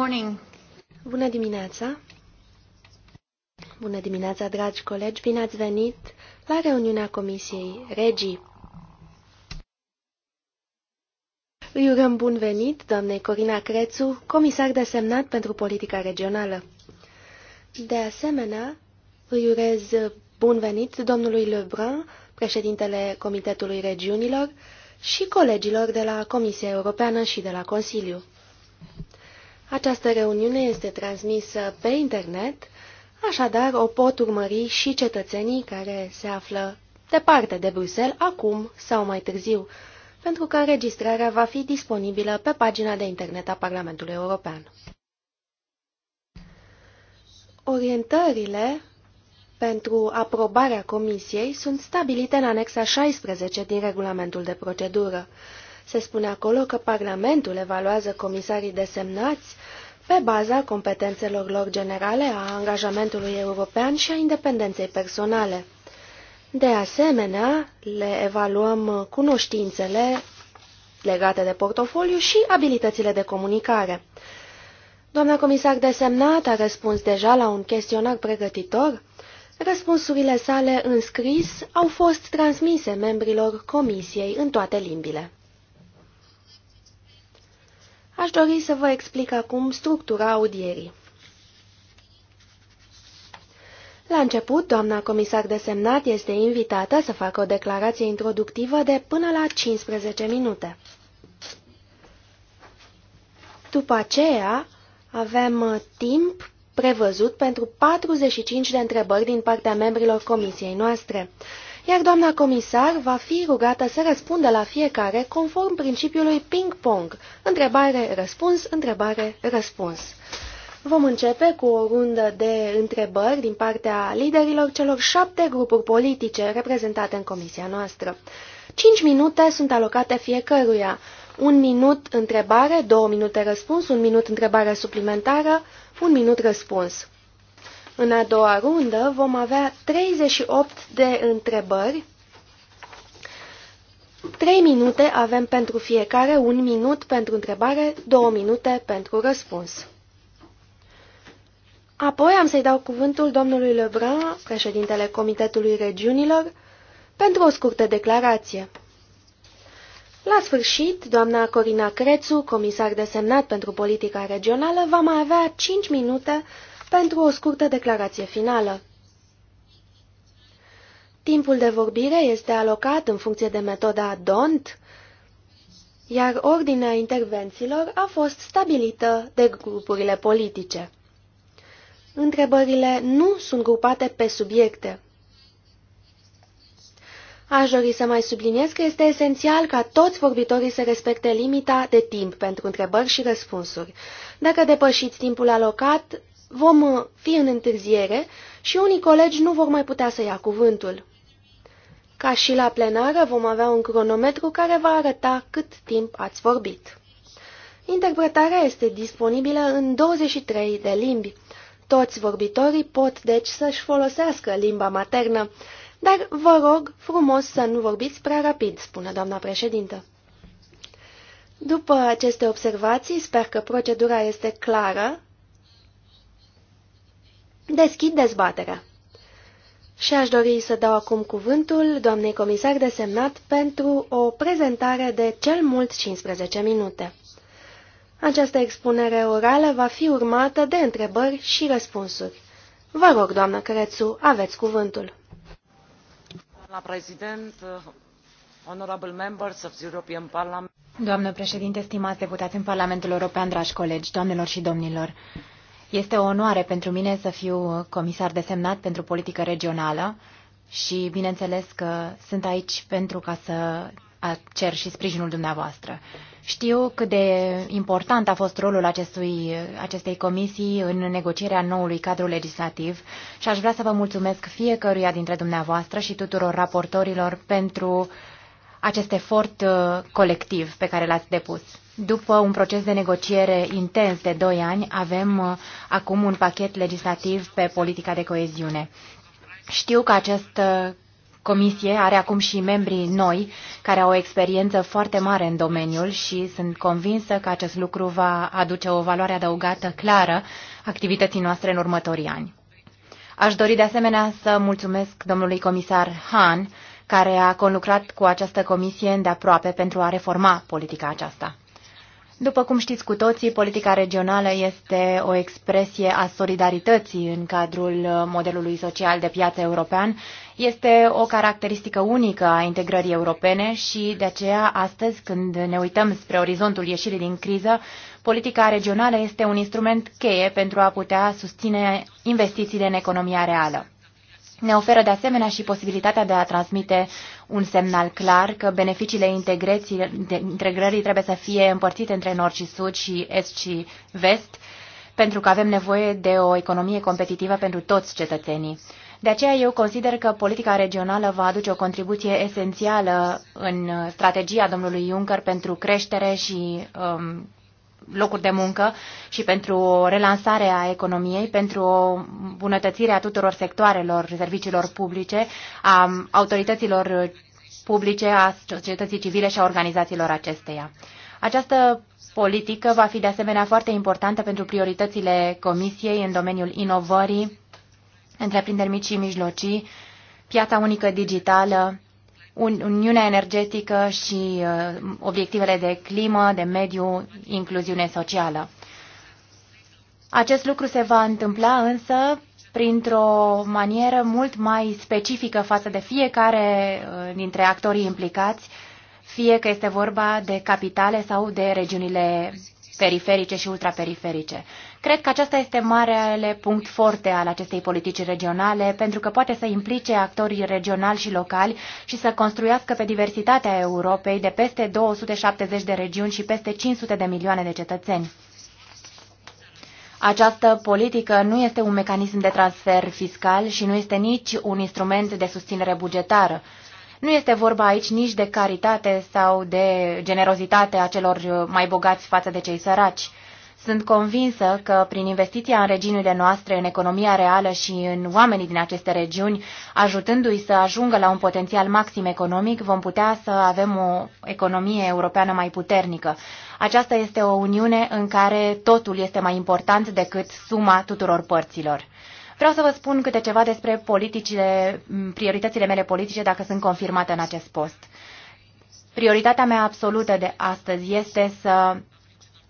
morning. Bună dimineața! Bună dimineața, dragi colegi! Bine ați venit la reuniunea Comisiei Regii. Îi urăm bun venit, doamnei Corina Crețu, comisar desemnat pentru politica regională. De asemenea, îi urez bun venit domnului Lebrun, președintele Comitetului Regiunilor, și colegilor de la Comisia Europeană și de la Consiliu. Această reuniune este transmisă pe internet, așadar o pot urmări și cetățenii care se află departe de Bruxelles acum sau mai târziu, pentru că înregistrarea va fi disponibilă pe pagina de internet a Parlamentului European. Orientările pentru aprobarea Comisiei sunt stabilite în anexa 16 din regulamentul de procedură. Se spune acolo că Parlamentul evaluează comisarii desemnați pe baza competențelor lor generale, a angajamentului european și a independenței personale. De asemenea, le evaluăm cunoștințele legate de portofoliu și abilitățile de comunicare. Doamna comisar desemnat a răspuns deja la un chestionar pregătitor. Răspunsurile sale în scris au fost transmise membrilor comisiei în toate limbile. Aș dori să vă explic acum structura audierii. La început, doamna comisar desemnat este invitată să facă o declarație introductivă de până la 15 minute. După aceea, avem uh, timp prevăzut pentru 45 de întrebări din partea membrilor comisiei noastre iar doamna comisar va fi rugată să răspundă la fiecare conform principiului ping-pong, întrebare-răspuns, întrebare-răspuns. Vom începe cu o rundă de întrebări din partea liderilor celor șapte grupuri politice reprezentate în comisia noastră. Cinci minute sunt alocate fiecăruia. Un minut întrebare, două minute răspuns, un minut întrebare suplimentară, un minut răspuns. În a doua rundă vom avea 38 de întrebări. 3 minute avem pentru fiecare, 1 minut pentru întrebare, 2 minute pentru răspuns. Apoi am să-i dau cuvântul domnului Lebrun, președintele Comitetului Regiunilor, pentru o scurtă declarație. La sfârșit, doamna Corina Crețu, comisar desemnat pentru politica regională, va mai avea 5 minute pentru o scurtă declarație finală. Timpul de vorbire este alocat în funcție de metoda DONT, iar ordinea intervențiilor a fost stabilită de grupurile politice. Întrebările nu sunt grupate pe subiecte. Aș dori să mai subliniez că este esențial ca toți vorbitorii să respecte limita de timp pentru întrebări și răspunsuri. Dacă depășiți timpul alocat, vom uh, fi în întârziere și unii colegi nu vor mai putea să ia cuvântul. Ca și la plenară, vom avea un cronometru care va arăta cât timp ați vorbit. Interpretarea este disponibilă în 23 de limbi. Toți vorbitorii pot, deci, să-și folosească limba maternă, dar vă rog frumos să nu vorbiți prea rapid, spune doamna președintă. După aceste observații, sper că procedura este clară Deschid dezbaterea. Și aș dori să dau acum cuvântul doamnei comisar desemnat pentru o prezentare de cel mult 15 minute. Această expunere orală va fi urmată de întrebări și răspunsuri. Vă rog, doamnă Crețu, aveți cuvântul. Doamna prezident, honorable members of the European Parliament. Doamnă președinte, stimați deputați în Parlamentul European, dragi colegi, doamnelor și domnilor, este o onoare pentru mine să fiu comisar desemnat pentru politică regională și bineînțeles că sunt aici pentru ca să cer și sprijinul dumneavoastră. Știu cât de important a fost rolul acestui, acestei comisii în negocierea noului cadru legislativ și aș vrea să vă mulțumesc fiecăruia dintre dumneavoastră și tuturor raportorilor pentru acest efort uh, colectiv pe care l-ați depus. După un proces de negociere intens de doi ani, avem uh, acum un pachet legislativ pe politica de coeziune. Știu că această comisie are acum și membrii noi care au o experiență foarte mare în domeniul și sunt convinsă că acest lucru va aduce o valoare adăugată clară activității noastre în următorii ani. Aș dori de asemenea să mulțumesc domnului comisar Hahn, care a conlucrat cu această comisie îndeaproape pentru a reforma politica aceasta. După cum știți cu toții, politica regională este o expresie a solidarității în cadrul modelului social de piață european. Este o caracteristică unică a integrării europene și de aceea astăzi când ne uităm spre orizontul ieșirii din criză, politica regională este un instrument cheie pentru a putea susține investițiile în economia reală. Ne oferă de asemenea și posibilitatea de a transmite un semnal clar că beneficiile integrării trebuie să fie împărțite între nord și sud și est și vest, pentru că avem nevoie de o economie competitivă pentru toți cetățenii. De aceea eu consider că politica regională va aduce o contribuție esențială în strategia domnului Juncker pentru creștere și um, locuri de muncă și pentru o relansare a economiei, pentru o bunătățire a tuturor sectoarelor serviciilor publice, a autorităților publice, a societății civile și a organizațiilor acesteia. Această politică va fi de asemenea foarte importantă pentru prioritățile Comisiei în domeniul inovării, întreprinderi mici și mijlocii, piața unică digitală, Uniunea energetică și uh, obiectivele de climă, de mediu, incluziune socială. Acest lucru se va întâmpla însă printr-o manieră mult mai specifică față de fiecare uh, dintre actorii implicați, fie că este vorba de capitale sau de regiunile periferice și ultraperiferice. Cred că acesta este marele punct forte al acestei politici regionale, pentru că poate să implice actorii regionali și locali și să construiască pe diversitatea Europei de peste 270 de regiuni și peste 500 de milioane de cetățeni. Această politică nu este un mecanism de transfer fiscal și nu este nici un instrument de susținere bugetară. Nu este vorba aici nici de caritate sau de generozitate a celor mai bogați față de cei săraci. Sunt convinsă că prin investiția în regiunile noastre, în economia reală și în oamenii din aceste regiuni, ajutându-i să ajungă la un potențial maxim economic, vom putea să avem o economie europeană mai puternică. Aceasta este o uniune în care totul este mai important decât suma tuturor părților. Vreau să vă spun câte ceva despre politicile, prioritățile mele politice dacă sunt confirmate în acest post. Prioritatea mea absolută de astăzi este să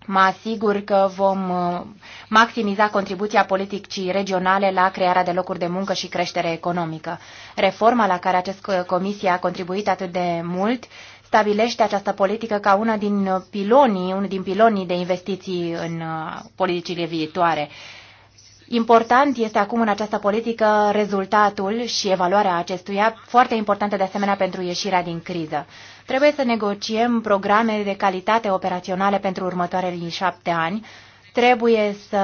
mă asigur că vom uh, maximiza contribuția politicii regionale la crearea de locuri de muncă și creștere economică. Reforma la care această uh, comisie a contribuit atât de mult stabilește această politică ca una din pilonii, unul din pilonii de investiții în uh, politicile viitoare. Important este acum în această politică rezultatul și evaluarea acestuia, foarte importantă de asemenea pentru ieșirea din criză. Trebuie să negociem programe de calitate operaționale pentru următoarele șapte ani. Trebuie să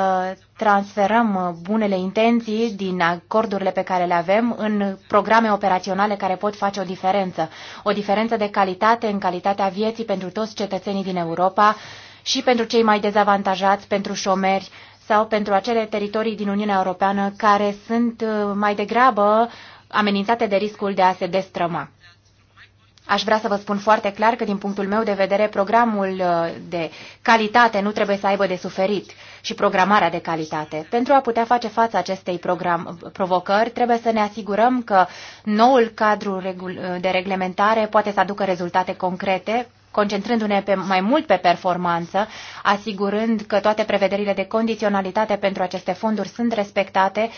transferăm bunele intenții din acordurile pe care le avem în programe operaționale care pot face o diferență. O diferență de calitate în calitatea vieții pentru toți cetățenii din Europa și pentru cei mai dezavantajați, pentru șomeri sau pentru acele teritorii din Uniunea Europeană care sunt uh, mai degrabă amenințate de riscul de a se destrăma. Aș vrea să vă spun foarte clar că, din punctul meu de vedere, programul uh, de calitate nu trebuie să aibă de suferit și programarea de calitate. Pentru a putea face față acestei program, provocări, trebuie să ne asigurăm că noul cadru uh, de reglementare poate să aducă rezultate concrete concentrându-ne pe, mai mult pe performanță, asigurând că toate prevederile de condiționalitate pentru aceste fonduri sunt respectate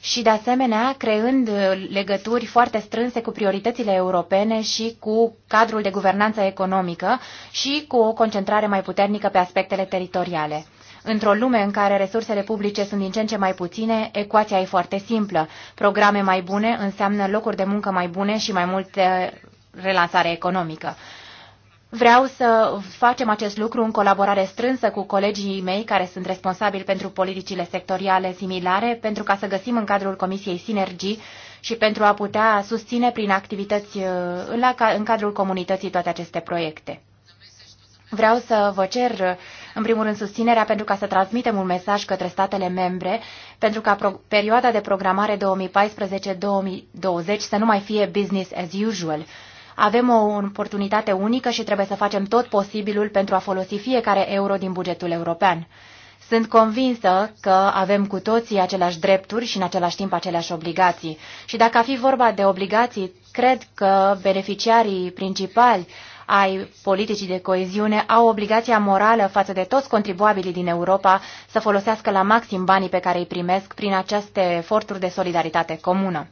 și, de asemenea, creând uh, legături foarte strânse cu prioritățile europene și cu cadrul de guvernanță economică și cu o concentrare mai puternică pe aspectele teritoriale. Într-o lume în care resursele publice sunt din ce în ce mai puține, ecuația e foarte simplă. Programe mai bune înseamnă locuri de muncă mai bune și mai multe relansare economică. Vreau să facem acest lucru în colaborare strânsă cu colegii mei care sunt responsabili pentru politicile sectoriale similare, pentru ca să găsim în cadrul Comisiei sinergii și pentru a putea susține prin activități uh, în cadrul comunității toate aceste proiecte. Vreau să vă cer, uh, în primul rând, susținerea pentru ca să transmitem un mesaj către statele membre, pentru ca perioada de programare 2014-2020 să nu mai fie business as usual, avem o oportunitate unică și trebuie să facem tot posibilul pentru a folosi fiecare euro din bugetul european. Sunt convinsă că avem cu toții aceleași drepturi și în același timp aceleași obligații. Și dacă a fi vorba de obligații, cred că beneficiarii principali ai politicii de coeziune au obligația morală față de toți contribuabilii din Europa să folosească la maxim banii pe care îi primesc prin aceste eforturi de solidaritate comună.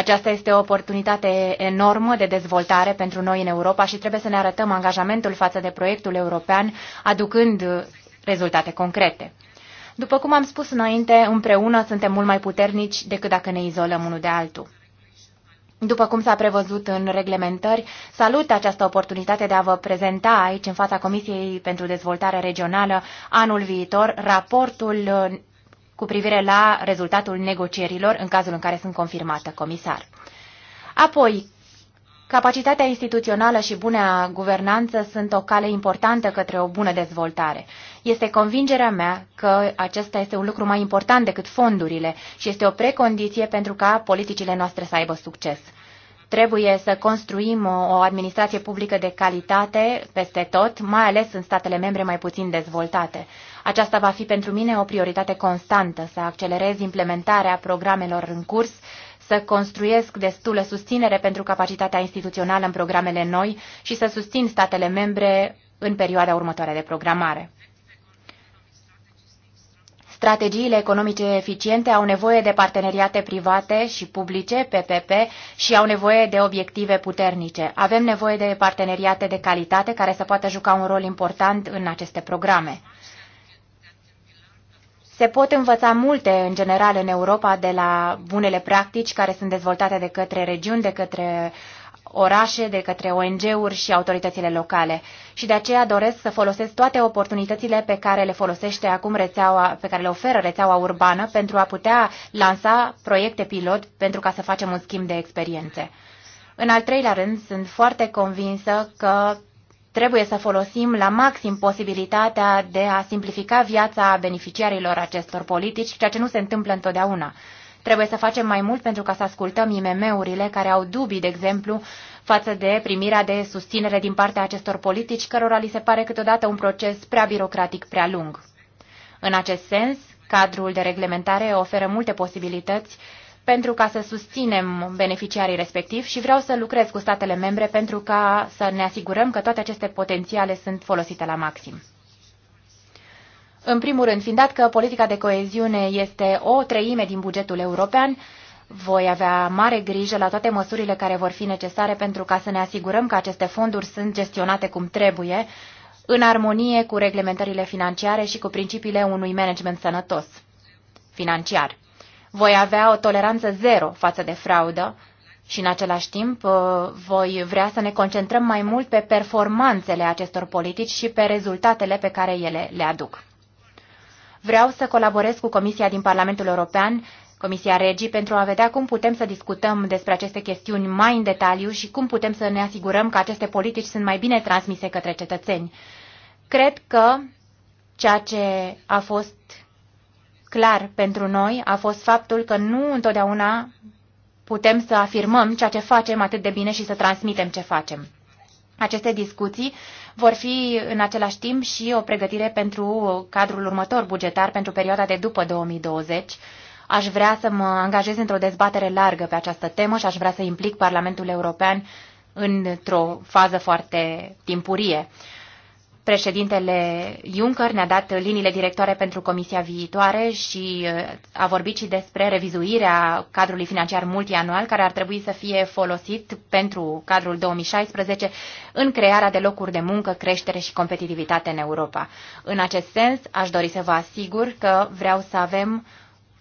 Aceasta este o oportunitate enormă de dezvoltare pentru noi în Europa și trebuie să ne arătăm angajamentul față de proiectul european, aducând rezultate concrete. După cum am spus înainte, împreună suntem mult mai puternici decât dacă ne izolăm unul de altul. După cum s-a prevăzut în reglementări, salut această oportunitate de a vă prezenta aici, în fața Comisiei pentru Dezvoltare Regională, anul viitor, raportul cu privire la rezultatul negocierilor în cazul în care sunt confirmată comisar. Apoi, capacitatea instituțională și bunea guvernanță sunt o cale importantă către o bună dezvoltare. Este convingerea mea că acesta este un lucru mai important decât fondurile și este o precondiție pentru ca politicile noastre să aibă succes. Trebuie să construim o administrație publică de calitate peste tot, mai ales în statele membre mai puțin dezvoltate. Aceasta va fi pentru mine o prioritate constantă, să accelerez implementarea programelor în curs, să construiesc destulă susținere pentru capacitatea instituțională în programele noi și să susțin statele membre în perioada următoare de programare. Strategiile economice eficiente au nevoie de parteneriate private și publice, PPP, și au nevoie de obiective puternice. Avem nevoie de parteneriate de calitate care să poată juca un rol important în aceste programe. Se pot învăța multe, în general, în Europa de la bunele practici care sunt dezvoltate de către regiuni, de către orașe, de către ONG-uri și autoritățile locale. Și de aceea doresc să folosesc toate oportunitățile pe care le folosește acum rețeaua, pe care le oferă rețeaua urbană pentru a putea lansa proiecte pilot pentru ca să facem un schimb de experiențe. În al treilea rând, sunt foarte convinsă că trebuie să folosim la maxim posibilitatea de a simplifica viața beneficiarilor acestor politici, ceea ce nu se întâmplă întotdeauna. Trebuie să facem mai mult pentru ca să ascultăm IMM-urile care au dubii, de exemplu, față de primirea de susținere din partea acestor politici, cărora li se pare câteodată un proces prea birocratic, prea lung. În acest sens, cadrul de reglementare oferă multe posibilități pentru ca să susținem beneficiarii respectivi și vreau să lucrez cu statele membre pentru ca să ne asigurăm că toate aceste potențiale sunt folosite la maxim. În primul rând, fiind dat că politica de coeziune este o treime din bugetul european, voi avea mare grijă la toate măsurile care vor fi necesare pentru ca să ne asigurăm că aceste fonduri sunt gestionate cum trebuie, în armonie cu reglementările financiare și cu principiile unui management sănătos financiar voi avea o toleranță zero față de fraudă și în același timp uh, voi vrea să ne concentrăm mai mult pe performanțele acestor politici și pe rezultatele pe care ele le aduc. Vreau să colaborez cu Comisia din Parlamentul European, Comisia Regii, pentru a vedea cum putem să discutăm despre aceste chestiuni mai în detaliu și cum putem să ne asigurăm că aceste politici sunt mai bine transmise către cetățeni. Cred că ceea ce a fost clar pentru noi a fost faptul că nu întotdeauna putem să afirmăm ceea ce facem atât de bine și să transmitem ce facem. Aceste discuții vor fi în același timp și o pregătire pentru cadrul următor bugetar pentru perioada de după 2020. Aș vrea să mă angajez într-o dezbatere largă pe această temă și aș vrea să implic Parlamentul European într-o fază foarte timpurie. Președintele Juncker ne-a dat liniile directoare pentru comisia viitoare și uh, a vorbit și despre revizuirea cadrului financiar multianual care ar trebui să fie folosit pentru cadrul 2016 în crearea de locuri de muncă, creștere și competitivitate în Europa. În acest sens, aș dori să vă asigur că vreau să avem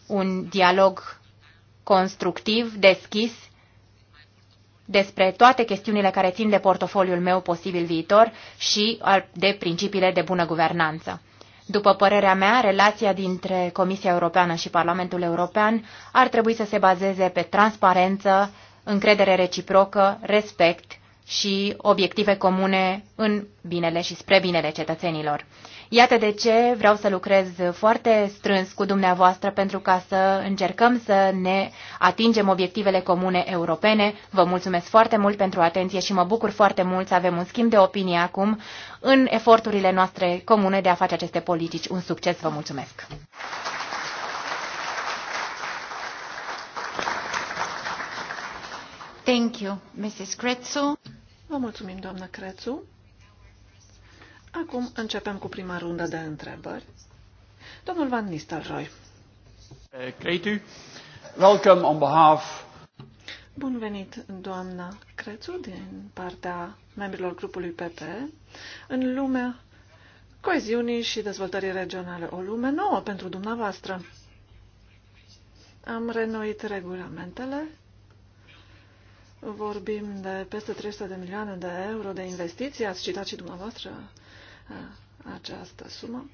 un dialog constructiv, deschis despre toate chestiunile care țin de portofoliul meu posibil viitor și de principiile de bună guvernanță. După părerea mea, relația dintre Comisia Europeană și Parlamentul European ar trebui să se bazeze pe transparență, încredere reciprocă, respect și obiective comune în binele și spre binele cetățenilor. Iată de ce vreau să lucrez foarte strâns cu dumneavoastră pentru ca să încercăm să ne atingem obiectivele comune europene. Vă mulțumesc foarte mult pentru atenție și mă bucur foarte mult să avem un schimb de opinie acum în eforturile noastre comune de a face aceste politici un succes. Vă mulțumesc! Thank you, Mrs. Crețu. Vă mulțumim, doamna Crețu. Acum începem cu prima rundă de întrebări. Domnul Van Nistelrooy. Eh, Crețu, welcome on behalf... Bun venit, doamna Crețu, din partea membrilor grupului PP, în lumea coeziunii și dezvoltării regionale. O lume nouă pentru dumneavoastră. Am renoit regulamentele Vorbim de peste 300 de milioane de euro de investiții, ați citat și dumneavoastră această sumă.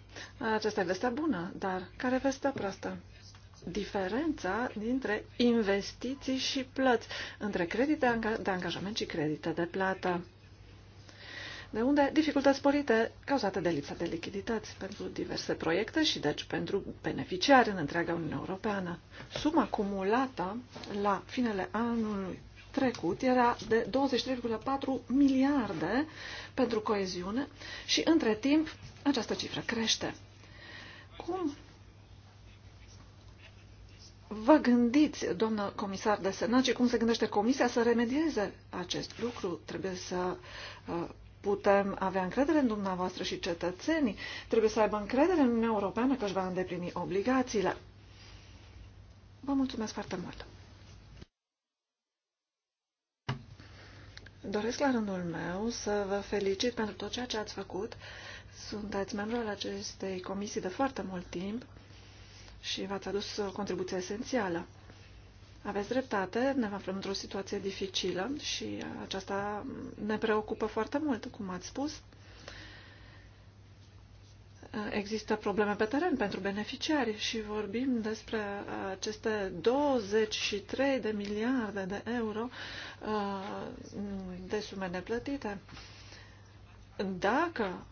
Aceasta e vestea bună, dar care vestea proastă? Diferența dintre investiții și plăți, între credite de angajament și credite de plată. De unde dificultăți sporite cauzate de lipsa de lichidități pentru diverse proiecte și deci pentru beneficiari în întreaga Uniune Europeană. Suma acumulată la finele anului trecut era de 23,4 miliarde pentru coeziune și între timp această cifră crește. Cum vă gândiți, doamnă comisar de senat, și cum se gândește comisia să remedieze acest lucru? Trebuie să uh, putem avea încredere în dumneavoastră și cetățenii. Trebuie să aibă încredere în Uniunea Europeană că își va îndeplini obligațiile. Vă mulțumesc foarte mult! Doresc la rândul meu să vă felicit pentru tot ceea ce ați făcut. Sunteți membru al acestei comisii de foarte mult timp și v-ați adus o contribuție esențială. Aveți dreptate, ne aflăm într-o situație dificilă și aceasta ne preocupă foarte mult, cum ați spus există probleme pe teren pentru beneficiari și vorbim despre aceste 23 de miliarde de euro uh, de sume neplătite. Dacă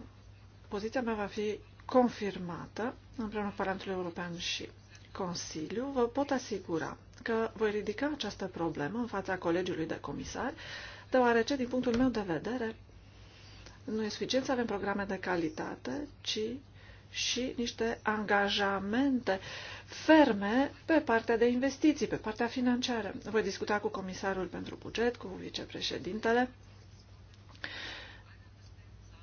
poziția mea va fi confirmată împreună cu Parlamentul European și Consiliu, vă pot asigura că voi ridica această problemă în fața colegiului de comisari, deoarece, din punctul meu de vedere, nu e suficient să avem programe de calitate, ci și niște angajamente ferme pe partea de investiții, pe partea financiară. Voi discuta cu comisarul pentru buget, cu vicepreședintele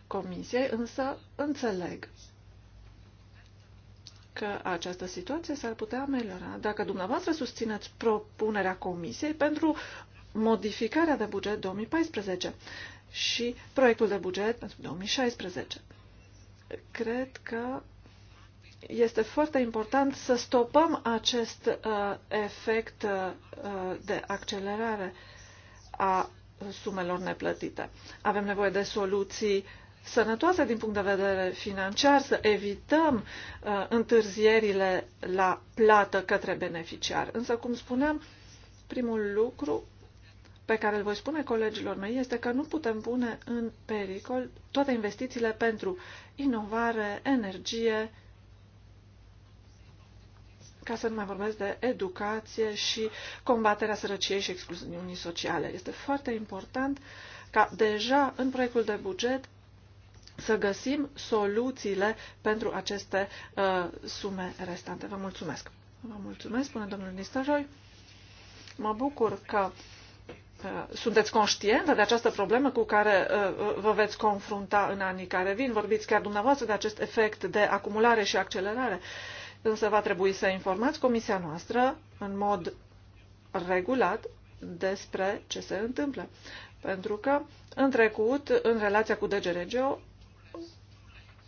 comisiei, însă înțeleg că această situație s-ar putea ameliora dacă dumneavoastră susțineți propunerea comisiei pentru modificarea de buget 2014 și proiectul de buget pentru 2016. Cred că este foarte important să stopăm acest uh, efect uh, de accelerare a sumelor neplătite. Avem nevoie de soluții sănătoase din punct de vedere financiar, să evităm uh, întârzierile la plată către beneficiar. Însă, cum spuneam, primul lucru pe care îl voi spune colegilor mei este că nu putem pune în pericol toate investițiile pentru inovare, energie, ca să nu mai vorbesc de educație și combaterea sărăciei și excluziunii sociale. Este foarte important ca deja în proiectul de buget să găsim soluțiile pentru aceste uh, sume restante. Vă mulțumesc! Vă mulțumesc, spune domnul Nistoroi. Mă bucur că Uh, sunteți conștientă de această problemă cu care uh, vă veți confrunta în anii care vin? Vorbiți chiar dumneavoastră de acest efect de acumulare și accelerare. Însă va trebui să informați comisia noastră în mod regulat despre ce se întâmplă. Pentru că în trecut, în relația cu DG Regio,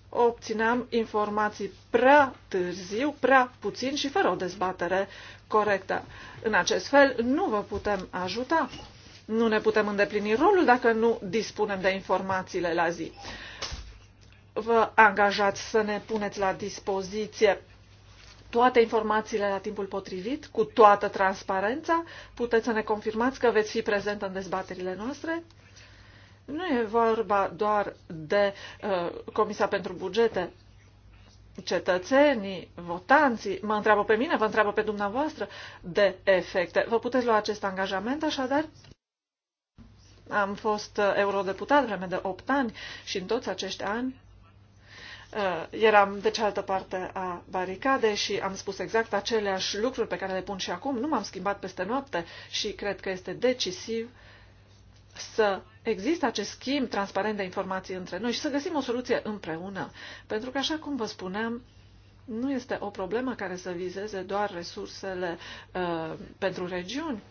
obțineam informații prea târziu, prea puțin și fără o dezbatere corectă. În acest fel, nu vă putem ajuta nu ne putem îndeplini rolul dacă nu dispunem de informațiile la zi. Vă angajați să ne puneți la dispoziție toate informațiile la timpul potrivit, cu toată transparența. Puteți să ne confirmați că veți fi prezent în dezbaterile noastre. Nu e vorba doar de uh, Comisia pentru Bugete. Cetățenii, votanții, mă întreabă pe mine, vă întreabă pe dumneavoastră de efecte. Vă puteți lua acest angajament, așadar? Am fost uh, eurodeputat vreme de 8 ani și în toți acești ani uh, eram de cealaltă parte a baricadei și am spus exact aceleași lucruri pe care le pun și acum. Nu m-am schimbat peste noapte și cred că este decisiv să există acest schimb transparent de informații între noi și să găsim o soluție împreună. Pentru că, așa cum vă spuneam, nu este o problemă care să vizeze doar resursele uh, pentru regiuni,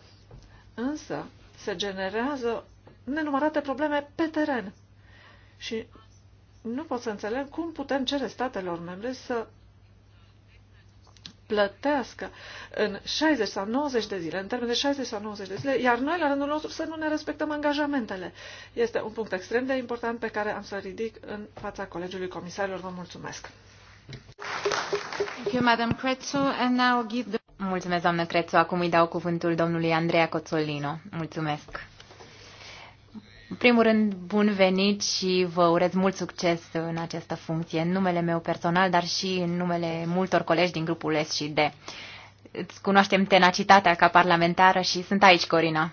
însă se generează nenumărate probleme pe teren. Și nu pot să înțeleg cum putem cere statelor membre să plătească în 60 sau 90 de zile, în termen de 60 sau 90 de zile, iar noi, la rândul nostru, să nu ne respectăm angajamentele. Este un punct extrem de important pe care am să ridic în fața Colegiului Comisarilor. Vă mulțumesc! Thank you, Madam Crețu, and now give the... Mulțumesc, doamnă Crețu. Acum îi dau cuvântul domnului Andreea Coțolino. Mulțumesc! În primul rând, bun venit și vă urez mult succes în această funcție, în numele meu personal, dar și în numele multor colegi din grupul S și D. Îți cunoaștem tenacitatea ca parlamentară și sunt aici, Corina.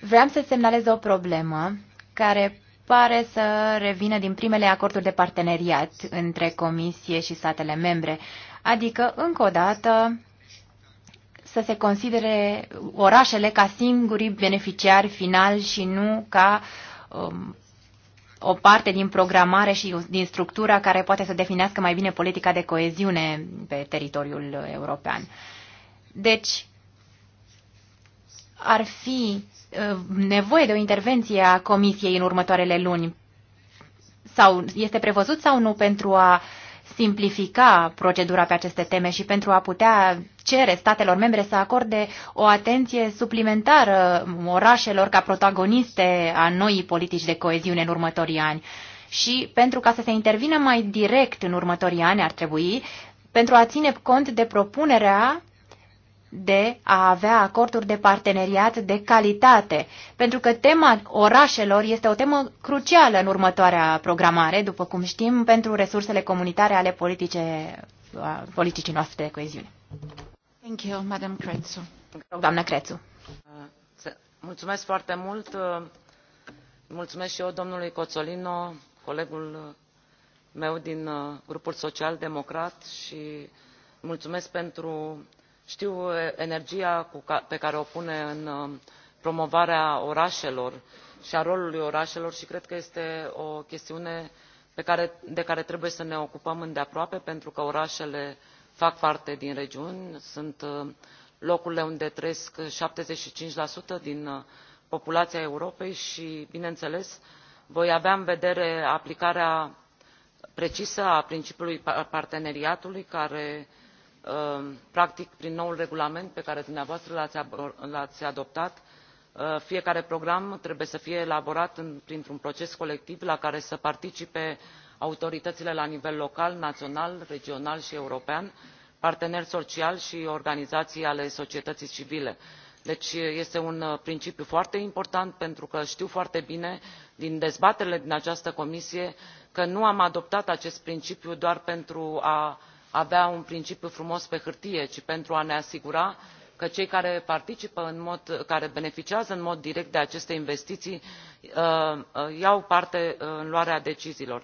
Vreau să semnalez o problemă care pare să revină din primele acorduri de parteneriat între Comisie și statele membre, adică, încă o dată, să se considere orașele ca singurii beneficiari finali și nu ca um, o parte din programare și din structura care poate să definească mai bine politica de coeziune pe teritoriul european. Deci, ar fi uh, nevoie de o intervenție a Comisiei în următoarele luni? Sau este prevăzut sau nu pentru a simplifica procedura pe aceste teme și pentru a putea cere statelor membre să acorde o atenție suplimentară orașelor ca protagoniste a noii politici de coeziune în următorii ani. Și pentru ca să se intervină mai direct în următorii ani ar trebui, pentru a ține cont de propunerea de a avea acorduri de parteneriat de calitate, pentru că tema orașelor este o temă crucială în următoarea programare, după cum știm, pentru resursele comunitare ale politice, politicii noastre de coeziune doamnă Crețu. Uh, mulțumesc foarte mult. Uh, mulțumesc și eu domnului cozzolino colegul meu din uh, grupul social democrat și mulțumesc pentru știu energia pe care o pune în promovarea orașelor și a rolului orașelor și cred că este o chestiune care, de care trebuie să ne ocupăm îndeaproape pentru că orașele fac parte din regiuni sunt uh, locurile unde trăiesc uh, șaptezeci și cinci din uh, populația europei și bineînțeles voi avea în vedere aplicarea precisă a principiului parteneriatului care practic prin noul regulament pe care dumneavoastră l ați adoptat fiecare program trebuie să fie elaborat printr un proces colectiv la care să participe autoritățile la nivel local național regional și european parteneri sociali și organizații ale societății civile deci este un uh, principiu foarte important pentru că știu foarte bine din dezbaterile din această comisie că nu am adoptat acest principiu doar pentru a avea un principiu frumos pe hârtie ci pentru a ne asigura că cei care participă care beneficiază în mod direct de aceste investiții uh, uh, iau parte în luarea deciziilor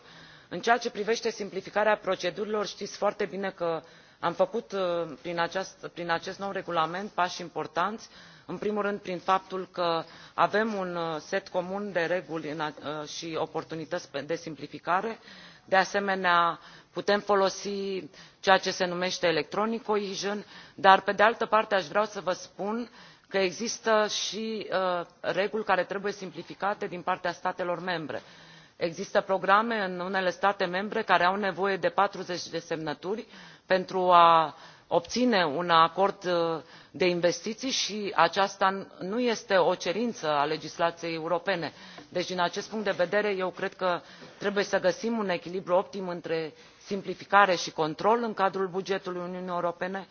în ceea ce privește simplificarea procedurilor știți foarte bine că am făcut uh, prin acest, nou regulament pași importanți în primul rând prin faptul că avem un uh, set comun de reguli uh, și oportunități de simplificare de asemenea putem folosi ceea ce se numește electronic cohesion dar pe de altă parte aș vrea să vă spun că există și reguli care trebuie simplificate din partea statelor membre există programe în unele state membre care au nevoie de patruzeci de semnături pentru a obține un acord uh, de investiții și aceasta nu este o cerință a legislației europene deci din acest punct de vedere eu cred că trebuie să găsim un echilibru optim între simplificare și control în cadrul bugetului uniunii europene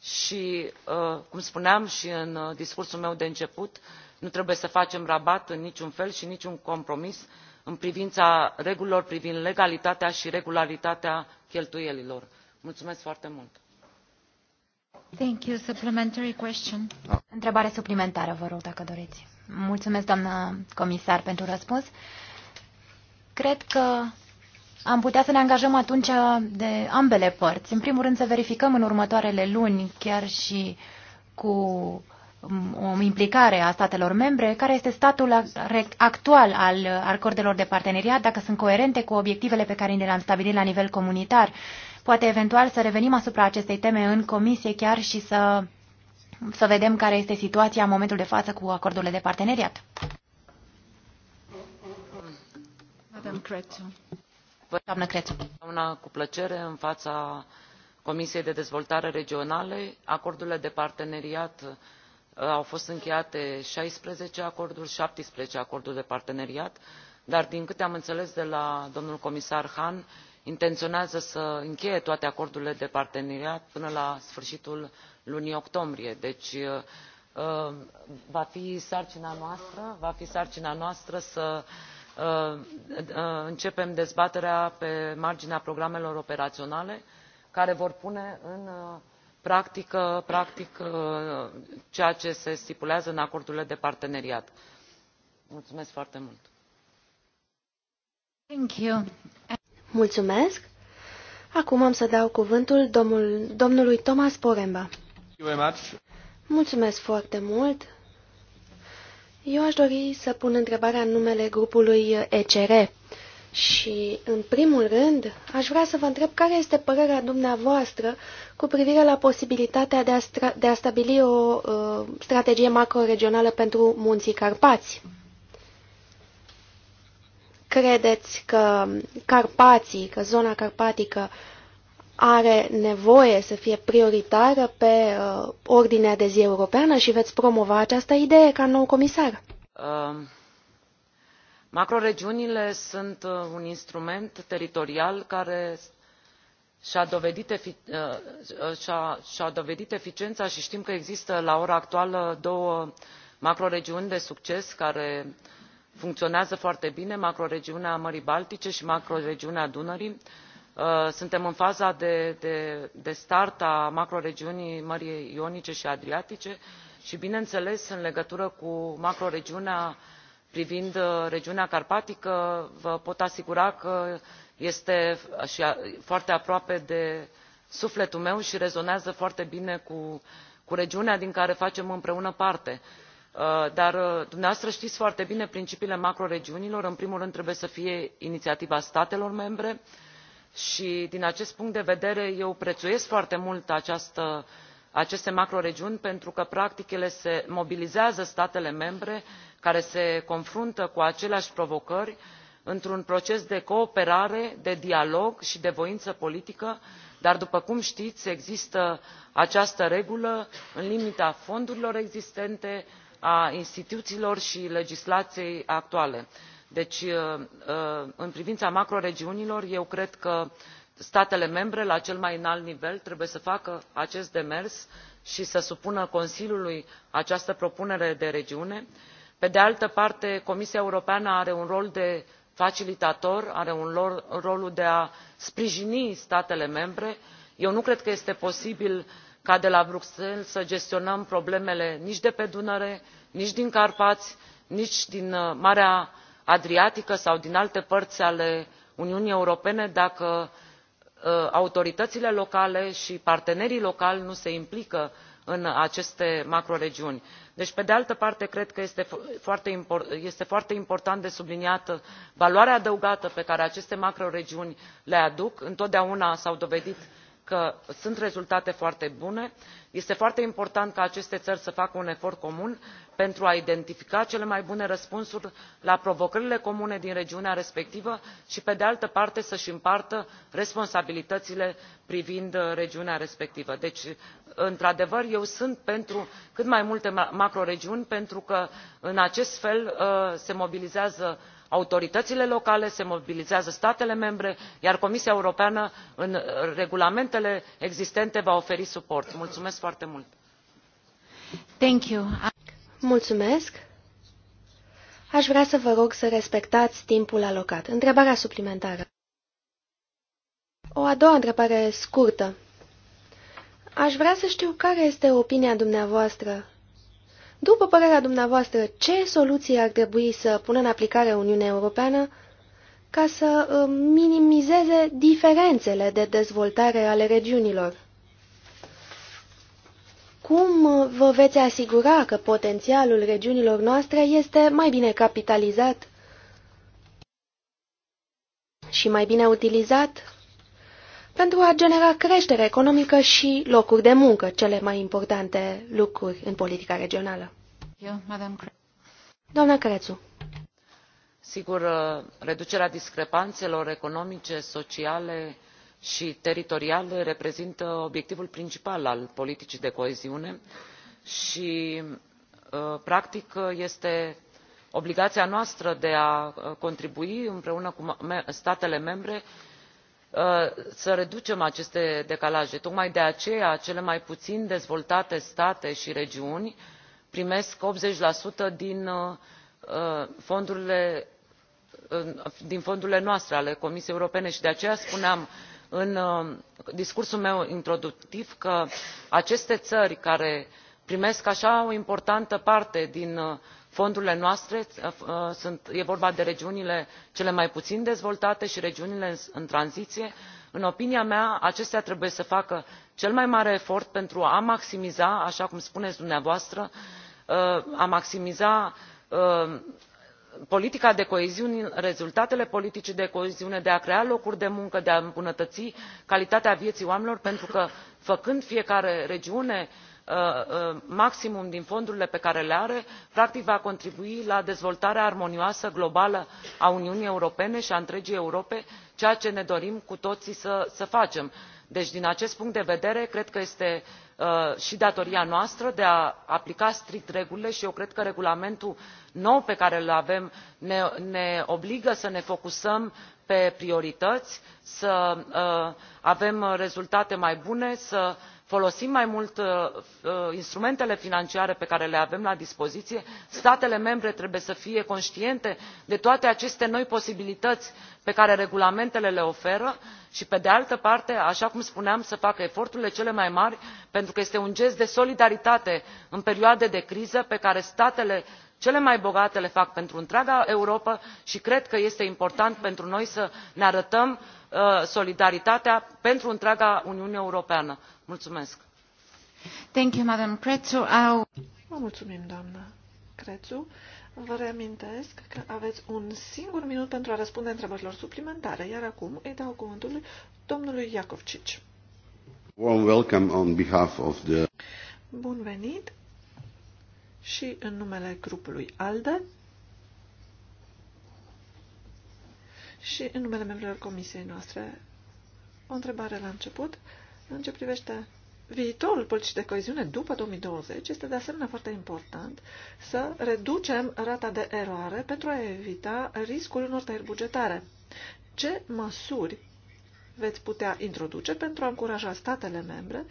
și uh, cum spuneam și în uh, discursul meu de început nu trebuie să facem rabat în niciun fel și niciun compromis în privința regulilor privind legalitatea și regularitatea cheltuielilor. mulțumesc foarte mult. Thank you. Supplementary question. Ah. Întrebare suplimentară, vă rog, dacă doriți. Mulțumesc, doamnă comisar, pentru răspuns. Cred că am putea să ne angajăm atunci de ambele părți. În primul rând să verificăm în următoarele luni, chiar și cu Um, o implicare a statelor membre, care este statul actual al acordelor de parteneriat, dacă sunt coerente cu obiectivele pe care ne le-am stabilit la nivel comunitar. Poate eventual să revenim asupra acestei teme în comisie chiar și să, să vedem care este situația în momentul de față cu acordurile de parteneriat. Doamna Crețu. Doamnă Crețu. Doamna, cu plăcere în fața Comisiei de Dezvoltare Regionale, acordurile de parteneriat Ă, au fost încheiate șaisprezece acorduri șaptesprezece acorduri de parteneriat dar din câte am înțeles de la domnul comisar hahn intenționează să încheie toate acordurile de parteneriat până la sfârșitul lunii octombrie deci ă, ă, va fi sarcina noastră va fi sarcina noastră să începem dezbaterea pe marginea programelor operaționale care vor pune în practică practic uh, ceea ce se stipulează în acordurile de parteneriat. mulțumesc foarte mult. Mulțumesc. Acum am să dau cuvântul domnul, domnului Thomas Poremba. Mulțumesc foarte mult. Eu aș dori să pun întrebarea în numele grupului ECR. Și, în primul rând, aș vrea să vă întreb care este părerea dumneavoastră cu privire la posibilitatea de a, de a stabili o uh, strategie macroregională pentru munții Carpați. Credeți că Carpații, că zona carpatică are nevoie să fie prioritară pe uh, ordinea de zi europeană și veți promova această idee ca nou comisar? Uh macroregiunile sunt uh, un instrument teritorial care și a uh, dovedit, eficiența și știm că există la ora actuală două macroregiuni de succes care funcționează foarte bine macroregiunea mării baltice și macroregiunea dunării. Uh, suntem în faza de, de start a macroregiunii mării ionice și adriatice și bineînțeles în legătură cu macroregiunea privind uh, regiunea carpatică vă pot asigura că este foarte aproape de sufletul meu și rezonează foarte bine cu, regiunea din care facem împreună parte uh, dar uh, dumneavoastră știți foarte bine principiile macroregiunilor în primul rând trebuie să fie inițiativa statelor membre și din acest punct de vedere eu prețuiesc foarte mult această, aceste macroregiuni pentru că practic ele mobilizează statele membre care se confruntă cu aceleași provocări într un proces de cooperare de dialog și de voință politică dar după cum știți există această regulă în limita fondurilor existente a instituțiilor și legislației actuale deci uh, uh, în privința macroregiunilor eu cred că statele membre la cel mai înalt nivel trebuie să facă acest demers și să supună consiliului această propunere de regiune pe de altă parte comisia europeană are un rol de facilitator are rolul de a sprijini statele membre eu nu cred că este posibil ca de la bruxelles să gestionăm problemele nici de pe dunăre nici din carpați nici din uh, marea adriatică sau din alte părți ale uniunii europene dacă uh, autoritățile locale și partenerii locali nu se implică în aceste macroregiuni deci pe de altă parte cred că este foarte, important de subliniat uh, valoarea adăugată pe care aceste macroregiuni le aduc întotdeauna s au dovedit că sunt rezultate foarte bune este foarte important ca aceste țări să facă un efort comun pentru a identifica cele mai bune răspunsuri la provocările comune din regiunea respectivă și pe de altă parte să își împartă responsabilitățile privind uh, regiunea respectivă. deci într adevăr eu sunt pentru cât mai multe macroregiuni pentru că în acest fel uh, se mobilizează autoritățile locale se mobilizează statele membre iar comisia europeană în regulamentele existente va oferi suport. mulțumesc foarte mult! Mulțumesc. Aș vrea să vă rog să respectați timpul alocat. Întrebarea suplimentară. O a doua întrebare scurtă. Aș vrea să știu care este opinia dumneavoastră după părerea dumneavoastră, ce soluții ar trebui să pună în aplicare Uniunea Europeană ca să uh, minimizeze diferențele de dezvoltare ale regiunilor? Cum uh, vă veți asigura că potențialul regiunilor noastre este mai bine capitalizat și mai bine utilizat? pentru a genera creștere economică și locuri de muncă, cele mai importante lucruri în politica regională. Doamna Crețu. Sigur, uh, reducerea discrepanțelor economice, sociale și teritoriale reprezintă obiectivul principal al politicii de coeziune și, uh, practic, este obligația noastră de a uh, contribui împreună cu statele membre Uh, să reducem aceste decalaje. tocmai de aceea cele mai puțin dezvoltate state și regiuni primesc optzeci uh, uh, din fondurile noastre ale comisiei europene și de aceea spuneam în discursul meu introductiv că aceste țări care primesc așa o importantă parte din fondurile noastre uh, uh, sunt, e vorba de regiunile cele mai puțin dezvoltate și regiunile în tranziție în opinia mea acestea trebuie să facă cel mai mare efort pentru a maximiza așa cum spuneți dumneavoastră uh, a maximiza politica de coeziune rezultatele politicii de coeziune de a crea locuri de muncă de a îmbunătăți calitatea vieții oamenilor pentru că făcând fiecare regiune uh, uh, maximum din fondurile pe care le are practic va contribui la dezvoltarea armonioasă globală a uniunii europene și a întregii europe ceea ce ne dorim cu toții să, să facem deci din acest punct de vedere cred că este uh, și datoria noastră de a aplica strict regulile și eu cred că regulamentul nou pe care îl avem ne, obligă să ne focusăm pe priorități să uh, avem rezultate mai bune să folosim mai mult uh, uh, instrumentele financiare pe care le avem la dispoziție statele membre trebuie să fie conștiente de toate aceste noi posibilități pe care regulamentele le oferă și pe de altă parte așa cum spuneam să facă eforturile cele mai mari pentru că este un gest de solidaritate în perioade de criză pe care statele cele mai bogate le fac pentru întreaga europă și cred că este important pentru noi să ne arătăm uh, solidaritatea pentru întreaga uniune europeană. Mulțumesc! Vă mulțumim, doamnă Crețu. Vă reamintesc că aveți un singur minut pentru a răspunde întrebărilor suplimentare, iar acum îi dau cuvântul domnului Iacovcici. Warm welcome on behalf of the... Bun venit și în numele grupului ALDE și în numele membrilor comisiei noastre. O întrebare la început. În ce privește viitorul politicii de coeziune după 2020, este de asemenea foarte important să reducem rata de eroare pentru a evita riscul unor tăieri bugetare. Ce măsuri veți putea introduce pentru a încuraja statele membre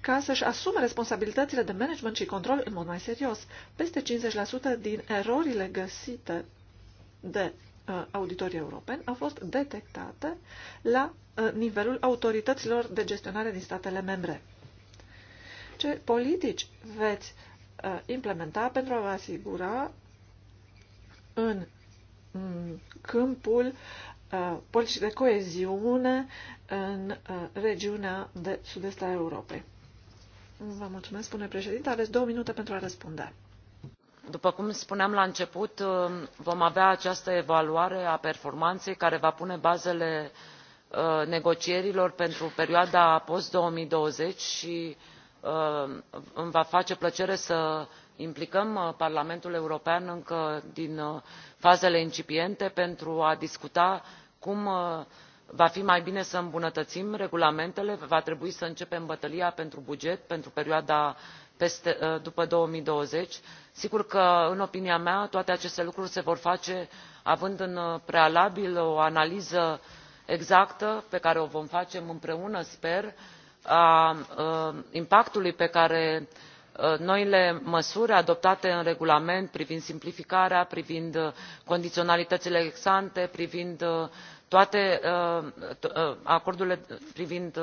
ca să-și asume responsabilitățile de management și control în mod mai serios. Peste 50% din erorile găsite de Uh, auditorii europeni au fost detectate la uh, nivelul autorităților de gestionare din statele membre. Ce politici veți uh, implementa pentru a vă asigura în mm, câmpul politici de coeziune în regiunea de sud-est a Europei? Vă mulțumesc, spune președinte. Aveți două minute pentru a răspunde după cum spuneam la început um, vom avea această evaluare a performanței care va pune bazele uh, negocierilor pentru perioada post două mii douăzeci și uh, îmi va face plăcere să implicăm uh, parlamentul european încă din fazele incipiente pentru a discuta cum va fi mai bine să îmbunătățim regulamentele va trebui să începem bătălia pentru buget pentru perioada două Ă, după două mii douăzeci sigur că în opinia mea toate aceste lucruri se vor face având în ă, prealabil o analiză exactă pe care o vom face împreună sper a ă, impactului pe care noile măsuri adoptate în regulament privind simplificarea privind condiționalitățile ex ante privind toate acordurile privind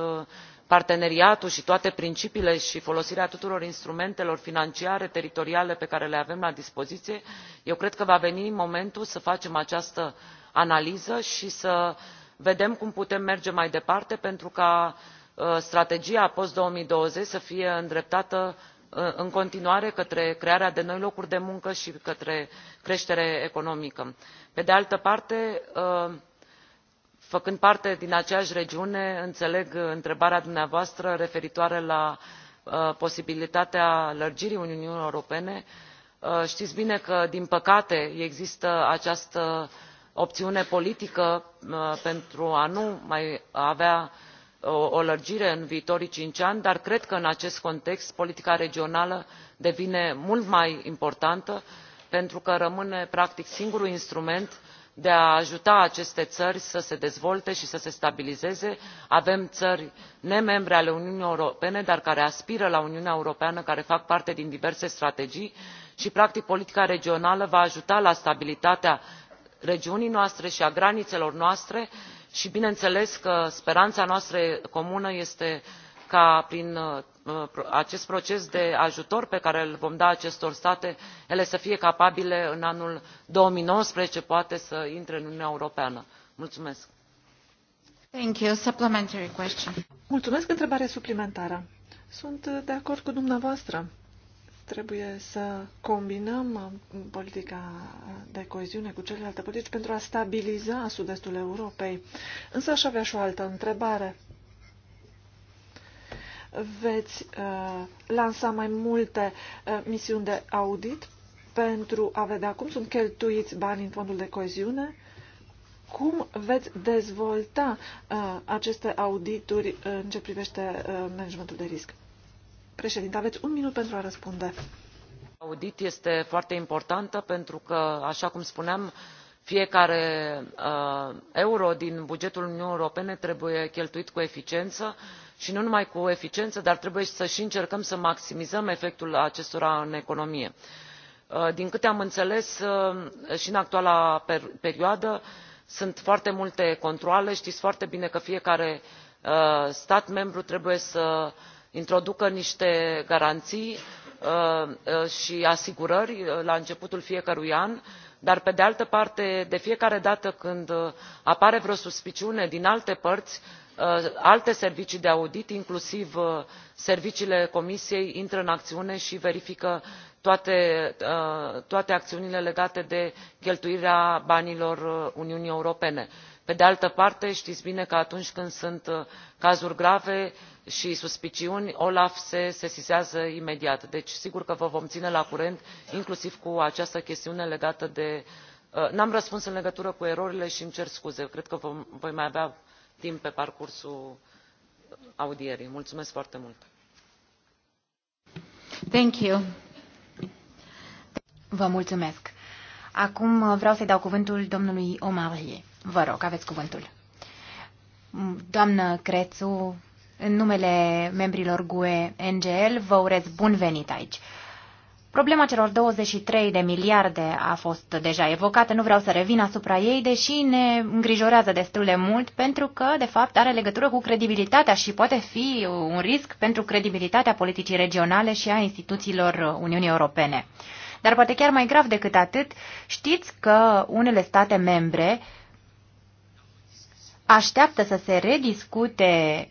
parteneriatul și toate principiile și folosirea tuturor instrumentelor financiare teritoriale pe care le avem la dispoziție eu cred că va veni momentul să facem această analiză și să vedem cum putem merge mai departe pentru ca uh, strategia post două mii douăzeci să fie îndreptată uh, în continuare către crearea de noi locuri de muncă și către creștere economică. pe de altă parte uh, făcând parte din aceeași regiune înțeleg uh, întrebarea dumneavoastră referitoare la uh, posibilitatea lărgirii uniunii europene uh, știți bine că din păcate există această opțiune politică pentru a nu mai avea o lărgire în viitorii cinci ani dar cred că în acest context politica regională devine mult mai importantă pentru că rămâne practic singurul instrument de a ajuta aceste țări să se dezvolte și să se stabilizeze avem țări nemembre ale uniunii europene dar care aspiră la uniunea europeană care fac parte din diverse strategii și practic politica regională va ajuta la stabilitatea regiunii noastre și a granițelor noastre și bineînțeles că speranța noastră comună este ca prin Uh, acest proces de ajutor pe care îl vom da acestor state ele să fie capabile în anul două mii nouăsprezece poate să intre în uniunea europeană. mulțumesc. mulțumesc întrebare suplimentară. sunt de acord cu dumneavoastră trebuie să combinăm um, politica de coeziune cu celelalte politici pentru a stabiliza sud-estul Europei. Însă aș avea și o altă întrebare veți uh, lansa mai multe uh, misiuni de audit pentru a vedea cum sunt cheltuiți banii în fondul de coeziune, cum veți dezvolta uh, aceste audituri în ce privește uh, managementul de risc. Președinte, aveți un minut pentru a răspunde. Audit este foarte importantă pentru că, așa cum spuneam, uh, fiecare uh, euro din bugetul uniunii europene trebuie cheltuit cu eficiență și nu numai cu eficiență dar trebuie să și încercăm să maximizăm efectul acestora în economie. Uh, din câte am înțeles uh, și în actuala perioadă sunt foarte multe controale știți foarte bine că fiecare stat membru trebuie să introducă niște garanții și asigurări la începutul fiecărui an dar pe de altă parte de fiecare dată când uh, apare vreo suspiciune din alte părți uh, alte servicii de audit inclusiv uh, serviciile comisiei intră în acțiune și verifică toate, acțiunile legate de cheltuirea banilor uniunii europene pe de altă parte știți bine că atunci când sunt uh, cazuri grave și suspiciuni olaf se sesizează imediat deci sigur că vă vom ține la curent inclusiv cu această chestiune legată de uh, n am răspuns în legătură cu erorile și îmi cer scuze cred că voi mai avea timp pe parcursul audierii. mulțumesc foarte mult. Thank you. Vă mulțumesc. Acum uh, vreau să-i dau cuvântul domnului Omarie. Vă rog, aveți cuvântul. Doamnă Crețu, în numele membrilor GUE NGL, vă urez bun venit aici. Problema celor 23 de miliarde a fost deja evocată, nu vreau să revin asupra ei, deși ne îngrijorează destul de mult, pentru că, de fapt, are legătură cu credibilitatea și poate fi un risc pentru credibilitatea politicii regionale și a instituțiilor Uniunii Europene. Dar poate chiar mai grav decât atât, știți că unele state membre uh, așteaptă să se rediscute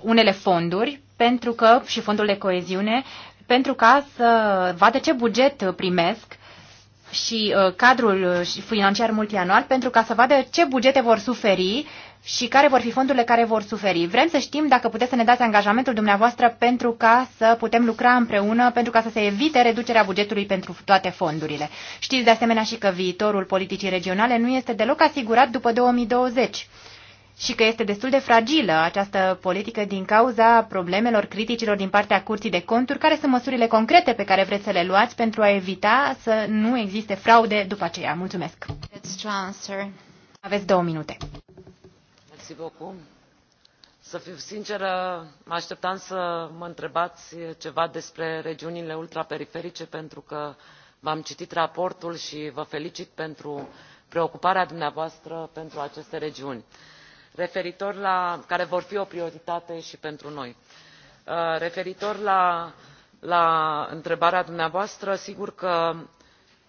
unele fonduri pentru că, și fondul de coeziune pentru ca să vadă ce buget primesc și uh, cadrul financiar multianual pentru ca să vadă ce bugete vor suferi și care vor fi fondurile care vor suferi. Vrem să știm dacă puteți să ne dați angajamentul dumneavoastră pentru ca să putem lucra împreună, pentru ca să se evite reducerea bugetului pentru toate fondurile. Știți de asemenea și că viitorul politicii regionale nu este deloc asigurat după 2020 și că este destul de fragilă această politică din cauza problemelor criticilor din partea Curții de Conturi, care sunt măsurile concrete pe care vreți să le luați pentru a evita să nu existe fraude după aceea. Mulțumesc! Aveți două minute să fiu sinceră mă așteptam să mă întrebați ceva despre regiunile ultraperiferice pentru că v am citit raportul și vă felicit pentru preocuparea dumneavoastră pentru aceste regiuni referitor la, care vor fi o prioritate și pentru noi. Uh, referitor la, la întrebarea dumneavoastră sigur că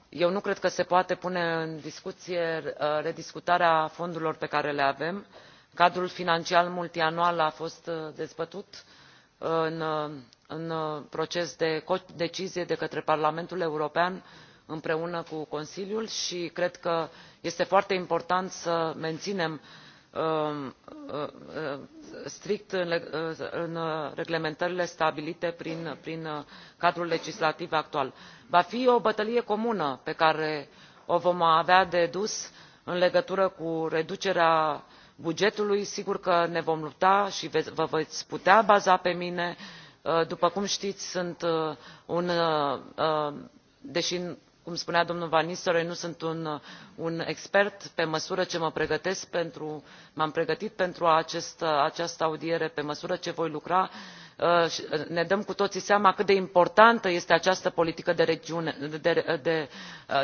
eu nu cred că se poate pune în discuție uh, rediscutarea fondurilor pe care le avem și cadrul financiar multianual a fost uh, dezbătut uh, în, uh, proces de codecizie de către parlamentul european împreună cu consiliul și cred că este foarte important să menținem strict în reglementările stabilite prin, prin cadrul legislativ actual. va fi o bătălie comună pe care o vom avea de dus în legătură cu reducerea bugetului sigur că ne vom lupta și vă veți putea baza pe mine uh, după cum știți sunt uh, un uh, deși cum spunea domnul van nistelrooij nu sunt un, expert pe măsură ce mă pregătesc pentru m am pregătit pentru această audiere pe măsură ce voi lucra Uh, uh, ne dăm cu toții seama cât de importantă este această politică de, uh,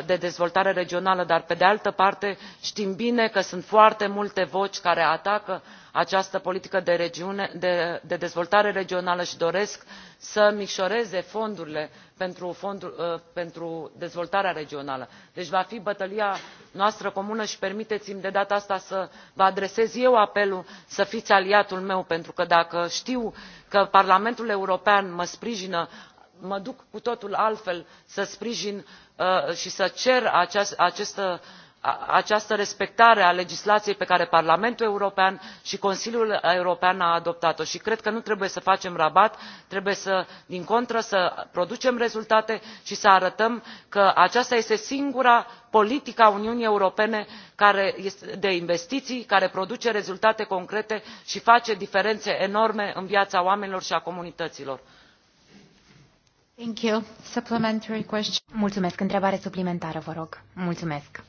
de dezvoltare regională dar pe de altă parte știm bine că sunt foarte multe voci care atacă această politică de, dezvoltare regională și doresc să micșoreze fondurile uh, pentru, dezvoltarea regională. deci va fi bătălia noastră comună și permiteți mi de data asta să vă adresez eu apelul să fiți aliatul meu pentru că dacă știu că parlamentul european mă sprijină mă duc cu totul altfel să sprijin uh, și să cer această această respectare a legislației pe care parlamentul european și consiliul european au adoptat o și cred că nu trebuie să facem rabat trebuie din contră să producem rezultate și să arătăm că aceasta este singura politică a uniunii europene de investiții care produce rezultate concrete și face diferențe enorme în viața oamenilor și a comunităților. Mulțumesc. Întrebare suplimentară, vă rog. Mulțumesc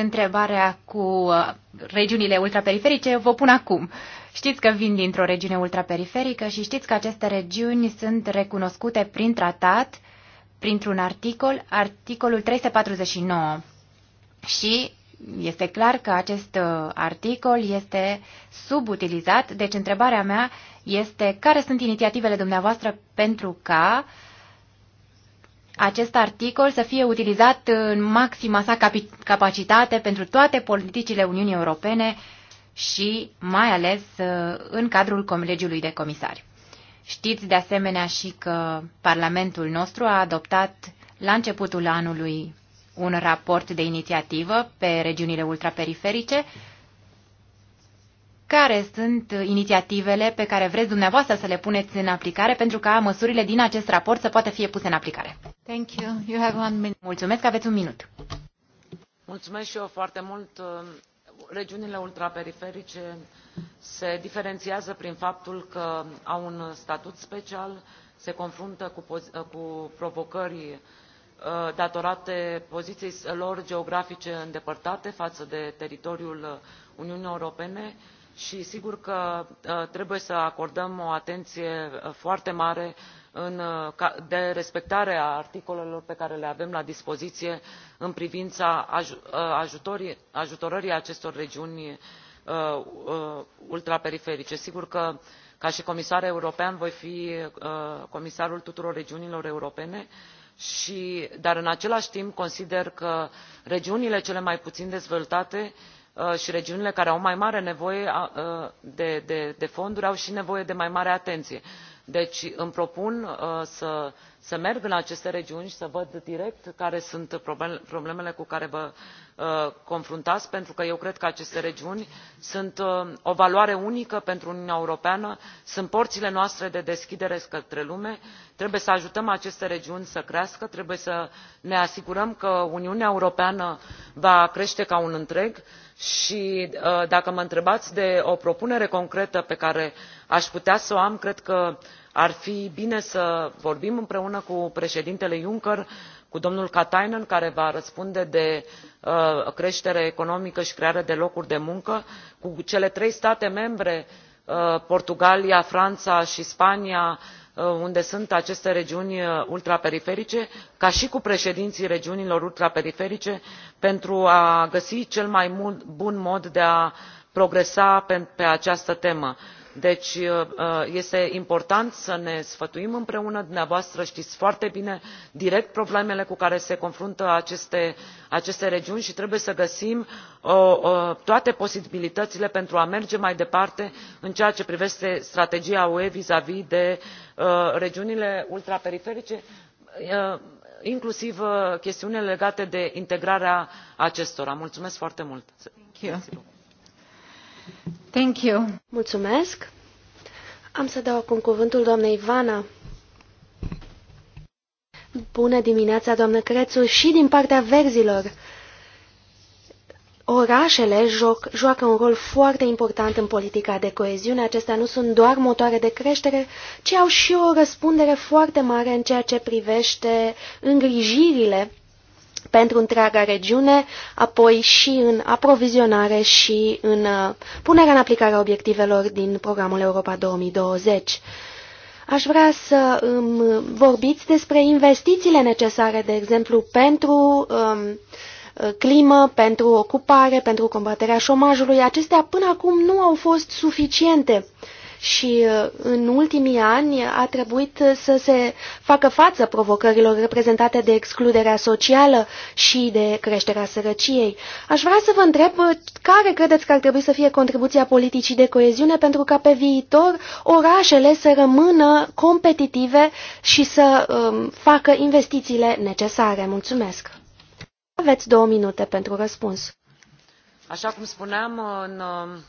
întrebarea cu uh, regiunile ultraperiferice, vă pun acum. Știți că vin dintr-o regiune ultraperiferică și știți că aceste regiuni sunt recunoscute prin tratat, printr-un articol, articolul 349. Și este clar că acest uh, articol este subutilizat, deci întrebarea mea este care sunt inițiativele dumneavoastră pentru ca uh, acest articol să fie utilizat în maxima sa capacitate pentru toate politicile Uniunii Europene și mai ales uh, în cadrul Colegiului de Comisari. Știți de asemenea și că Parlamentul nostru a adoptat la începutul anului un raport de inițiativă pe regiunile ultraperiferice care sunt inițiativele pe care vreți dumneavoastră să le puneți în aplicare pentru ca măsurile din acest raport să poată fi puse în aplicare. Thank you. You have one minute. Mulțumesc că aveți un minut. Mulțumesc și eu foarte mult. Regiunile ultraperiferice se diferențiază prin faptul că au un statut special, se confruntă cu, cu provocări uh, datorate poziției lor geografice îndepărtate față de teritoriul Uniunii Europene, și sigur că uh, trebuie să acordăm o atenție uh, foarte mare uh, de respectare a articolelor pe care le avem la dispoziție în privința ajutorării acestor regiuni ultraperiferice. sigur că ca și comisar european voi fi comisarul tuturor regiunilor europene și, dar în același timp consider că regiunile cele mai puțin dezvoltate trebuie Uh, și regiunile care au mai mare nevoie uh, de, fonduri au și nevoie de mai mare atenție. deci îmi propun uh, să, să merg în aceste regiuni și să văd direct care sunt problemele cu care vă confruntați pentru că eu cred că aceste regiuni sunt o valoare unică pentru uniunea europeană sunt porțile noastre de deschidere către lume trebuie să ajutăm aceste regiuni să crească trebuie să ne asigurăm că uniunea europeană va crește ca un întreg și uh, dacă mă întrebați de o propunere concretă pe care aș putea să o am cred că ar fi bine să vorbim împreună cu președintele juncker cu domnul katainen care va răspunde de uh, creștere economică și creare de locuri de muncă cu cele trei state membre uh, portugalia franța și spania Uh, unde sunt aceste regiuni uh, ultraperiferice ca și cu președinții regiunilor ultraperiferice pentru a găsi cel mai bun mod de a progresa pe această temă deci uh, uh, este important să ne sfătuim împreună dumneavoastră știți foarte bine direct problemele cu care se confruntă aceste, aceste regiuni și trebuie să găsim uh, toate posibilitățile pentru a merge mai departe în ceea ce privește strategia ue vizavi de regiunile ultraperiferice inclusiv chestiunile legate de integrarea acestora. mulțumesc foarte mult. Thank you. Mulțumesc. Am să dau acum cuvântul doamnei Ivana. Bună dimineața, doamnă Crețu, și din partea verzilor. Orașele joc, joacă un rol foarte important în politica de coeziune. Acestea nu sunt doar motoare de creștere, ci au și o răspundere foarte mare în ceea ce privește îngrijirile pentru întreaga regiune, apoi și în aprovizionare și în uh, punerea în aplicare a obiectivelor din programul Europa 2020. Aș vrea să vorbiți despre investițiile necesare, de exemplu, pentru um, climă, pentru ocupare, pentru combaterea șomajului. Acestea până acum nu au fost suficiente. Uh, și uh, în ultimii ani a trebuit uh, să se facă față provocărilor reprezentate de excluderea socială și de creșterea sărăciei. Aș vrea să vă întreb uh, care credeți că ar trebui să fie contribuția politicii de coeziune pentru ca pe viitor orașele să rămână competitive și să um, facă investițiile necesare. Mulțumesc! Aveți două minute pentru răspuns. Așa cum spuneam, în um,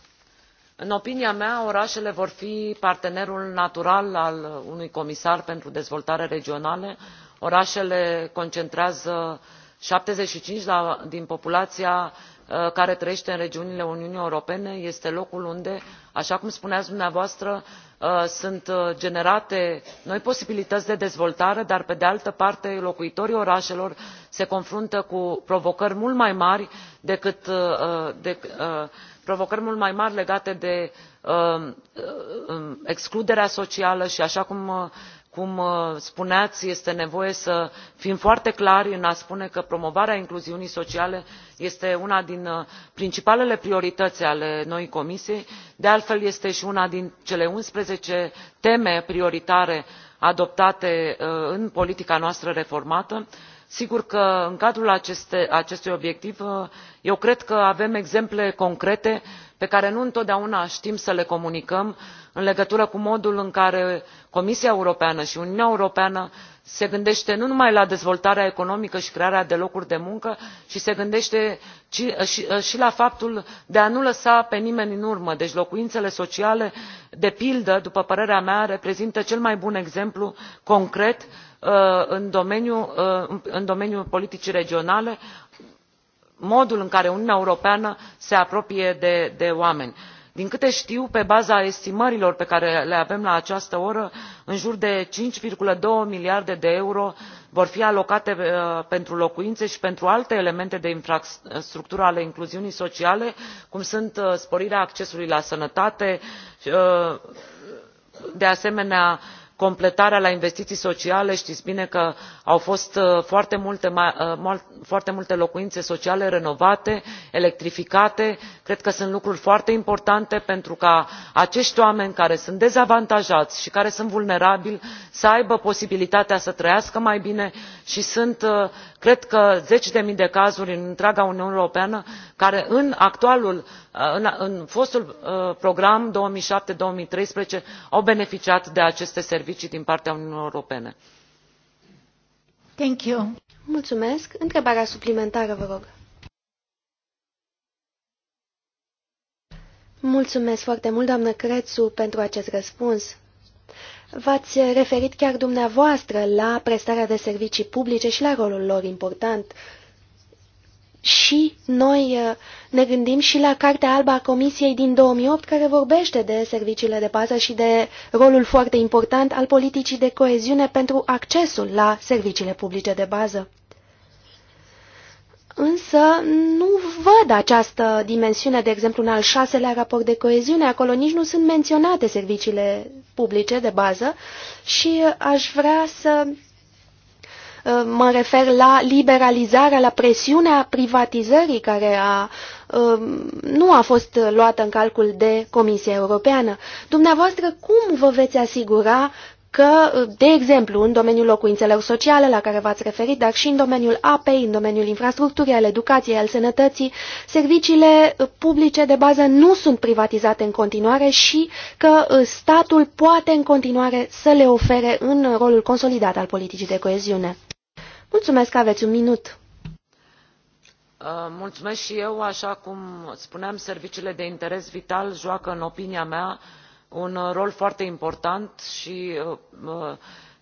în opinia mea orașele vor fi partenerul natural al unui comisar pentru dezvoltare regională orașele concentrează șaptezeci și cinci din populația ă, care trăiește în regiunile uniunii europene este locul unde așa cum spuneați dumneavoastră ă, sunt generate noi posibilități de dezvoltare dar pe de altă parte locuitorii orașelor se confruntă cu provocări mult mai mari decât ă, provocări mult mai mari legate de um, um, excluderea socială și așa cum uh, uh, spuneați este nevoie să fim foarte clari în a spune că promovarea incluziunii sociale este una din uh, principalele priorități ale noii comisii de altfel este și una din cele unsprezece teme prioritare adoptate în politica noastră reformată și sigur că în cadrul acestui obiectiv uh, eu cred că avem exemple concrete pe care nu întotdeauna știm să le comunicăm în legătură cu modul în care comisia europeană și uniunea europeană se gândește nu numai la dezvoltarea economică și crearea de locuri de muncă ci se gândește uh, uh, și la faptul de a nu lăsa pe nimeni în urmă deci locuințele sociale de pildă după părerea mea reprezintă cel mai bun exemplu concret al Uh, uh, în domeniul, politicii regionale modul în care uniunea europeană se apropie de, de oameni. din câte știu pe baza estimărilor pe care le avem la această oră în jur de cinci doi miliarde de euro vor fi alocate uh, pentru locuințe și pentru alte elemente de infrastructură ale incluziunii sociale cum sunt sporirea accesului la sănătate de asemenea completarea la investiții sociale știți bine că au fost uh, uh, foarte multe, locuințe sociale renovate electrificate cred că sunt lucruri foarte importante pentru ca acești oameni care sunt dezavantajați și care sunt vulnerabili să aibă posibilitatea să trăiască mai bine și sunt uh, cred că zeci de mii de cazuri în întreaga uniune europeană care în uh, fostul uh, program două mii șapte două mii treisprezece au beneficiat de aceste servicii din partea uniunii europene. Mulțumesc. Întrebarea suplimentară, vă rog. Mulțumesc foarte mult, doamnă Crețu, pentru acest răspuns. V-ați referit chiar dumneavoastră la prestarea de servicii publice și la rolul lor important. Și noi uh, ne gândim și la Cartea Albă a Comisiei din 2008, care vorbește de serviciile de bază și de rolul foarte important al politicii de coeziune pentru accesul la serviciile publice de bază. Însă nu văd această dimensiune, de exemplu, în al șaselea raport de coeziune, acolo nici nu sunt menționate serviciile publice de bază și aș vrea să ă, mă refer la liberalizarea, la presiunea privatizării care a, ă, nu a fost luată în calcul de Comisia Europeană. Dumneavoastră, cum vă veți asigura că, de exemplu, în domeniul locuințelor sociale la care v-ați referit, dar și în domeniul apei, în domeniul infrastructurii, al educației, al sănătății, serviciile publice de bază nu sunt privatizate în continuare și că uh, statul poate în continuare să le ofere în rolul consolidat al politicii de coeziune. Mulțumesc că aveți un minut. Uh, mulțumesc și eu, așa cum spuneam, serviciile de interes vital joacă, în opinia mea, un uh, rol foarte important și uh, uh,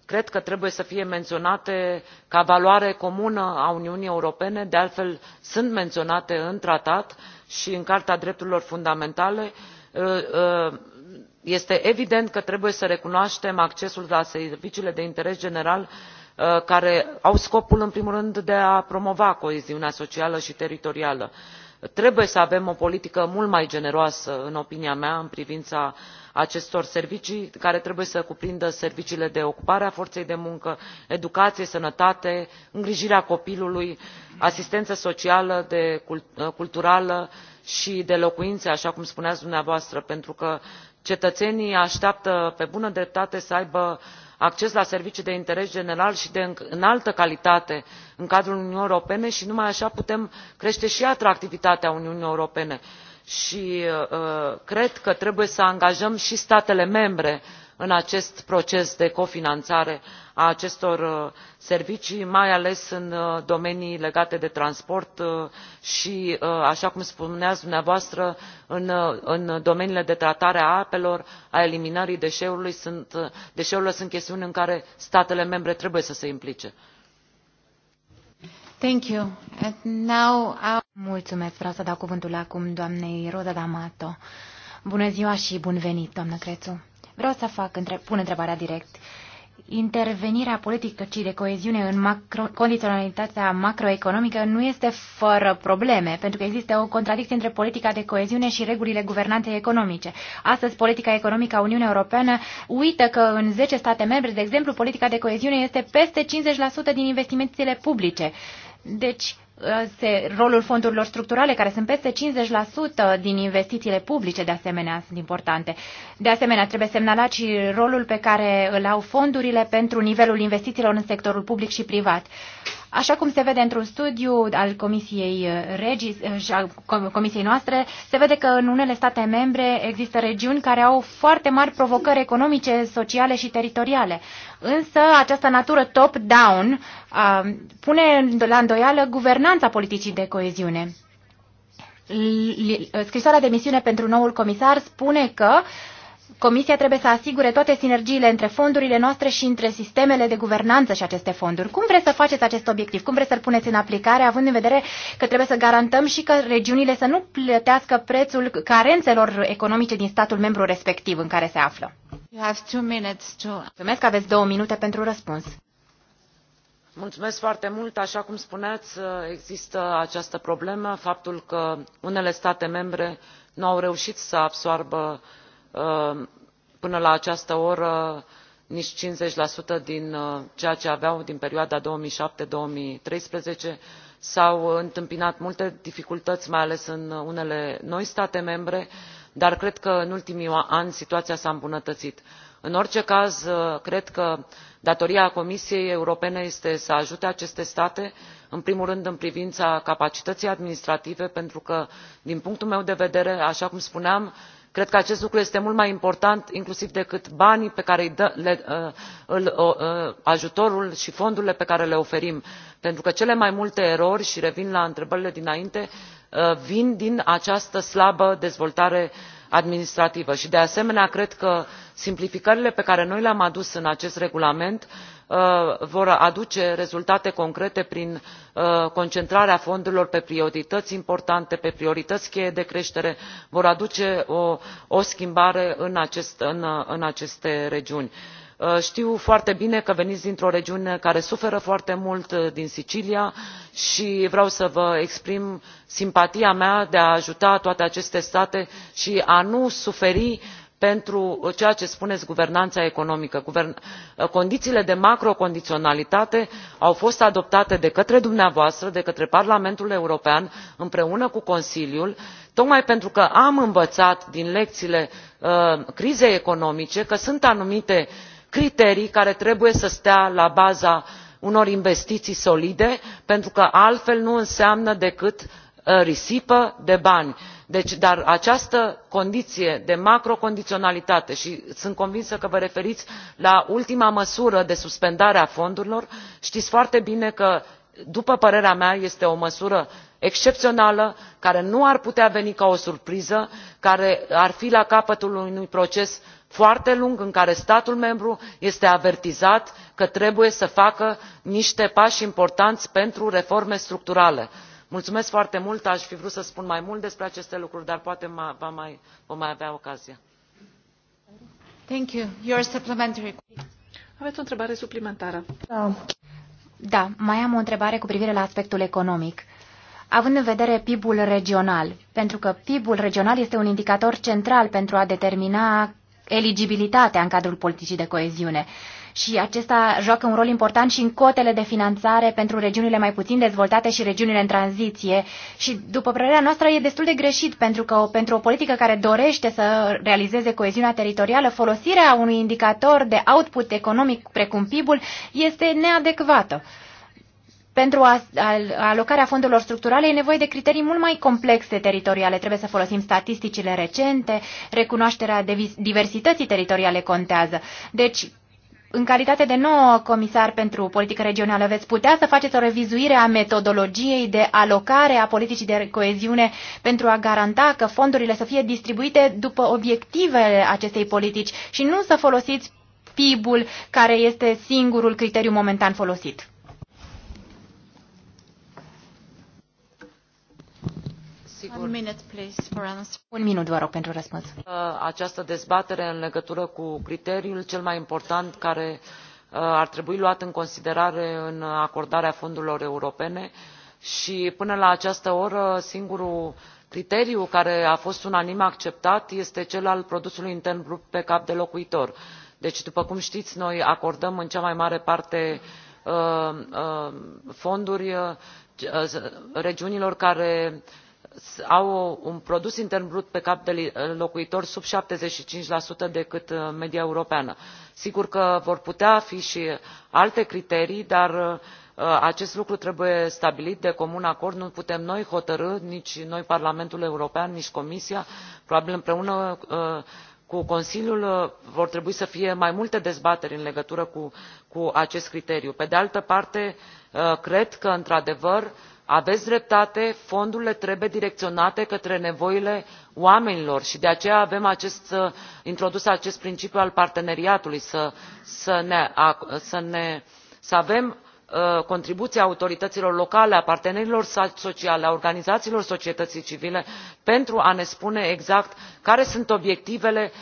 cred că trebuie să fie menționate ca valoare comună a uniunii europene de altfel sunt menționate în tratat și în carta drepturilor fundamentale este evident că trebuie să recunoaștem accesul la serviciile de interes general care au scopul în primul rând de a promova coeziunea socială și teritorială trebuie să avem o politică mult mai generoasă în opinia mea în privința acestor servicii care trebuie să cuprindă serviciile de ocupare a forței de muncă educație sănătate îngrijirea copilului asistență socială culturală și de locuințe așa cum spuneați dumneavoastră pentru că cetățenii așteaptă pe bună dreptate să aibă acces la servicii de interes general și de înaltă calitate în cadrul uniunii europene și numai așa putem crește și atractivitatea uniunii europene și uh, uh, cred că trebuie să angajăm și statele membre să în acest proces de cofinanțare a acestor uh, servicii mai ales în uh, domenii legate de transport uh, și așa cum spuneați dumneavoastră în, domeniile de tratare a apelor a eliminării deșeurilor sunt, sunt chestiuni în care statele membre trebuie să se implice. Thank you. And now I... Mulțumesc. Vreau să dau cuvântul acum doamnei Roza D'Amato. Bună ziua și bun venit, doamnă Crețu. Vreau să fac, între, pun întrebarea direct. Intervenirea politică, și de coeziune în macro, condiționalitatea macroeconomică nu este fără probleme, pentru că există o contradicție între politica de coeziune și regulile guvernanței economice. Astăzi, politica economică a Uniunii Europeană uită că în 10 state membre, de exemplu, politica de coeziune este peste 50% din investițiile publice. Deci, se, rolul fondurilor structurale, care sunt peste 50% din investițiile publice, de asemenea, sunt importante. De asemenea, trebuie semnalat și rolul pe care îl au fondurile pentru nivelul investițiilor în sectorul public și privat. Așa cum se vede într-un studiu al Comisiei uh, Regis uh, și al Comisiei noastre, se vede că în unele state membre există regiuni care au foarte mari provocări economice, sociale și teritoriale. Însă această natură top-down uh, pune la îndoială guvernanța politicii de coeziune. Scrisoarea de misiune pentru noul comisar spune că uh, Comisia trebuie să asigure toate sinergiile între fondurile noastre și între sistemele de guvernanță și aceste fonduri. Cum vreți să faceți acest obiectiv? Cum vreți să-l puneți în aplicare, având în vedere că trebuie să garantăm și că regiunile să nu plătească prețul carențelor economice din statul membru respectiv în care se află? Mulțumesc că aveți două minute pentru răspuns. Mulțumesc foarte mult. Așa cum spuneați, există această problemă, faptul că unele state membre nu au reușit să absoarbă Uh, până la această oră nici cincizeci din uh, ceea ce aveau din perioada două mii șapte două mii treisprezece s au întâmpinat multe dificultăți mai ales în unele noi state membre dar cred că în ultimii ani situația s a îmbunătățit. în orice caz uh, cred că datoria comisiei europene este să ajute aceste state în primul rând în privința capacității administrative pentru că din punctul meu de vedere așa cum spuneam cred că acest lucru este mult mai important inclusiv decât banii pe care îi uh, uh, ajutorul și fondurile pe care le oferim pentru că cele mai multe erori și revin la întrebările dinainte uh, vin din această slabă dezvoltare administrativă și de asemenea cred că simplificările pe care noi le am adus în acest regulament Uh, vor aduce rezultate concrete prin uh, concentrarea fondurilor pe priorități importante pe priorități cheie de creștere vor aduce o, schimbare în, în aceste regiuni uh, știu foarte bine că veniți dintr o regiune care suferă foarte mult din sicilia și vreau să vă exprim simpatia mea de a ajuta toate aceste state și a nu suferi pentru ceea ce spuneți guvernanța economică uh, condițiile de macrocondiționalitate au fost adoptate de către dumneavoastră de către parlamentul european împreună cu consiliul tocmai pentru că am învățat din lecțiile uh, crizei economice că sunt anumite criterii care trebuie să stea la baza unor investiții solide pentru că altfel nu înseamnă decât Uh, risipă de bani deci dar această condiție de macrocondiționalitate și sunt convinsă că vă referiți la ultima măsură de suspendare a fondurilor știți foarte bine că după părerea mea este o măsură excepțională care nu ar putea veni ca o surpriză care ar fi la capătul unui proces foarte lung în care statul membru este avertizat că trebuie să facă niște pași importanți pentru reforme structurale mulțumesc foarte mult aș fi vrut să spun mai mult despre aceste lucruri dar poate mai, vom mai avea ocazia. Aveți o întrebare suplimentară. Da. da, mai am o întrebare cu privire la aspectul economic. Având în vedere PIB-ul regional, pentru că PIB-ul regional este un indicator central pentru a determina eligibilitatea în cadrul politicii de coeziune și acesta joacă un rol important și în cotele de finanțare pentru regiunile mai puțin dezvoltate și regiunile în tranziție. Și, după părerea noastră, e destul de greșit pentru că pentru o politică care dorește să realizeze coeziunea teritorială, folosirea unui indicator de output economic precum PIB-ul este neadecvată. Pentru a, a, alocarea fondurilor structurale e nevoie de criterii mult mai complexe teritoriale. Trebuie să folosim statisticile recente, recunoașterea de, diversității teritoriale contează. Deci, în calitate de nou comisar pentru politică regională, veți putea să faceți o revizuire a metodologiei de alocare a politicii de coeziune pentru a garanta că fondurile să fie distribuite după obiectivele acestei politici și nu să folosiți PIB-ul care este singurul criteriu momentan folosit. Un minut, please, Un minut, vă rog, pentru răspuns. Uh, această dezbatere în legătură cu criteriul cel mai important care uh, ar trebui luat în considerare în acordarea fondurilor europene și până la această oră singurul criteriu care a fost unanim acceptat este cel al produsului intern brut pe cap de locuitor deci după cum știți noi acordăm în cea mai mare parte uh, fonduri regiunilor care au un produs intern brut pe cap de locuitor sub șaptezeci și cinci decât uh, media europeană. sigur că vor putea fi și alte criterii dar uh, acest lucru trebuie stabilit de comun acord nu putem noi hotărî nici noi parlamentul european nici comisia probabil împreună uh, cu consiliul vor trebui să fie mai multe dezbateri în legătură cu, cu acest criteriu. pe de altă parte cred că într adevăr aveți dreptate fondurile trebuie direcționate către nevoile oamenilor și de aceea avem acest, uh, introdus acest principiu al parteneriatului să, să, ne, să avem Uh, contribuția autorităților locale a partenerilor sociali a organizațiilor societății civile pentru a ne spune exact care sunt obiectivele uh,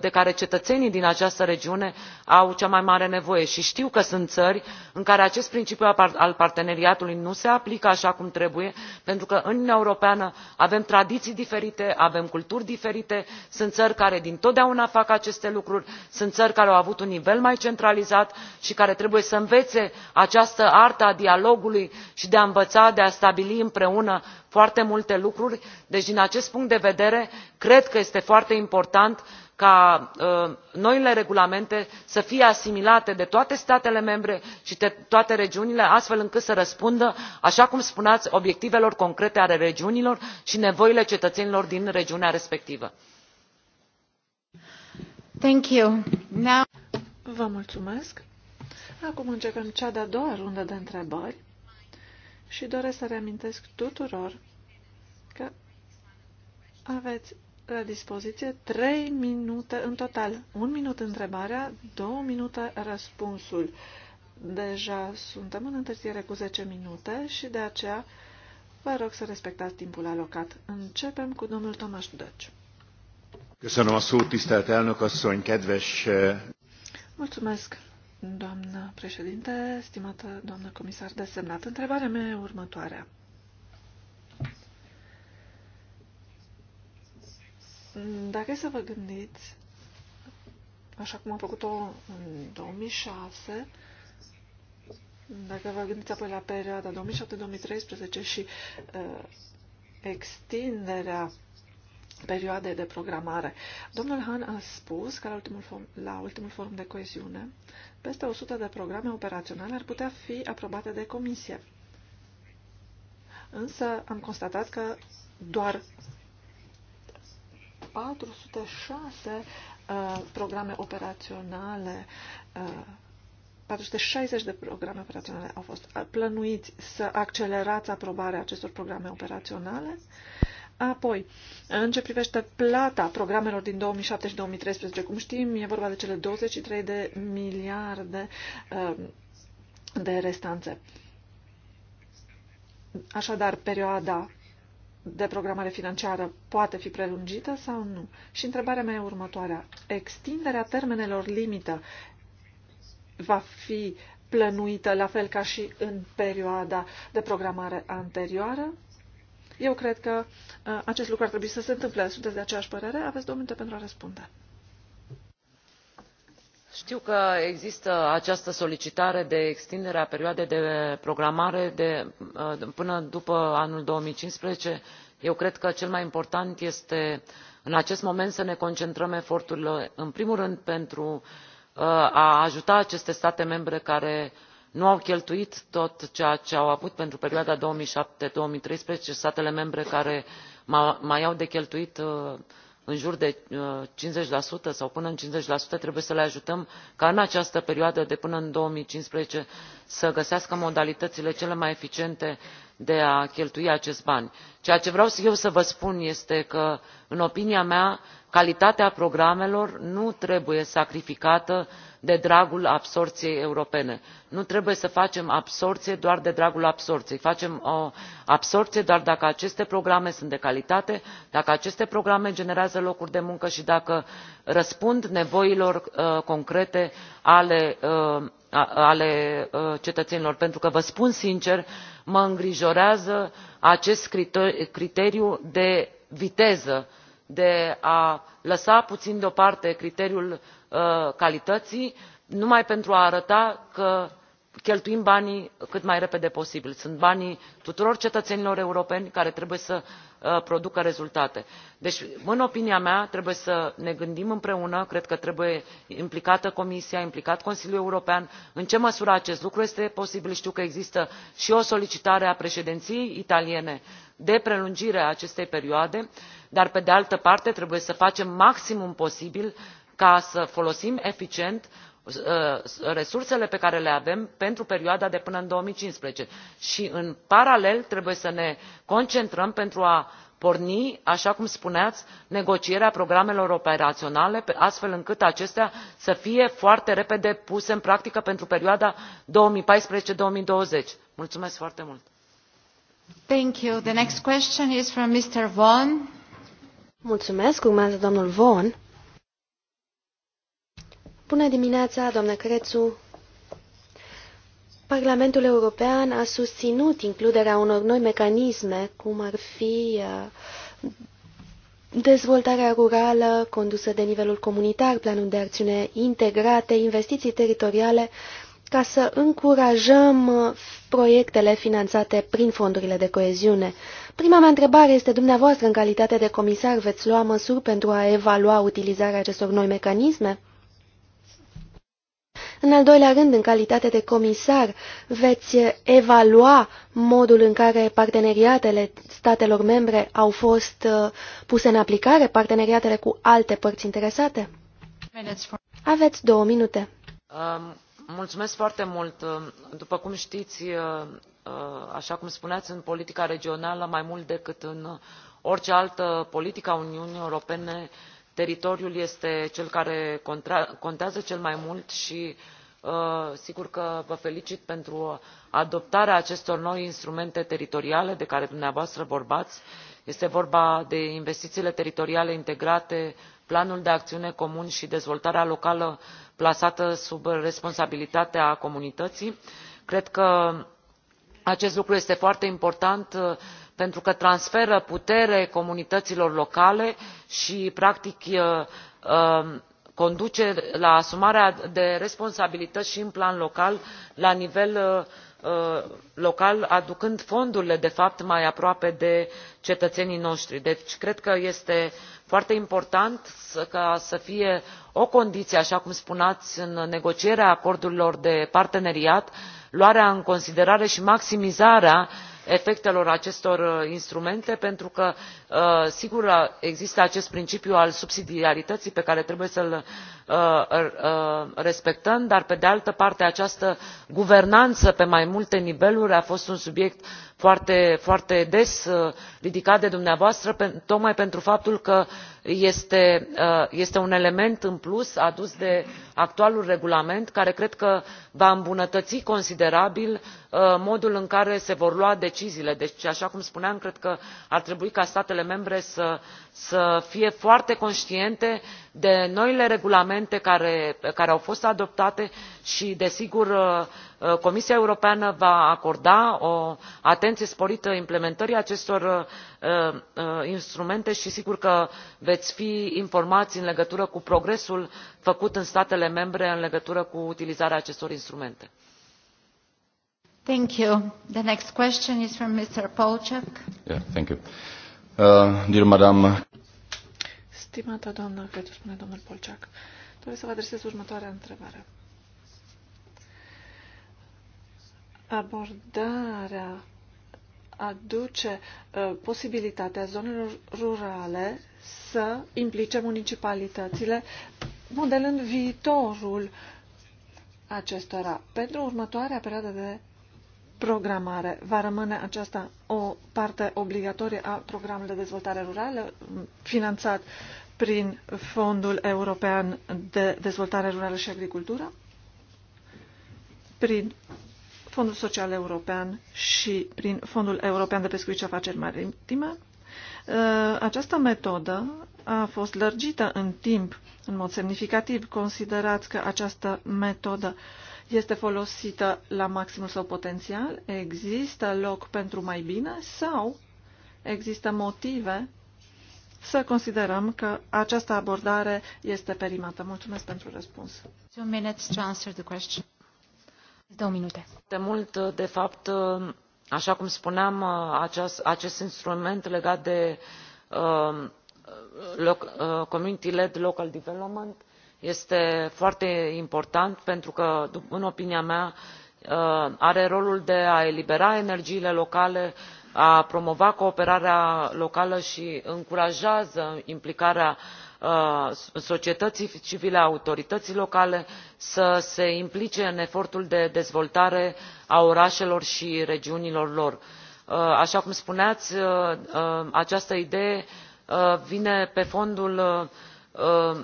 de care, cetățenii din această regiune au cea mai mare nevoie și știu că sunt țări în care acest principiu al parteneriatului nu se aplică așa cum trebuie pentru că în uniunea europeană avem tradiții diferite avem culturi diferite sunt țări care dintotdeauna fac aceste lucruri sunt țări care au avut un nivel mai centralizat și care trebuie să învețe învețe această artă a dialogului și de a învăța de a stabili împreună foarte multe lucruri deci din acest punct de vedere cred că este foarte important ca ă, noile regulamente să fie asimilate de toate statele membre și de toate regiunile astfel încât să răspundă așa cum spuneați obiectivelor concrete ale regiunilor și nevoilor cetățenilor din regiunea respectivă. Thank you. Vă mulțumesc. Acum începem cea de-a doua rundă de întrebări și doresc să reamintesc tuturor că aveți la dispoziție 3 minute în total. Un minut întrebarea, 2 minute răspunsul. Deja suntem în întârziere cu 10 minute și de aceea vă rog să respectați timpul alocat. Începem cu domnul Tomaș Dăci. Köszönöm a szót, tisztelt elnök asszony, kedves... Eh, Mulțumesc, doamnă președinte, stimată doamnă comisar desemnat. Întrebarea mea e următoarea. Dacă e să vă gândiți, așa cum am făcut-o în 2006, dacă vă gândiți apoi la perioada 2007-2013 și uh, extinderea perioade de programare. Domnul Han a spus că la ultimul, form, la ultimul forum de coeziune, peste 100 de programe operaționale ar putea fi aprobate de comisie. Însă am constatat că doar 406 uh, programe operaționale uh, 460 de programe operaționale au fost plănuiți să accelerați aprobarea acestor programe operaționale. Uh, Apoi, în ce privește plata programelor din 2007 și 2013, cum știm, e vorba de cele 23 de miliarde um, de restanțe. Așadar, perioada de programare financiară poate fi prelungită sau nu? Și întrebarea mea e următoarea. Extinderea termenelor limită va fi plănuită la fel ca și în perioada de programare anterioară? Eu cred că uh, acest lucru ar trebui să se întâmple. Sunteți de aceeași părere? Aveți două minute pentru a răspunde. Știu că există această solicitare de extindere a perioadei de programare de, uh, până după anul 2015. Eu cred că cel mai important este în acest moment să ne concentrăm eforturile, în primul rând, pentru uh, a ajuta aceste state membre care nu au cheltuit tot ceea ce au avut pentru perioada două mii șapte două mii treisprezece statele membre care mai au de cheltuit uh, în jur de uh, cincizeci sau până în cincizeci trebuie să le ajutăm ca în această perioadă de până în două mii cincisprezece să găsească modalitățile cele mai eficiente de a cheltui acești bani. ceea ce vreau eu să vă spun este că în opinia mea calitatea programelor nu trebuie sacrificată de dragul absorbției europene nu trebuie să facem absorbție doar de dragul absorbției facem o absorbție doar dacă aceste programe sunt de calitate dacă aceste programe generează locuri de muncă și dacă răspund nevoilor uh, concrete ale, uh, uh, cetățenilor pentru că vă spun sincer mă îngrijorează acest criteriu, criteriu de viteză de a lăsa puțin deoparte criteriul uh, calității numai pentru a arăta că cheltuim banii cât mai repede posibil. sunt banii tuturor cetățenilor europeni care trebuie să Uh, producă rezultate. deci în opinia mea trebuie să ne gândim împreună cred că trebuie implicată comisia implicat consiliul european în ce măsură acest lucru este posibil știu că există și o solicitare a președinției italiene de prelungire a acestei perioade dar pe de altă parte trebuie să facem maximum posibil ca să folosim eficient Uh, resursele pe care le avem pentru perioada de până în două mii cincisprezece și în paralel trebuie să ne concentrăm pentru a porni așa cum spuneați negocierea programelor operaționale astfel încât acestea să fie foarte repede puse în practică pentru perioada două mii paisprezece două mii douăzeci mulțumesc foarte mult. Thank you. The next question is from Mr. Vaughan. Mulțumesc. domnul Vaughan. Bună dimineața, doamnă Crețu! Parlamentul European a susținut includerea unor noi mecanisme, cum ar fi uh, dezvoltarea rurală condusă de nivelul comunitar, planul de acțiune integrate, investiții teritoriale, ca să încurajăm uh, proiectele finanțate prin fondurile de coeziune. Prima mea întrebare este, dumneavoastră, în calitate de comisar, veți lua măsuri pentru a evalua utilizarea acestor noi mecanisme? În al doilea rând, în calitate de comisar, veți evalua modul în care parteneriatele statelor membre au fost uh, puse în aplicare, parteneriatele cu alte părți interesate? Aveți două minute. Um, mulțumesc foarte mult. Um, după cum știți, uh, uh, așa cum spuneați, în politica regională, mai mult decât în orice altă politică a Uniunii Europene, teritoriul este cel care contează cel mai mult și uh, sigur că vă felicit pentru adoptarea acestor noi instrumente teritoriale de care dumneavoastră vorbați este vorba de investițiile teritoriale integrate planul de acțiune comun și dezvoltarea locală plasată sub responsabilitatea comunității. cred că acest lucru este foarte important și pentru că transferă putere comunităților locale și practic conduce la asumarea de responsabilități și în plan local la nivel local aducând fondurile de fapt mai aproape de cetățenii noștri. deci cred că este foarte important să, ca să fie o condiție așa cum spuneați în negocierea acordurilor de parteneriat luarea în considerare și maximizarea efectelor acestor uh, instrumente pentru că uh, sigur uh, există acest principiu al subsidiarității pe care trebuie să l respectăm dar pe de altă parte această guvernanță pe mai multe niveluri a fost un subiect foarte, foarte des uh, ridicat de dumneavoastră tocmai pentru faptul că este, uh, este un element în plus adus de actualul regulament care cred că va îmbunătăți considerabil uh, modul în care se vor lua deciziile deci așa cum spuneam cred că ar trebui ca statele membre să, să fie foarte conștiente de noile regulamente care, care au fost adoptate și desigur Uh, comisia europeană va acorda o atenție sporită implementării acestor uh, uh, instrumente și sigur că veți fi informați în legătură cu progresul făcut în statele membre în legătură cu utilizarea acestor instrumente. Thank you. The next question is from Mr. Yeah, thank you. Stimată doamnă, cred că spune domnul Polciac, doresc să vă adresez următoarea întrebare. Abordarea aduce uh, posibilitatea zonelor rurale să implice municipalitățile, modelând viitorul acestora. Pentru următoarea perioadă de programare, va rămâne aceasta o parte obligatorie a programului de dezvoltare rurală, finanțat prin Fondul European de Dezvoltare Rurală și Agricultură, prin Fondul Social European și prin Fondul European de Pescuit și Afaceri Maritime. Uh, această metodă a fost lărgită în timp, în mod semnificativ. Considerați că această metodă este folosită la maximul său potențial? Există loc pentru mai bine sau există motive să considerăm că această abordare este perimată? Mulțumesc pentru răspuns. Two minutes to answer the question. De mult, de fapt, așa cum spuneam, acest, instrument legat de um, uh, Community Led Local Development este foarte important pentru că, în opinia mea, uh, are rolul de a elibera energiile locale, a promova cooperarea locală și încurajează implicarea Uh, societății civile a autorității locale să se implice în efortul de dezvoltare a orașelor și regiunilor lor. Uh, așa cum spuneați uh, această idee vine pe fondul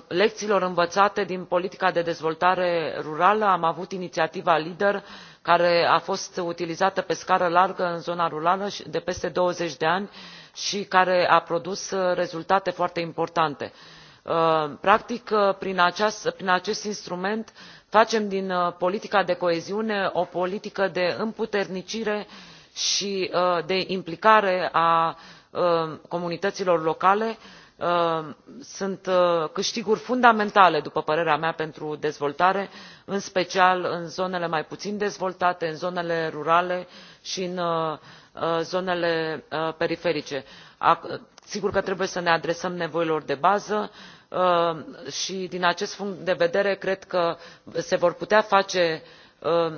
lecțiilor învățate din politica de dezvoltare rurală am avut inițiativa leader care a fost utilizată pe scară largă în zona rurală de peste douăzeci de ani și care a produs rezultate foarte importante. Uh, practic uh, prin, acest instrument facem din uh, politica de coeziune o politică de împuternicire și de implicare a comunităților locale sunt câștiguri fundamentale după părerea mea pentru dezvoltare în special în zonele mai puțin dezvoltate în zonele rurale și în zonele periferice. sigur că trebuie să ne adresăm nevoilor de bază Uh, și din acest punct de vedere cred că se vor putea face uh,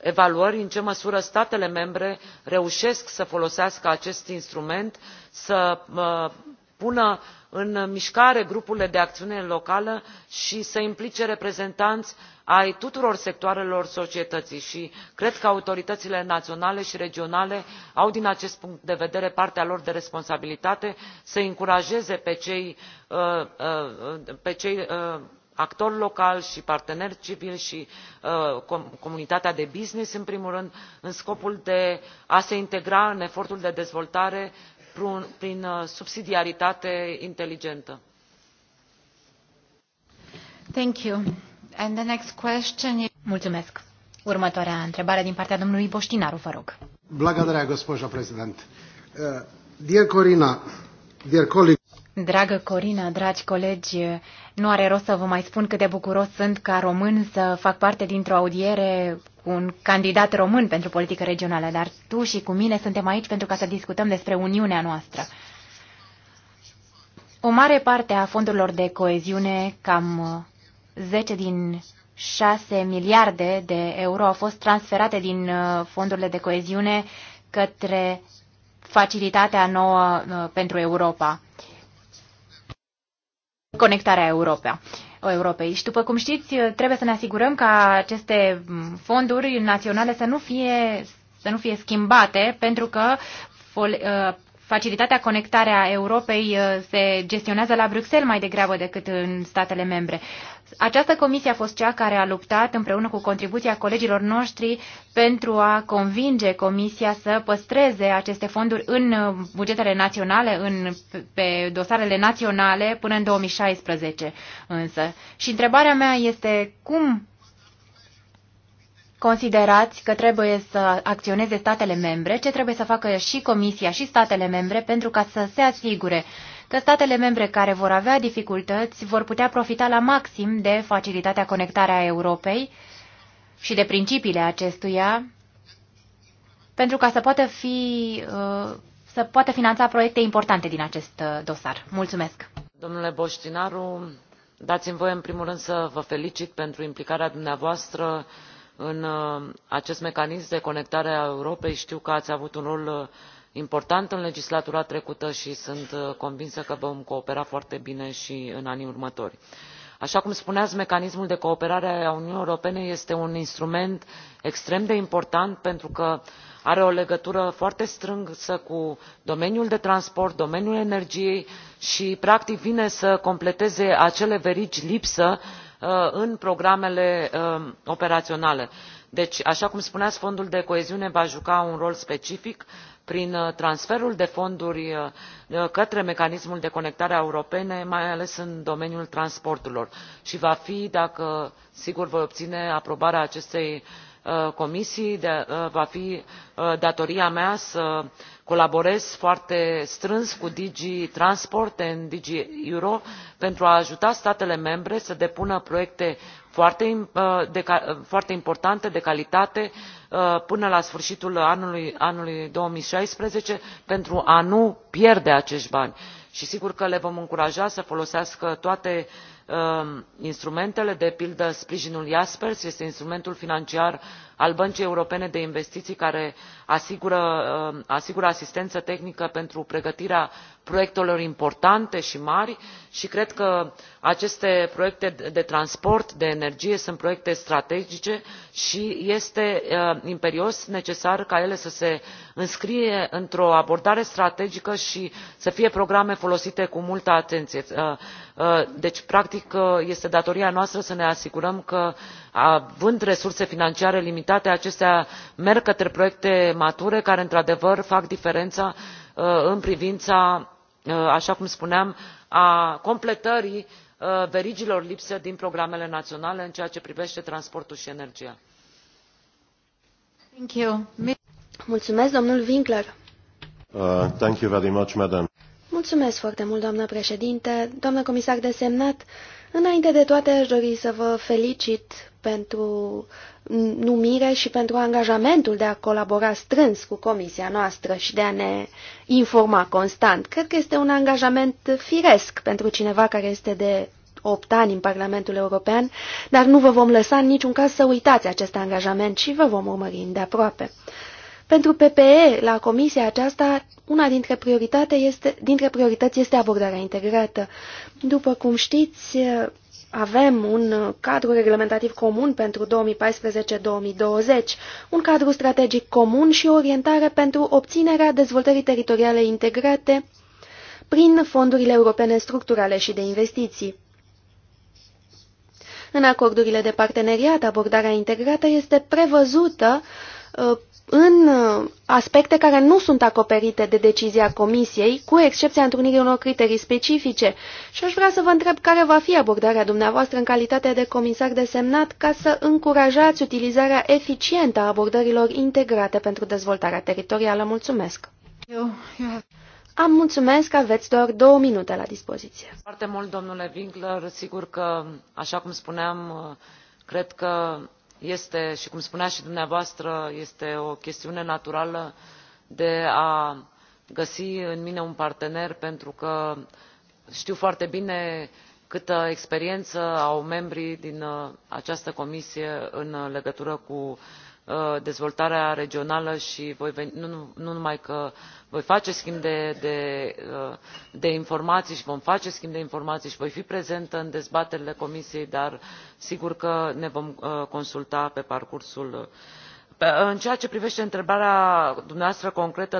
evaluări în ce măsură statele membre reușesc să folosească acest instrument să uh, pună în mișcare grupurile de acțiune locală și să implice reprezentanți ai tuturor sectoarelor societății și cred că autoritățile naționale și regionale au din acest punct de vedere partea lor de responsabilitate să îi încurajeze pe cei, uh, uh, pe cei uh, actori locali și parteneri civili și comunitatea de business în primul rând în scopul de a se integra în efortul de dezvoltare prin uh, subsidiaritate inteligentă. Thank you. And the next question is... Mulțumesc. Următoarea întrebare din partea domnului Boștinaru, vă rog. Благодаря, госпожа президент. Dear Corina, dear colleagues, Dragă Corina, dragi colegi, nu are rost să vă mai spun cât de bucuros sunt ca român să fac parte dintr-o audiere cu un candidat român pentru politică regională, dar tu și cu mine suntem aici pentru ca să discutăm despre Uniunea noastră. O mare parte a fondurilor de coeziune, cam 10 din 6 miliarde de euro, au fost transferate din uh, fondurile de coeziune către facilitatea nouă uh, pentru Europa conectarea Europea. Europei. Și după cum știți, trebuie să ne asigurăm ca aceste fonduri naționale să nu fie, să nu fie schimbate, pentru că Facilitatea Conectarea Europei uh, se gestionează la Bruxelles mai degrabă decât în statele membre. Această comisie a fost cea care a luptat împreună cu contribuția colegilor noștri pentru a convinge comisia să păstreze aceste fonduri în uh, bugetele naționale, în, pe dosarele naționale până în 2016 însă. Și întrebarea mea este cum considerați că trebuie să acționeze statele membre, ce trebuie să facă și Comisia și statele membre pentru ca să se asigure că statele membre care vor avea dificultăți vor putea profita la maxim de facilitatea conectarea Europei și de principiile acestuia pentru ca să poată fi uh, să poată finanța proiecte importante din acest uh, dosar. Mulțumesc! Domnule Boștinaru, dați-mi voie în primul rând să vă felicit pentru implicarea dumneavoastră în uh, acest mecanism de conectare a europei știu că ați avut un rol uh, important în legislatura trecută și sunt uh, convinsă că vom coopera foarte bine și în anii următori. așa cum spuneați mecanismul de cooperare a uniunii europene este un instrument extrem de important pentru că are o legătură foarte strânsă cu domeniul de transport domeniul energiei și practic vine să completeze acele verigi lipsă Uh, în programele uh, operaționale. deci așa cum spuneați fondul de coeziune va juca un rol specific prin uh, transferul de fonduri către mecanismul de conectare a mai ales în domeniul transporturilor și va fi dacă sigur voi obține aprobarea acestei Uh, comisiei uh, va fi uh, datoria mea să colaborez foarte strâns cu dg transport and dg euro pentru a ajuta statele membre să depună proiecte foarte, foarte importante de calitate până la sfârșitul anului două mii șaisprezece pentru a nu pierde acești bani și sigur că le vom încuraja să folosească toate Um, instrumentele de pildă sprijinul jaspers este instrumentul financiar al băncii europene de investiții care uh, asigură, asistență tehnică pentru pregătirea proiectelor importante și mari și cred că aceste proiecte de transport de energie sunt proiecte strategice și este uh, imperios necesar ca ele să se înscrie într o abordare strategică și să fie programe folosite cu multă atenție. Uh, deci practic este datoria noastră să ne asigurăm că având resurse financiare limitate majoritatea acestea merg către proiecte mature care într adevăr fac diferența uh, în privința uh, așa cum spuneam a completării uh, verigilor lipsă din programele naționale în ceea ce privește transportul și energia. Mulțumesc, Winkler. Mulțumesc foarte mult, doamnă președinte, doamnă comisar desemnat. Înainte de toate, aș dori să vă felicit pentru numire și pentru angajamentul de a colabora strâns cu comisia noastră și de a ne informa constant. Cred că este un angajament firesc pentru cineva care este de 8 ani în Parlamentul European, dar nu vă vom lăsa în niciun caz să uitați acest angajament și vă vom urmări îndeaproape. Pentru PPE, la comisia aceasta, una dintre, este, dintre priorități este abordarea integrată. După cum știți, avem un uh, cadru reglementativ comun pentru 2014-2020, un cadru strategic comun și o orientare pentru obținerea dezvoltării teritoriale integrate prin fondurile europene structurale și de investiții. În acordurile de parteneriat, abordarea integrată este prevăzută uh, în uh, aspecte care nu sunt acoperite de decizia Comisiei, cu excepția întrunirii unor criterii specifice. Și aș vrea să vă întreb care va fi abordarea dumneavoastră în calitate de comisar desemnat ca să încurajați utilizarea eficientă a abordărilor integrate pentru dezvoltarea teritorială. Mulțumesc! Eu, eu... Am mulțumesc, aveți doar două minute la dispoziție. Foarte mult, domnule Winkler, sigur că, așa cum spuneam, cred că este și cum spuneați și dumneavoastră este o chestiune naturală de a găsi în mine un partener pentru că știu foarte bine câtă experiență au membrii din uh, această comisie în legătură cu Uh, dezvoltarea regională și voi nu, numai că voi face schimb uh, de, informații și vom face schimb de informații și voi fi prezentă în dezbaterile comisiei dar sigur că ne vom uh, consulta pe parcursul în ceea ce privește întrebarea dumneavoastră concretă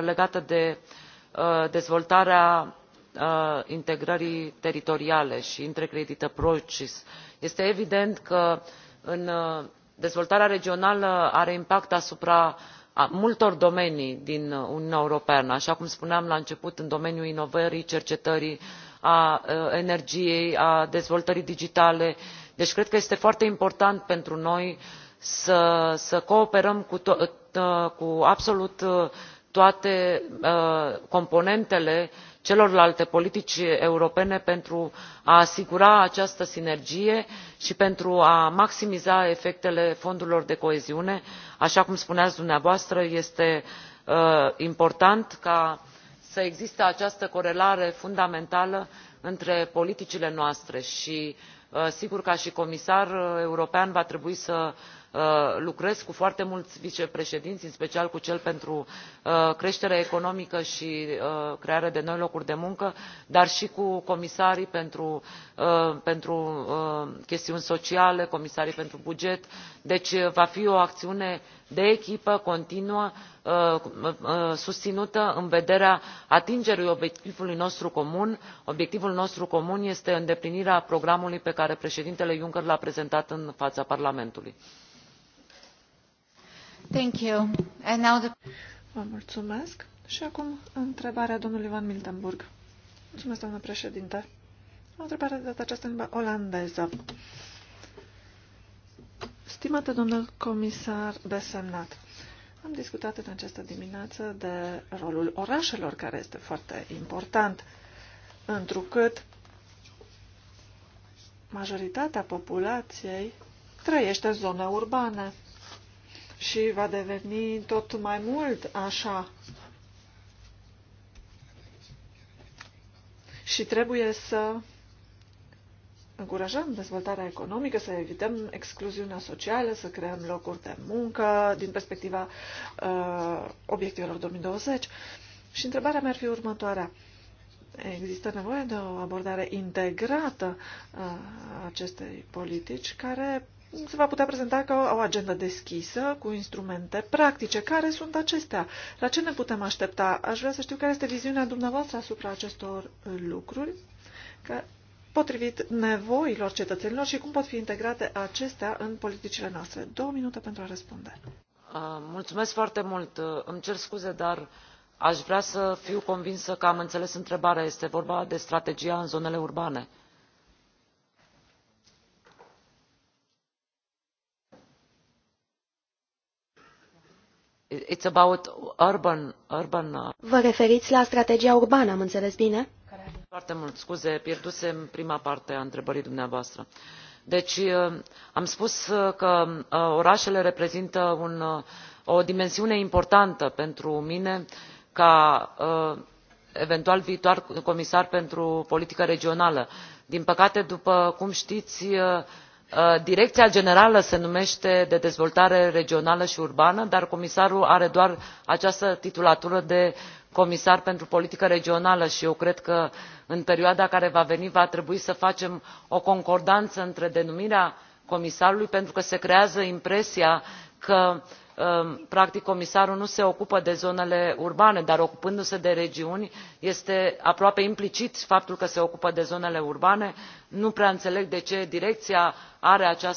legată de dezvoltarea integrării teritoriale și intercredită approaches este evident că în dezvoltarea regională are impact asupra multor domenii din uniunea europeană așa cum spuneam la început în domeniul inovării cercetării al energiei al dezvoltării digitale deci cred că este foarte important pentru noi să, cooperăm cu, ă, cu absolut toate ă, componentele celorlalte politici europene pentru a asigura această sinergie și pentru a maximiza efectele fondurilor de coeziune așa cum spuneați dumneavoastră este uh, important ca să existe această corelare fundamentală între politicile noastre și uh, sigur ca și comisar european va trebui să Uh, lucrez cu foarte mulți vicepreședinți în special cu cel pentru uh, creștere economică și uh, crearea de noi locuri de muncă dar și cu comisarii pentru, pentru chestiuni sociale comisarii pentru buget deci va fi o acțiune de echipă continuă susținută în vederea atingerii obiectivului nostru comun obiectivul nostru comun este îndeplinirea programului pe care președintele juncker l a prezentat în fața parlamentului. Thank you. And now the... Vă mulțumesc. Și acum întrebarea domnului Van Miltenburg. Mulțumesc, doamnă președinte. O întrebare de data aceasta în limba olandeză. Stimate domnul comisar desemnat, am discutat în această dimineață de rolul orașelor, care este foarte important, întrucât majoritatea populației trăiește în zone urbane și va deveni tot mai mult așa. Și trebuie să încurajăm dezvoltarea economică, să evităm excluziunea socială, să creăm locuri de muncă din perspectiva uh, obiectivelor 2020. Și întrebarea mea ar fi următoarea. Există nevoie de o abordare integrată uh, a acestei politici care se va putea prezenta ca o agendă deschisă cu instrumente practice. Care sunt acestea? La ce ne putem aștepta? Aș vrea să știu care este viziunea dumneavoastră asupra acestor uh, lucruri, că, potrivit nevoilor cetățenilor și cum pot fi integrate acestea în politicile noastre. Două minute pentru a răspunde. Uh, mulțumesc foarte mult. Uh, îmi cer scuze, dar aș vrea să fiu convinsă că am înțeles întrebarea. Este vorba de strategia în zonele urbane Uh, Vă referiți la strategia urbană, am înțeles bine? Foarte mult scuze, pierdusem prima parte a întrebării dumneavoastră. Deci uh, am spus uh, că orașele reprezintă un, o dimensiune importantă pentru mine ca eventual viitor comisar pentru politică regională. Din păcate, după cum știți, Uh, direcția generală se numește de dezvoltare regională și urbană dar comisarul are doar această titulatură de comisar pentru politică regională și eu cred că în perioada care va veni va trebui să facem o concordanță între denumirea comisarului pentru că se creează impresia că că um, practic comisarul nu se ocupă de zonele urbane dar ocupându se de regiuni este aproape implicit faptul că se ocupă de zonele urbane nu prea înțeleg de ce direcția are uh,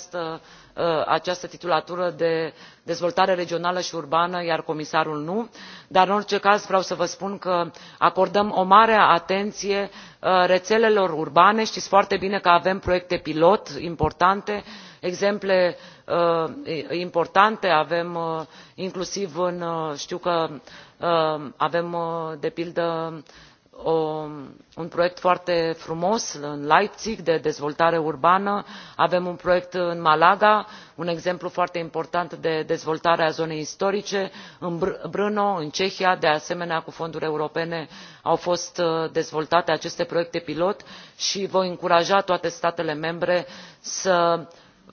această, titulatură de dezvoltare regională și urbană iar comisarul nu dar în orice caz vreau să vă spun că acordăm o mare atenție uh, rețelelor urbane știți foarte bine că avem proiecte pilot importante și exemple uh, importante avem uh, inclusiv uh, știu că avem de pildă un proiect foarte frumos în leipzig de dezvoltare urbană avem un proiect în malaga un exemplu foarte important de dezvoltare a zonei istorice în brno în cehia de asemenea cu fonduri europene au fost dezvoltate aceste proiecte pilot și voi încuraja toate statele membre să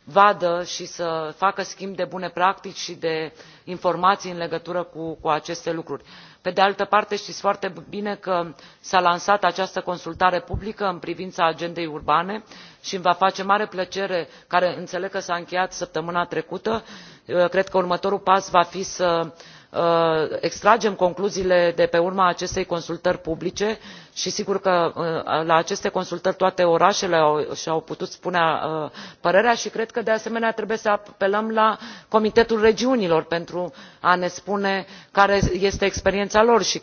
vadă și să facă schimb de bune practici și de informații în legătură cu, cu aceste lucruri. pe de altă parte știți foarte bine că s a lansat această consultare publică în privința agendei urbane și îmi va face mare plăcere care înțeleg că s a încheiat săptămâna trecută cred că următorul pas va fi să Uh, extragem concluziile de pe urma acestei consultări publice și sigur că uh, la aceste consultări toate orașele și au putut spune uh, părerea și cred că de asemenea trebuie să apelăm la comitetul regiunilor pentru a ne spune care este experiența lor și,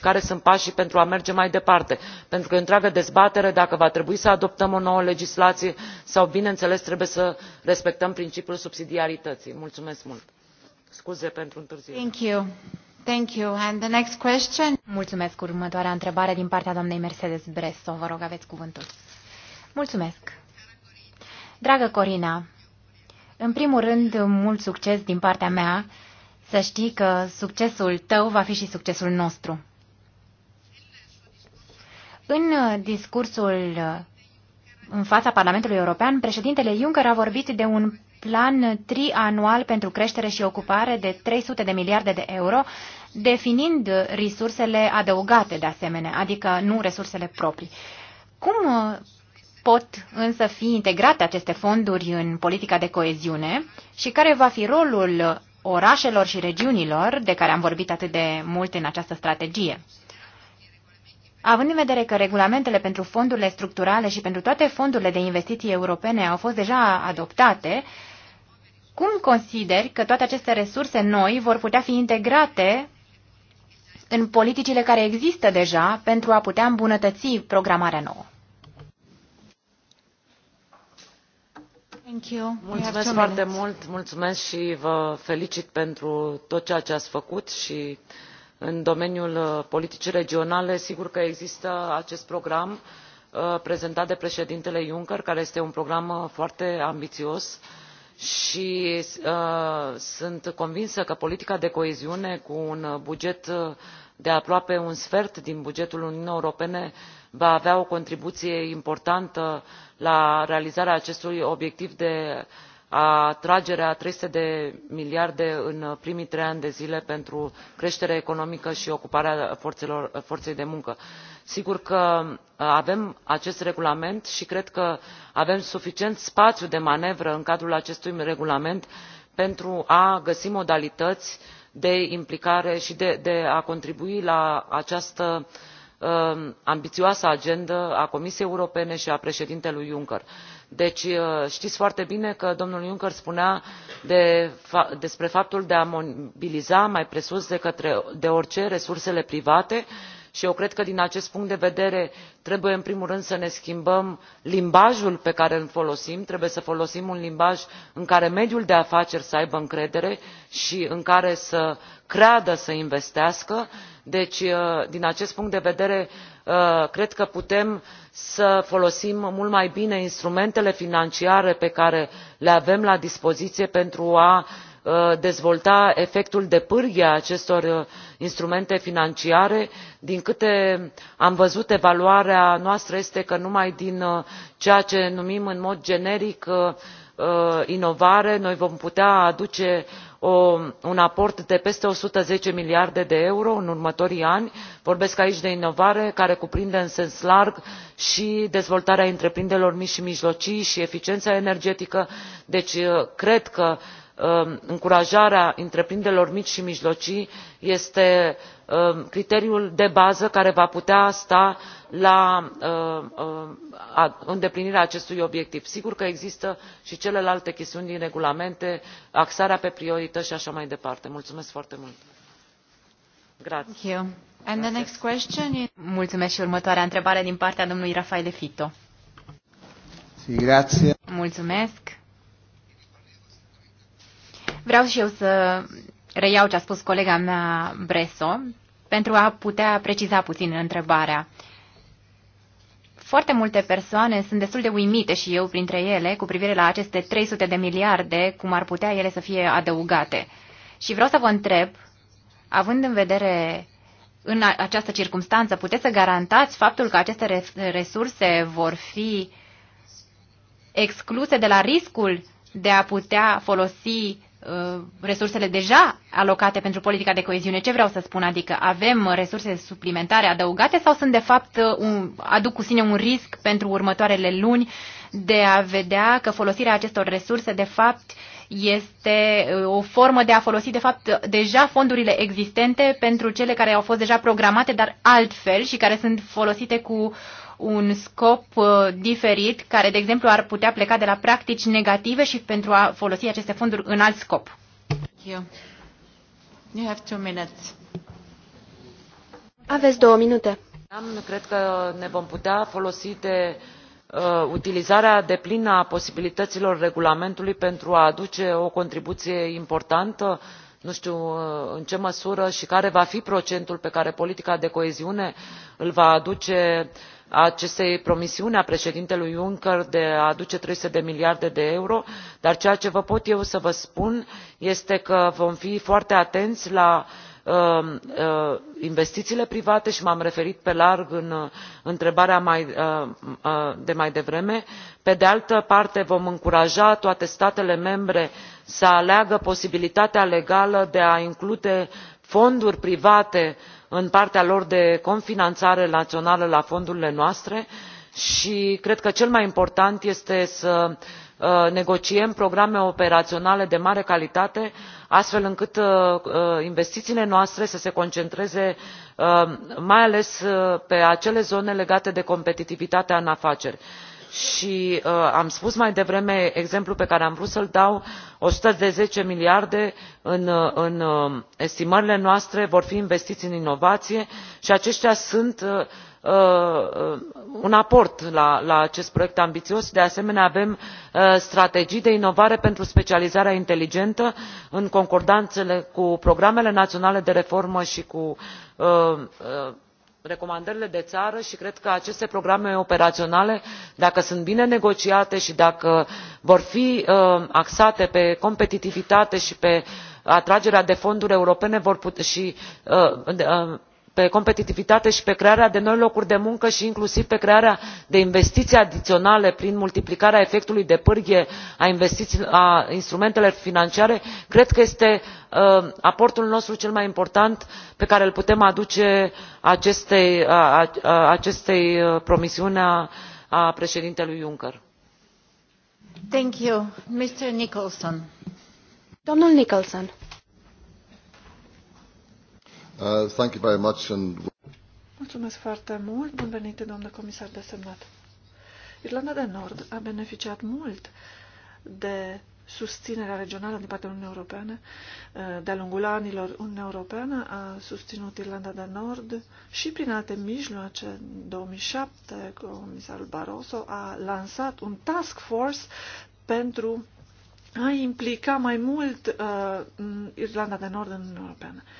care sunt pașii pentru a merge mai departe pentru că e o întreagă dezbatere dacă va trebui să adoptăm o nouă legislație sau bineînțeles trebuie să respectăm principiul subsidiarității. mulțumesc mult! Scuze pentru întârziere. Thank you. Thank you. And the next question? Mulțumesc. Următoarea întrebare din partea doamnei Mercedes Bresso. Vă rog, aveți cuvântul. Mulțumesc. Dragă Corina, în primul rând, mult succes din partea mea. Să știi că succesul tău va fi și succesul nostru. În discursul în fața Parlamentului European, președintele Juncker a vorbit de un plan trianual pentru creștere și ocupare de 300 de miliarde de euro, definind resursele adăugate de asemenea, adică nu resursele proprii. Cum uh, pot însă fi integrate aceste fonduri în politica de coeziune și care va fi rolul orașelor și regiunilor de care am vorbit atât de mult în această strategie? Având în vedere că regulamentele pentru fondurile structurale și pentru toate fondurile de investiții europene au fost deja adoptate, cum consideri că toate aceste resurse noi vor putea fi integrate în politicile care există deja pentru a putea îmbunătăți programarea nouă? mulțumesc foarte mult mulțumesc și vă felicit pentru tot ceea ce ați făcut și în domeniul uh, politicii regionale sigur că există acest program uh, prezentat de președintele juncker care este un program uh, foarte ambițios și sunt convinsă că politica de coeziune cu un buget de aproape un sfert din bugetul uniunii europene va avea o contribuție importantă la realizarea acestui obiectiv de atragerea a trei sute de miliarde în primii trei ani de zile pentru creștere economică și ocuparea forțelor, forței de muncă. sigur că uh, avem acest regulament și cred că avem suficient spațiu de manevră în cadrul acestui regulament pentru a găsi modalități de implicare și de, a contribui la această uh, ambițioasă agendă a comisiei europene și a președintelui juncker deci uh, știți foarte bine că domnul juncker spunea despre faptul de a mobiliza mai presus de orice resursele private și eu cred că din acest punct de vedere trebuie în primul rând să ne schimbăm limbajul pe care îl folosim trebuie să folosim un limbaj în care mediul de afaceri să aibă încredere și în care să creadă să investească deci uh, din acest punct de vedere uh, cred că putem să folosim mult mai bine instrumentele financiare pe care le avem la dispoziție pentru a uh, dezvolta efectul de pârghie a acestor uh, instrumente financiare din câte am văzut evaluarea noastră este că numai din uh, ceea ce numim în mod generic Uh, inovare noi vom putea aduce um, un aport de peste o sută zece miliarde de euro în următorii ani vorbesc aici de inovare care cuprinde în sens larg și dezvoltarea întreprinderilor mici și mijlocii și eficiența energetică deci uh, cred că Um, încurajarea întreprinderilor mici și mijlocii este um, criteriul de bază care va putea sta la um, îndeplinirea acestui obiectiv. sigur că există și celelalte chestiuni din regulamente axarea pe priorități și așa mai departe. mulțumesc foarte mult. Mulțumesc și următoarea întrebare din partea domnului Rafael Mulțumesc. Vreau și eu să reiau ce a spus colega mea Breso pentru a putea preciza puțin întrebarea. Foarte multe persoane sunt destul de uimite și eu printre ele cu privire la aceste 300 de miliarde, cum ar putea ele să fie adăugate. Și vreau să vă întreb, având în vedere în această circunstanță, puteți să garantați faptul că aceste resurse vor fi excluse de la riscul de a putea folosi Uh, resursele deja alocate pentru politica de coeziune. Ce vreau să spun? Adică avem resurse suplimentare adăugate sau sunt de fapt uh, un, aduc cu sine un risc pentru următoarele luni de a vedea că folosirea acestor resurse de fapt este uh, o formă de a folosi de fapt deja fondurile existente pentru cele care au fost deja programate, dar altfel și care sunt folosite cu uh, un scop uh, diferit, care, de exemplu, ar putea pleca de la practici negative și pentru a folosi aceste fonduri în alt scop. You. You have two minutes. Aveți două minute. Cred că ne vom putea folosi de uh, utilizarea plină a posibilităților regulamentului pentru a aduce o contribuție importantă nu știu uh, în ce măsură și care va fi procentul pe care politica de coeziune îl va aduce uh, acestei promisiuni a președintelui juncker de a aduce trei sute de miliarde de euro dar ceea ce vă pot eu să vă spun este că vom fi foarte atenți la um, uh, investițiile private și m am referit pe larg în uh, întrebarea mai, uh, de mai devreme pe de altă parte vom încuraja toate statele membre să aleagă posibilitatea legală de a include fonduri private în în partea lor de cofinanțare națională la fondurile noastre și cred că cel mai important este să uh, negociem programe operaționale de mare calitate astfel încât uh, uh, investițiile noastre să se concentreze mai ales pe acele zone legate de competitivitatea în afaceri și uh, am spus mai devreme exemplul pe care am vrut să l dau o sută zece miliarde în, uh, uh, estimările noastre vor fi investiți în inovație și aceștia sunt un aport la, la acest proiect ambițios de asemenea avem strategii de inovare pentru specializarea inteligentă în concordanță cu programele naționale de reformă și cu recomandările de țară și cred că aceste programe operaționale dacă sunt bine negociate și dacă vor fi uh, axate pe competitivitate și pe atragerea de fonduri europene și uh, uh, pe competitivitate și pe crearea de noi locuri de muncă și inclusiv pe crearea de investiții adiționale prin multiplicarea efectului de pârghie a instrumentelor financiare cred că este uh, aportul nostru cel mai important pe care îl putem aduce acestei, uh, promisiuni a, președintelui juncker. Thank you. Mr. Nicholson. Nicholson. Uh, thank you very much and... Mulțumesc foarte mult. Bun venit, domnule comisar desemnat. Irlanda de Nord a beneficiat mult de susținerea regională din partea Uniunii Europene. Uh, de-a lungul anilor, Uniunea Europeană a susținut Irlanda de Nord și prin alte mijloace. În 2007, comisarul Barroso a lansat un task force pentru a implica mai mult uh, Irlanda de Nord în Uniunea Europeană. Uh,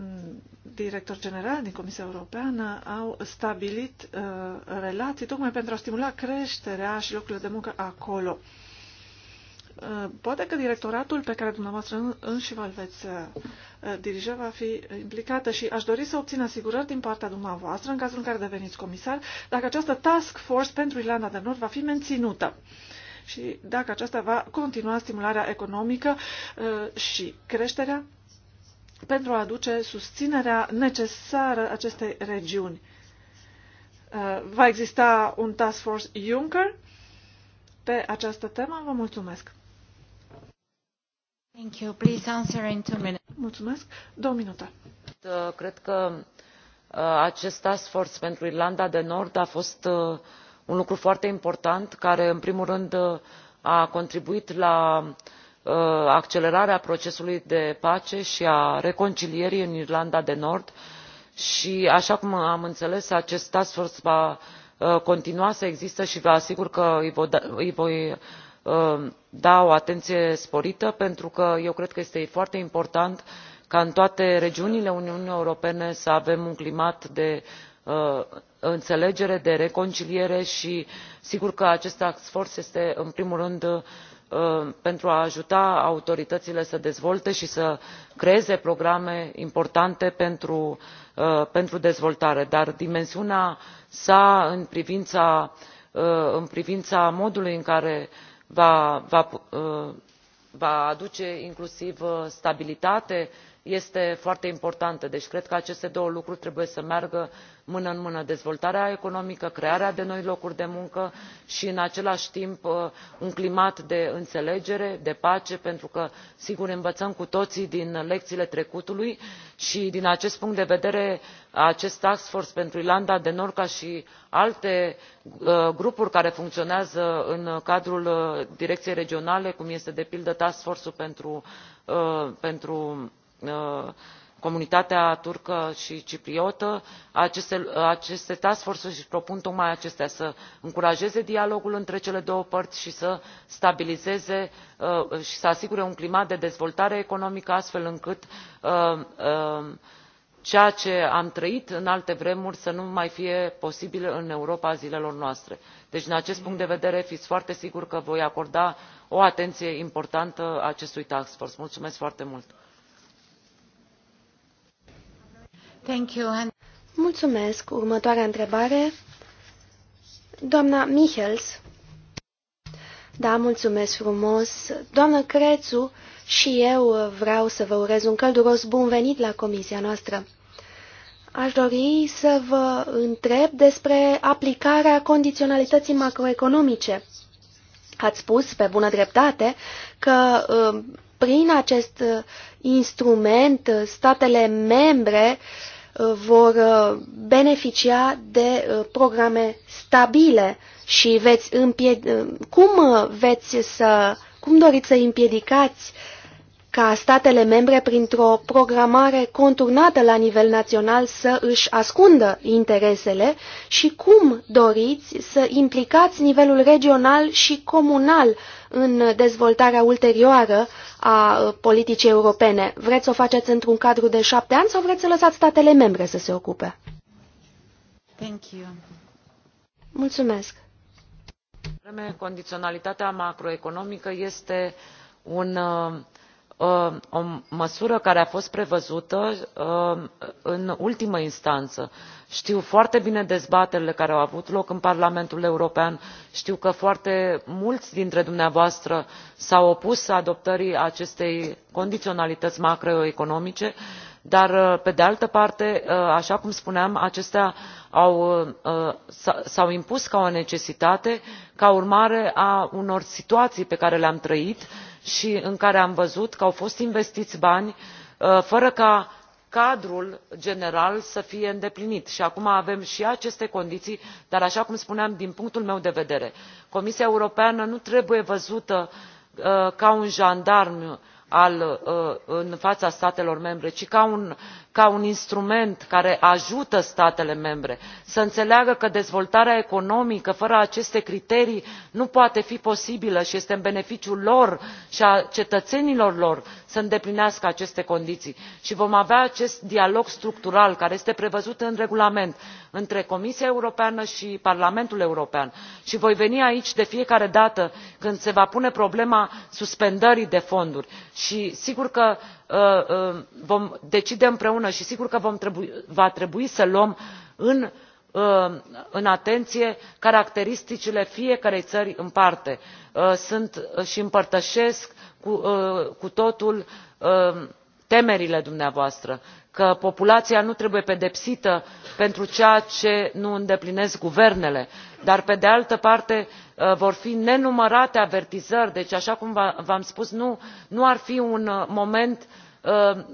Mm, director general din Comisia Europeană au stabilit uh, relații tocmai pentru a stimula creșterea și locurile de muncă acolo. Uh, poate că directoratul pe care dumneavoastră înși vă veți uh, dirija va fi implicată și aș dori să obțin asigurări din partea dumneavoastră în cazul în care deveniți comisar dacă această task force pentru Irlanda de Nord va fi menținută și dacă aceasta va continua stimularea economică uh, și creșterea pentru a aduce susținerea necesară acestei regiuni. Uh, va exista un task force Juncker pe această temă. Vă mulțumesc. Thank you. Please answer in two minutes. Mulțumesc. Două minute. Uh, cred că uh, acest task force pentru Irlanda de Nord a fost un lucru foarte important care, în primul rând, a contribuit la uh, Uh, accelerarea procesului de pace și a reconcilierii în irlanda de nord și așa cum am înțeles acest task force va uh, continua să existe și vă asigur că îi voi da, uh, da o atenție sporită pentru că eu cred că este foarte important ca în toate regiunile uniunii europene să avem un climat de înțelegere de reconciliere și sigur că acest task force este în primul rând Uh, pentru a ajuta autoritățile să dezvolte și să creeze programe importante pentru, uh, pentru dezvoltare dar dimensiunea sa în privința, uh, în privința modului în care va, va, va aduce inclusiv stabilitate este foarte importantă deci cred că aceste două lucruri trebuie să meargă mână în mână dezvoltarea economică crearea de noi locuri de muncă și în același timp uh, un climat de înțelegere de pace pentru că sigur învățăm cu toții din lecțiile trecutului și din acest punct de vedere acest task force pentru irlanda de nord ca și alte uh, grupuri care funcționează în cadrul uh, direcției regionale cum este de pildă task force ul pentru Uh, comunitatea turcă și cipriotă aceste, uh, task force uri își propun tocmai acestea să încurajeze dialogul între cele două părți și să stabilizeze uh, și să asigure un climat de dezvoltare economică astfel încât ceea ce am trăit în alte vremuri să nu mai fie posibil în europa zilelor noastre. deci din acest punct de vedere fiți foarte siguri că voi acorda o atenție importantă acestui task force. mulțumesc foarte mult! Thank you. And... Mulțumesc. Următoarea întrebare. Doamna Michels. Da, mulțumesc frumos. Doamnă Crețu, și eu vreau să vă urez un călduros bun venit la comisia noastră. Aș dori să vă întreb despre aplicarea condiționalității macroeconomice. Ați spus, pe bună dreptate, că uh, prin acest uh, instrument uh, statele membre uh, vor beneficia de programe stabile și veți împied... cum veți să cum doriți să împiedicați ca statele membre, printr-o programare conturnată la nivel național, să își ascundă interesele și cum doriți să implicați nivelul regional și comunal în dezvoltarea ulterioară a uh, politicii europene. Vreți să o faceți într-un cadru de șapte ani sau vreți să lăsați statele membre să se ocupe? Thank you. Mulțumesc. condiționalitatea macroeconomică este un uh, Uh, o măsură care a fost prevăzută uh, în ultimă instanță. știu foarte bine dezbaterile care au avut loc în parlamentul european știu că foarte mulți dintre dumneavoastră s au opus adoptării acestei condiționalități macroeconomice dar uh, pe de altă parte așa cum spuneam acestea s au impus ca o necesitate ca urmare a unor situații pe care le am trăit și și în care am văzut că au fost investiți bani uh, fără ca cadrul general să fie îndeplinit și acum avem și aceste condiții dar așa cum spuneam din punctul meu de vedere comisia europeană nu trebuie văzută uh, ca un jandarm uh, în fața statelor membre ci ca un ca un instrument care ajută statele membre să înțeleagă că dezvoltarea economică fără aceste criterii nu poate fi posibilă și este în beneficiul lor și al cetățenilor lor să îndeplinească aceste condiții și vom avea acest dialog structural care este prevăzut în regulament între comisia europeană și parlamentul european și voi veni aici de fiecare dată când se va pune problema suspendării de fonduri și sigur că Uh, uh, vom decide împreună și sigur că va trebui să luăm în, uh, atenție caracteristicile fiecărei țări în parte sunt și împărtășesc cu, cu totul temerile dumneavoastră că populația nu trebuie pedepsită pentru ceea ce nu îndeplinesc guvernele dar pe de altă parte uh, vor fi nenumărate avertizări deci așa cum v am spus nu, nu ar fi un uh, moment uh,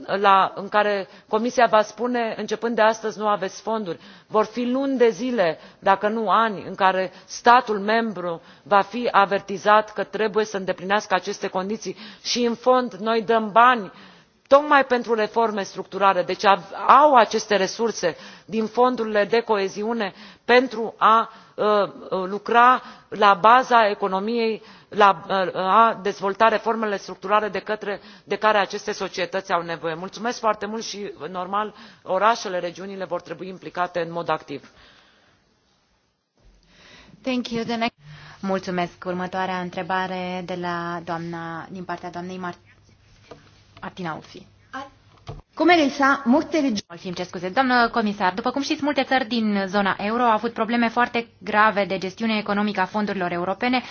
în care comisia va spune începând de astăzi nu aveți fonduri vor fi luni de zile dacă nu ani în care statul membru va fi avertizat că trebuie să îndeplinească aceste condiții și în fond noi dăm bani tocmai pentru reforme structurale deci au aceste resurse din fondurile de coeziune pentru a uh, uh, lucra la baza economiei la uh, a dezvolta reformele structurale de, către, de care aceste societăți au nevoie. mulțumesc foarte mult și normal orașele regiunile vor trebui implicate în mod activ. Mulțumesc. Următoarea întrebare de la din partea doamnei Martina Ulfi. Cum ele sa, multe regiuni... Mulțumim, ce scuze. Doamnă comisar, după cum știți, multe țări din zona euro au avut probleme foarte grave de gestiune economică a fondurilor europene,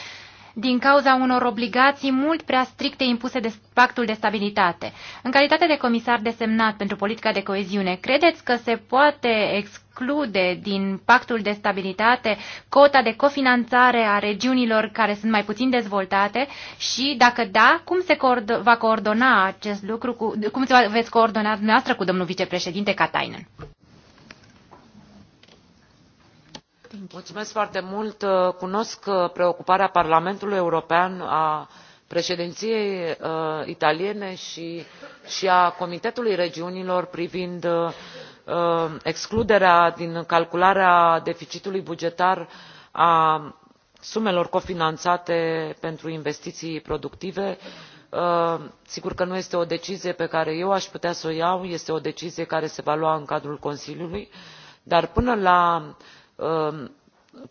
din cauza unor obligații mult prea stricte impuse de pactul de stabilitate. În calitate de comisar desemnat pentru politica de coeziune, credeți că se poate exclude din pactul de stabilitate cota de cofinanțare a regiunilor care sunt mai puțin dezvoltate și, dacă da, cum se coord va coordona acest lucru, cu, cum se veți coordona dumneavoastră cu domnul vicepreședinte Katainen? foarte mult uh, cunosc uh, preocuparea parlamentului european a președinției uh, italiene și, și a comitetului regiunilor privind excluderea din calcularea deficitului bugetar a sumelor cofinanțate pentru investiții productive sigur că nu este o decizie pe care eu aș putea să o iau este o decizie care se va lua în cadrul consiliului dar până la Um,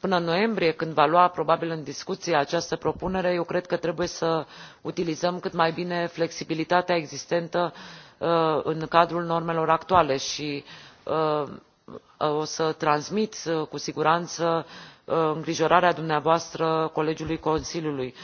până în noiembrie când va lua probabil în discuție această propunere eu cred că trebuie să utilizăm cât mai bine flexibilitatea existentă uh, în cadrul normelor actuale și uh, o să transmit uh, cu siguranță îngrijorarea dumneavoastră colegiului consiliului.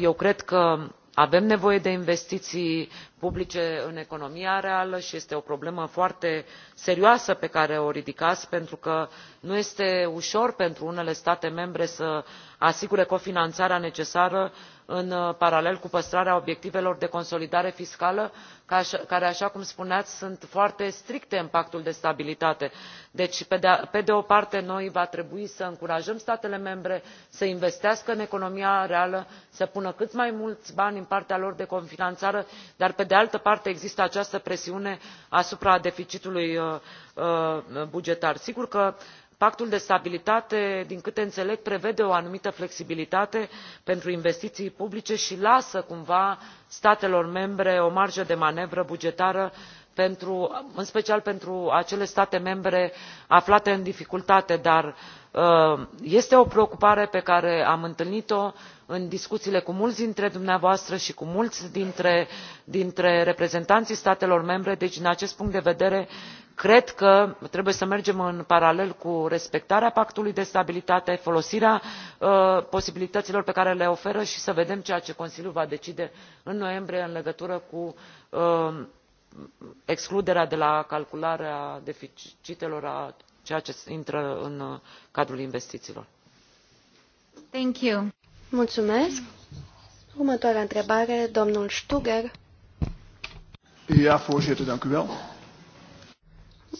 eu cred că avem nevoie de investiții publice în economia reală și este o problemă foarte serioasă pe care o ridicați pentru că nu este ușor pentru unele state membre să asigure cofinanțarea necesară pentru în uh, paralel cu păstrarea obiectivelor de consolidare fiscală care așa cum spuneați sunt foarte stricte în pactul de stabilitate. deci pe de o parte noi va trebui să încurajăm statele membre să investească în economia reală să pună cât mai mulți bani din partea lor de cofinanțare dar pe de altă parte există această presiune asupra deficitului uh, uh, bugetar. sigur că pactul de stabilitate din câte înțeleg prevede o anumită flexibilitate pentru investiții publice și lasă cumva statelor membre o marjă de manevră bugetară în special pentru acele state membre aflate în dificultate dar Uh, este o preocupare pe care am întâlnit o în discuțiile cu mulți dintre dumneavoastră și cu mulți dintre, reprezentanții statelor membre deci din acest punct de vedere cred că trebuie să mergem în paralel cu respectarea pactului de stabilitate folosirea uh, posibilităților pe care le oferă și să vedem ceea ce consiliul va decide în noiembrie în legătură cu uh, excluderea de la calcularea deficitelor a ceea ce intră în uh, cadrul investițiilor. Thank you. Mulțumesc. Următoarea întrebare, domnul Stuger. Ja, voorzitter, dank u wel.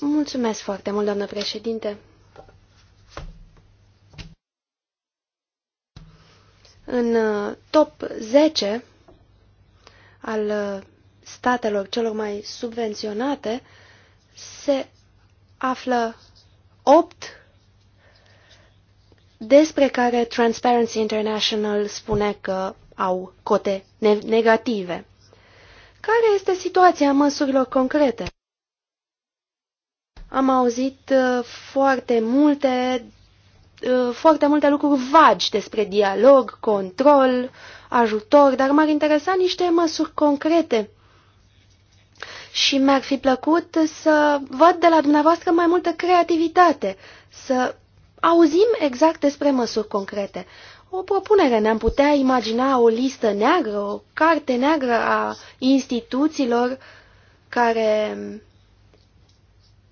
Mulțumesc foarte mult, doamnă președinte. În uh, top 10 al uh, statelor celor mai subvenționate se află 8 despre care Transparency International spune că au cote negative. Care este situația măsurilor concrete? Am auzit uh, foarte multe, uh, foarte multe lucruri vagi despre dialog, control, ajutor, dar m-ar interesa niște măsuri concrete și mi-ar fi plăcut să văd de la dumneavoastră mai multă creativitate, să auzim exact despre măsuri concrete. O propunere, ne-am putea imagina o listă neagră, o carte neagră a instituțiilor care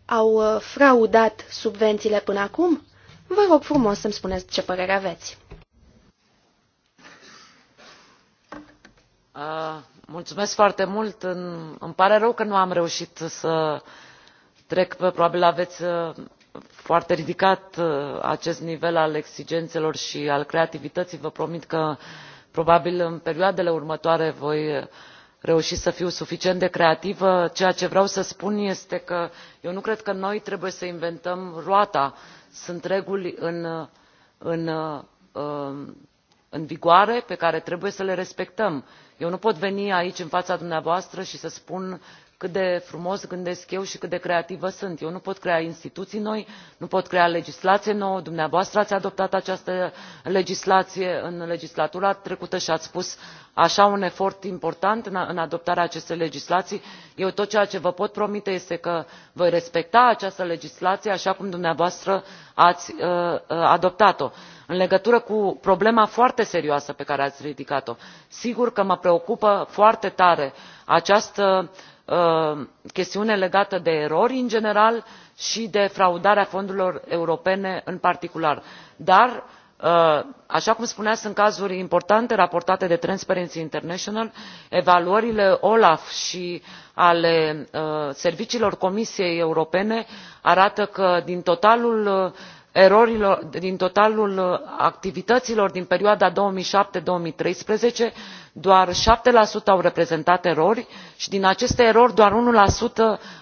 au uh, fraudat subvențiile până acum? Vă rog frumos să-mi spuneți ce părere aveți. Uh, mulțumesc foarte mult îmi pare rău că nu am reușit să trec probabil aveți uh, foarte ridicat uh, acest nivel al exigențelor și al creativității vă promit că probabil în perioadele următoare voi reuși să fiu suficient de creativă ceea ce vreau să spun este că eu nu cred că noi trebuie să inventăm roata sunt reguli în, în, uh, în vigoare pe care trebuie să le respectăm eu nu pot veni aici în fața dumneavoastră și să spun că cât de frumos gândesc eu și cât de creativă sunt eu nu pot crea instituții noi nu pot crea legislație nouă dumneavoastră ați adoptat această legislație în legislatura trecută și ați pus așa un efort important în adoptarea acestei legislații eu tot ceea ce vă pot promite este că voi respecta această legislație așa cum dumneavoastră ați uh, uh, adoptat o în legătură cu problema foarte serioasă pe care ați ridicat o sigur că mă preocupă foarte tare această Uh, chestiune legată de erori în general și de fraudarea fondurilor europene în particular dar uh, așa cum spuneați sunt cazuri importante raportate de transparency international evaluările olaf și ale uh, serviciilor comisiei europene arată că din totalul din totalul activităților din perioada două mii șapte două mii treisprezece doar șapte au reprezentat erori și din aceste erori doar unu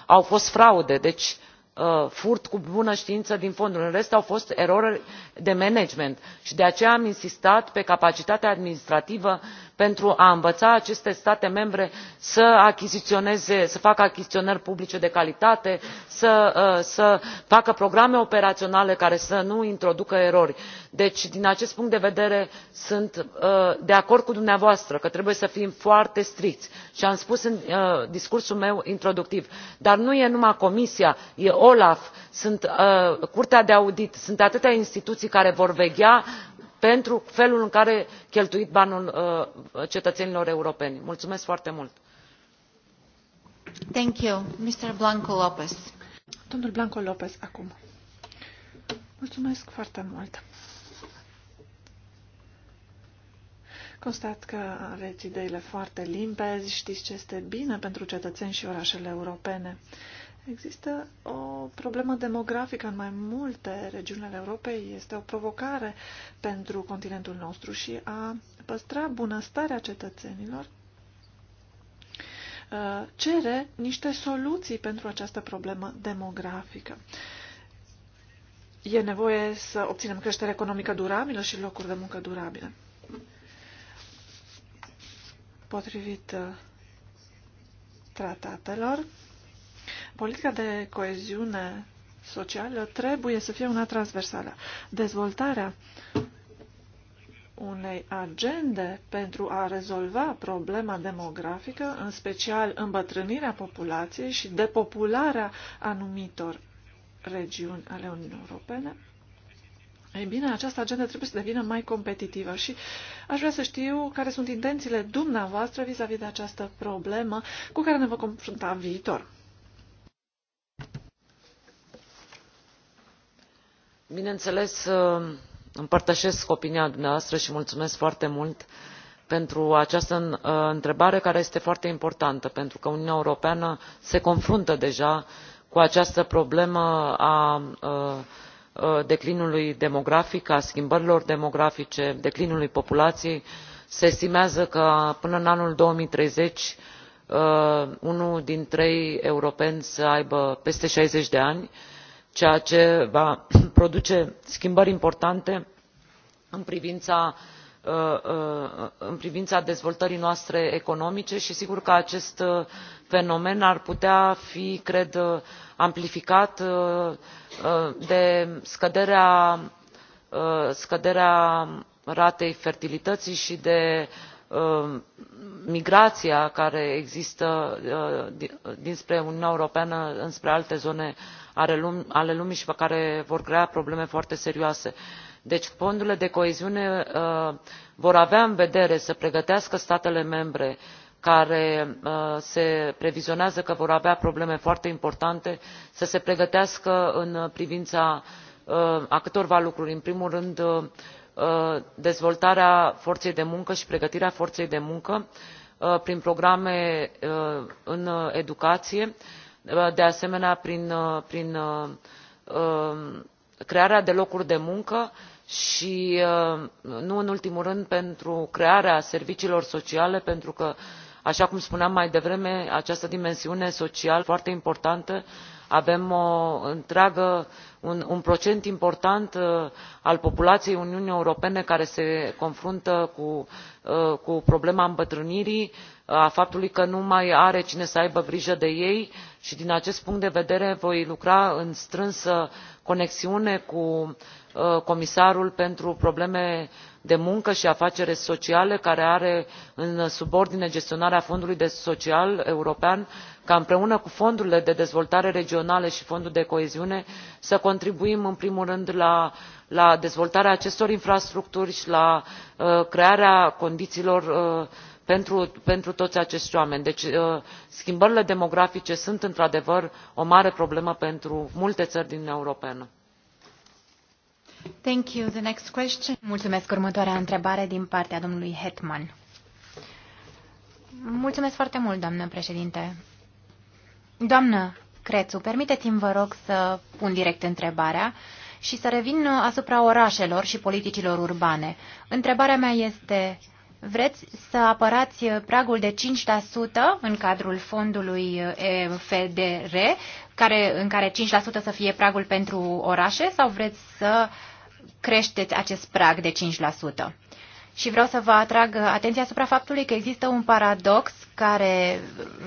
au fost fraude deci uh, furt cu bună știință din fonduri în rest au fost erori de management și de aceea am insistat pe capacitatea administrativă și pentru a învăța aceste state membre să achiziționeze să facă achiziționări publice de calitate să, uh, să facă programe operaționale care să nu introducă erori. deci din acest punct de vedere sunt uh, de acord cu dumneavoastră că trebuie să fim foarte stricți și am spus în uh, discursul meu introductiv dar nu e numai comisia e olaf sunt curtea de audit sunt atâtea instituții care vor veghea pentru felul în care a cheltuit banul uh, cetățenilor europeni. mulțumesc foarte mult. Thank you. Mr. Blanco Lopez. Domnul Blanco Lopez, acum. Mulțumesc foarte mult. Constat că aveți ideile foarte limpezi, știți ce este bine pentru cetățeni și orașele europene. Există o problemă demografică în mai multe regiuni ale Europei. Este o provocare pentru continentul nostru și a păstra bunăstarea cetățenilor uh, cere niște soluții pentru această problemă demografică. E nevoie să obținem creștere economică durabilă și locuri de muncă durabile. Potrivit uh, tratatelor, Politica de coeziune socială trebuie să fie una transversală. Dezvoltarea unei agende pentru a rezolva problema demografică, în special îmbătrânirea populației și depopularea anumitor regiuni ale Uniunii Europene. Ei bine, această agenda trebuie să devină mai competitivă și aș vrea să știu care sunt intențiile dumneavoastră vis-a-vis -vis de această problemă cu care ne vom confrunta în viitor. bineînțeles uh, împărtășesc opinia dumneavoastră și mulțumesc foarte mult pentru această uh, întrebare care este foarte importantă pentru că uniunea europeană se confruntă deja cu această problemă a uh, declinului demografic a schimbărilor demografice declinului populației se estimează că până în anul două mii treizeci unul din trei europeni să aibă peste șaizeci de ani și ceea ce va produce schimbări importante în privința, uh, uh, în privința dezvoltării noastre economice și sigur că acest uh, fenomen ar putea fi cred amplificat de scăderea, scăderea ratei fertilității și de migrația care există dinspre uniunea europeană înspre alte zone ale ale lumii și care vor crea probleme foarte serioase. deci fondurile de coeziune uh, vor avea în vedere să pregătească statele membre care uh, se previzionează că vor avea probleme foarte importante să se pregătească în privința uh, a câtorva lucruri în primul rând dezvoltarea forței de muncă și pregătirea forței de muncă prin programe în educație și Uh, de asemenea prin, uh, uh, um, crearea de locuri de muncă și nu în ultimul rând pentru crearea serviciilor sociale pentru că așa cum spuneam mai devreme această dimensiune socială este foarte importantă avem o întreagă, un, un procent important al populației uniunii europene care se confruntă cu, cu problema îmbătrânirii și a faptului că nu mai are cine să aibă grijă de ei și din acest punct de vedere voi lucra în strânsă conexiune cu uh, comisarul pentru probleme de muncă și afaceri sociale care are în subordine gestionarea fondului social european ca împreună cu fondurile de dezvoltare regională și fondul de coeziune să contribuim în primul rând la, dezvoltarea acestor infrastructuri și la uh, crearea condițiilor uh, pentru, pentru toți acești oameni. deci uh, schimbările demografice sunt într adevăr o mare problemă pentru multe țări din uniunea europeană. Mulțumesc. Următoarea întrebare din partea domnului Hetman. Mulțumesc foarte mult, doamnă președinte. Doamnă Crețu, permiteți-mi, vă rog, să pun direct întrebarea și să revin asupra orașelor și politicilor urbane. Întrebarea mea este Vreți să apărați pragul de 5% în cadrul fondului eh, FDR, care, în care 5% să fie pragul pentru orașe, sau vreți să creșteți acest prag de 5%? Și vreau să vă atrag atenția asupra faptului că există un paradox care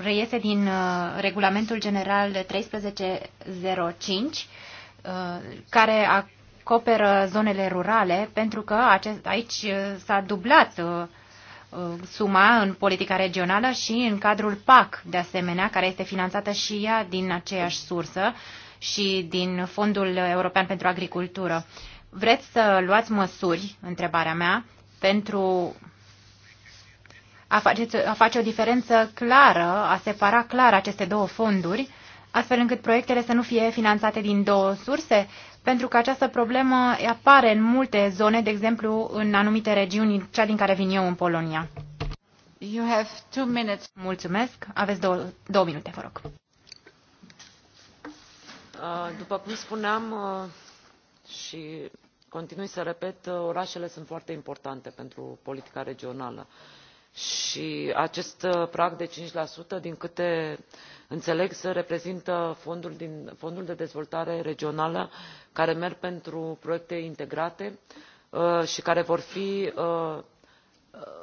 reiese din eh, regulamentul general 1305, eh, care acoperă zonele rurale, pentru că acest, aici s-a dublat Uh, suma în politica regională și în cadrul PAC, de asemenea, care este finanțată și ea din aceeași sursă și din Fondul European pentru Agricultură. Vreți să luați măsuri, întrebarea mea, pentru a face, a face o diferență clară, a separa clar aceste două fonduri, astfel încât proiectele să nu fie finanțate din două surse, pentru că această problemă apare în multe zone, de exemplu în anumite regiuni, cea din care vin eu în Polonia. You have two minutes. Mulțumesc. Aveți două, două minute, vă rog. Uh, după cum spuneam uh, și continui să repet, uh, orașele sunt foarte importante pentru politica regională și acest uh, prag de cinci din câte înțeleg reprezintă din fondul de dezvoltare regională care merg pentru proiecte integrate uh, și care vor fi uh,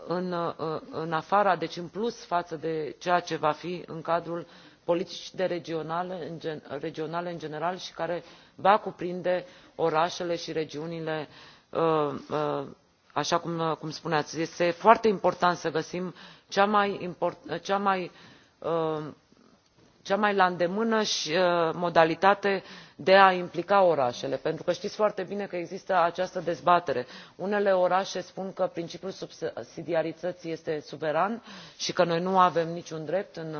în, afara deci în plus față de ceea ce va fi în cadrul politicii de regionale, în regionale în general și care va cuprinde orașele și regiunile așa cum, spuneați este foarte important să găsim cea mai, uh, la îndemână și uh, modalitate de a implica orașele pentru că știți foarte bine că există această dezbatere unele orașe spun că principiul subsidiarității este suveran și că noi nu avem niciun drept în,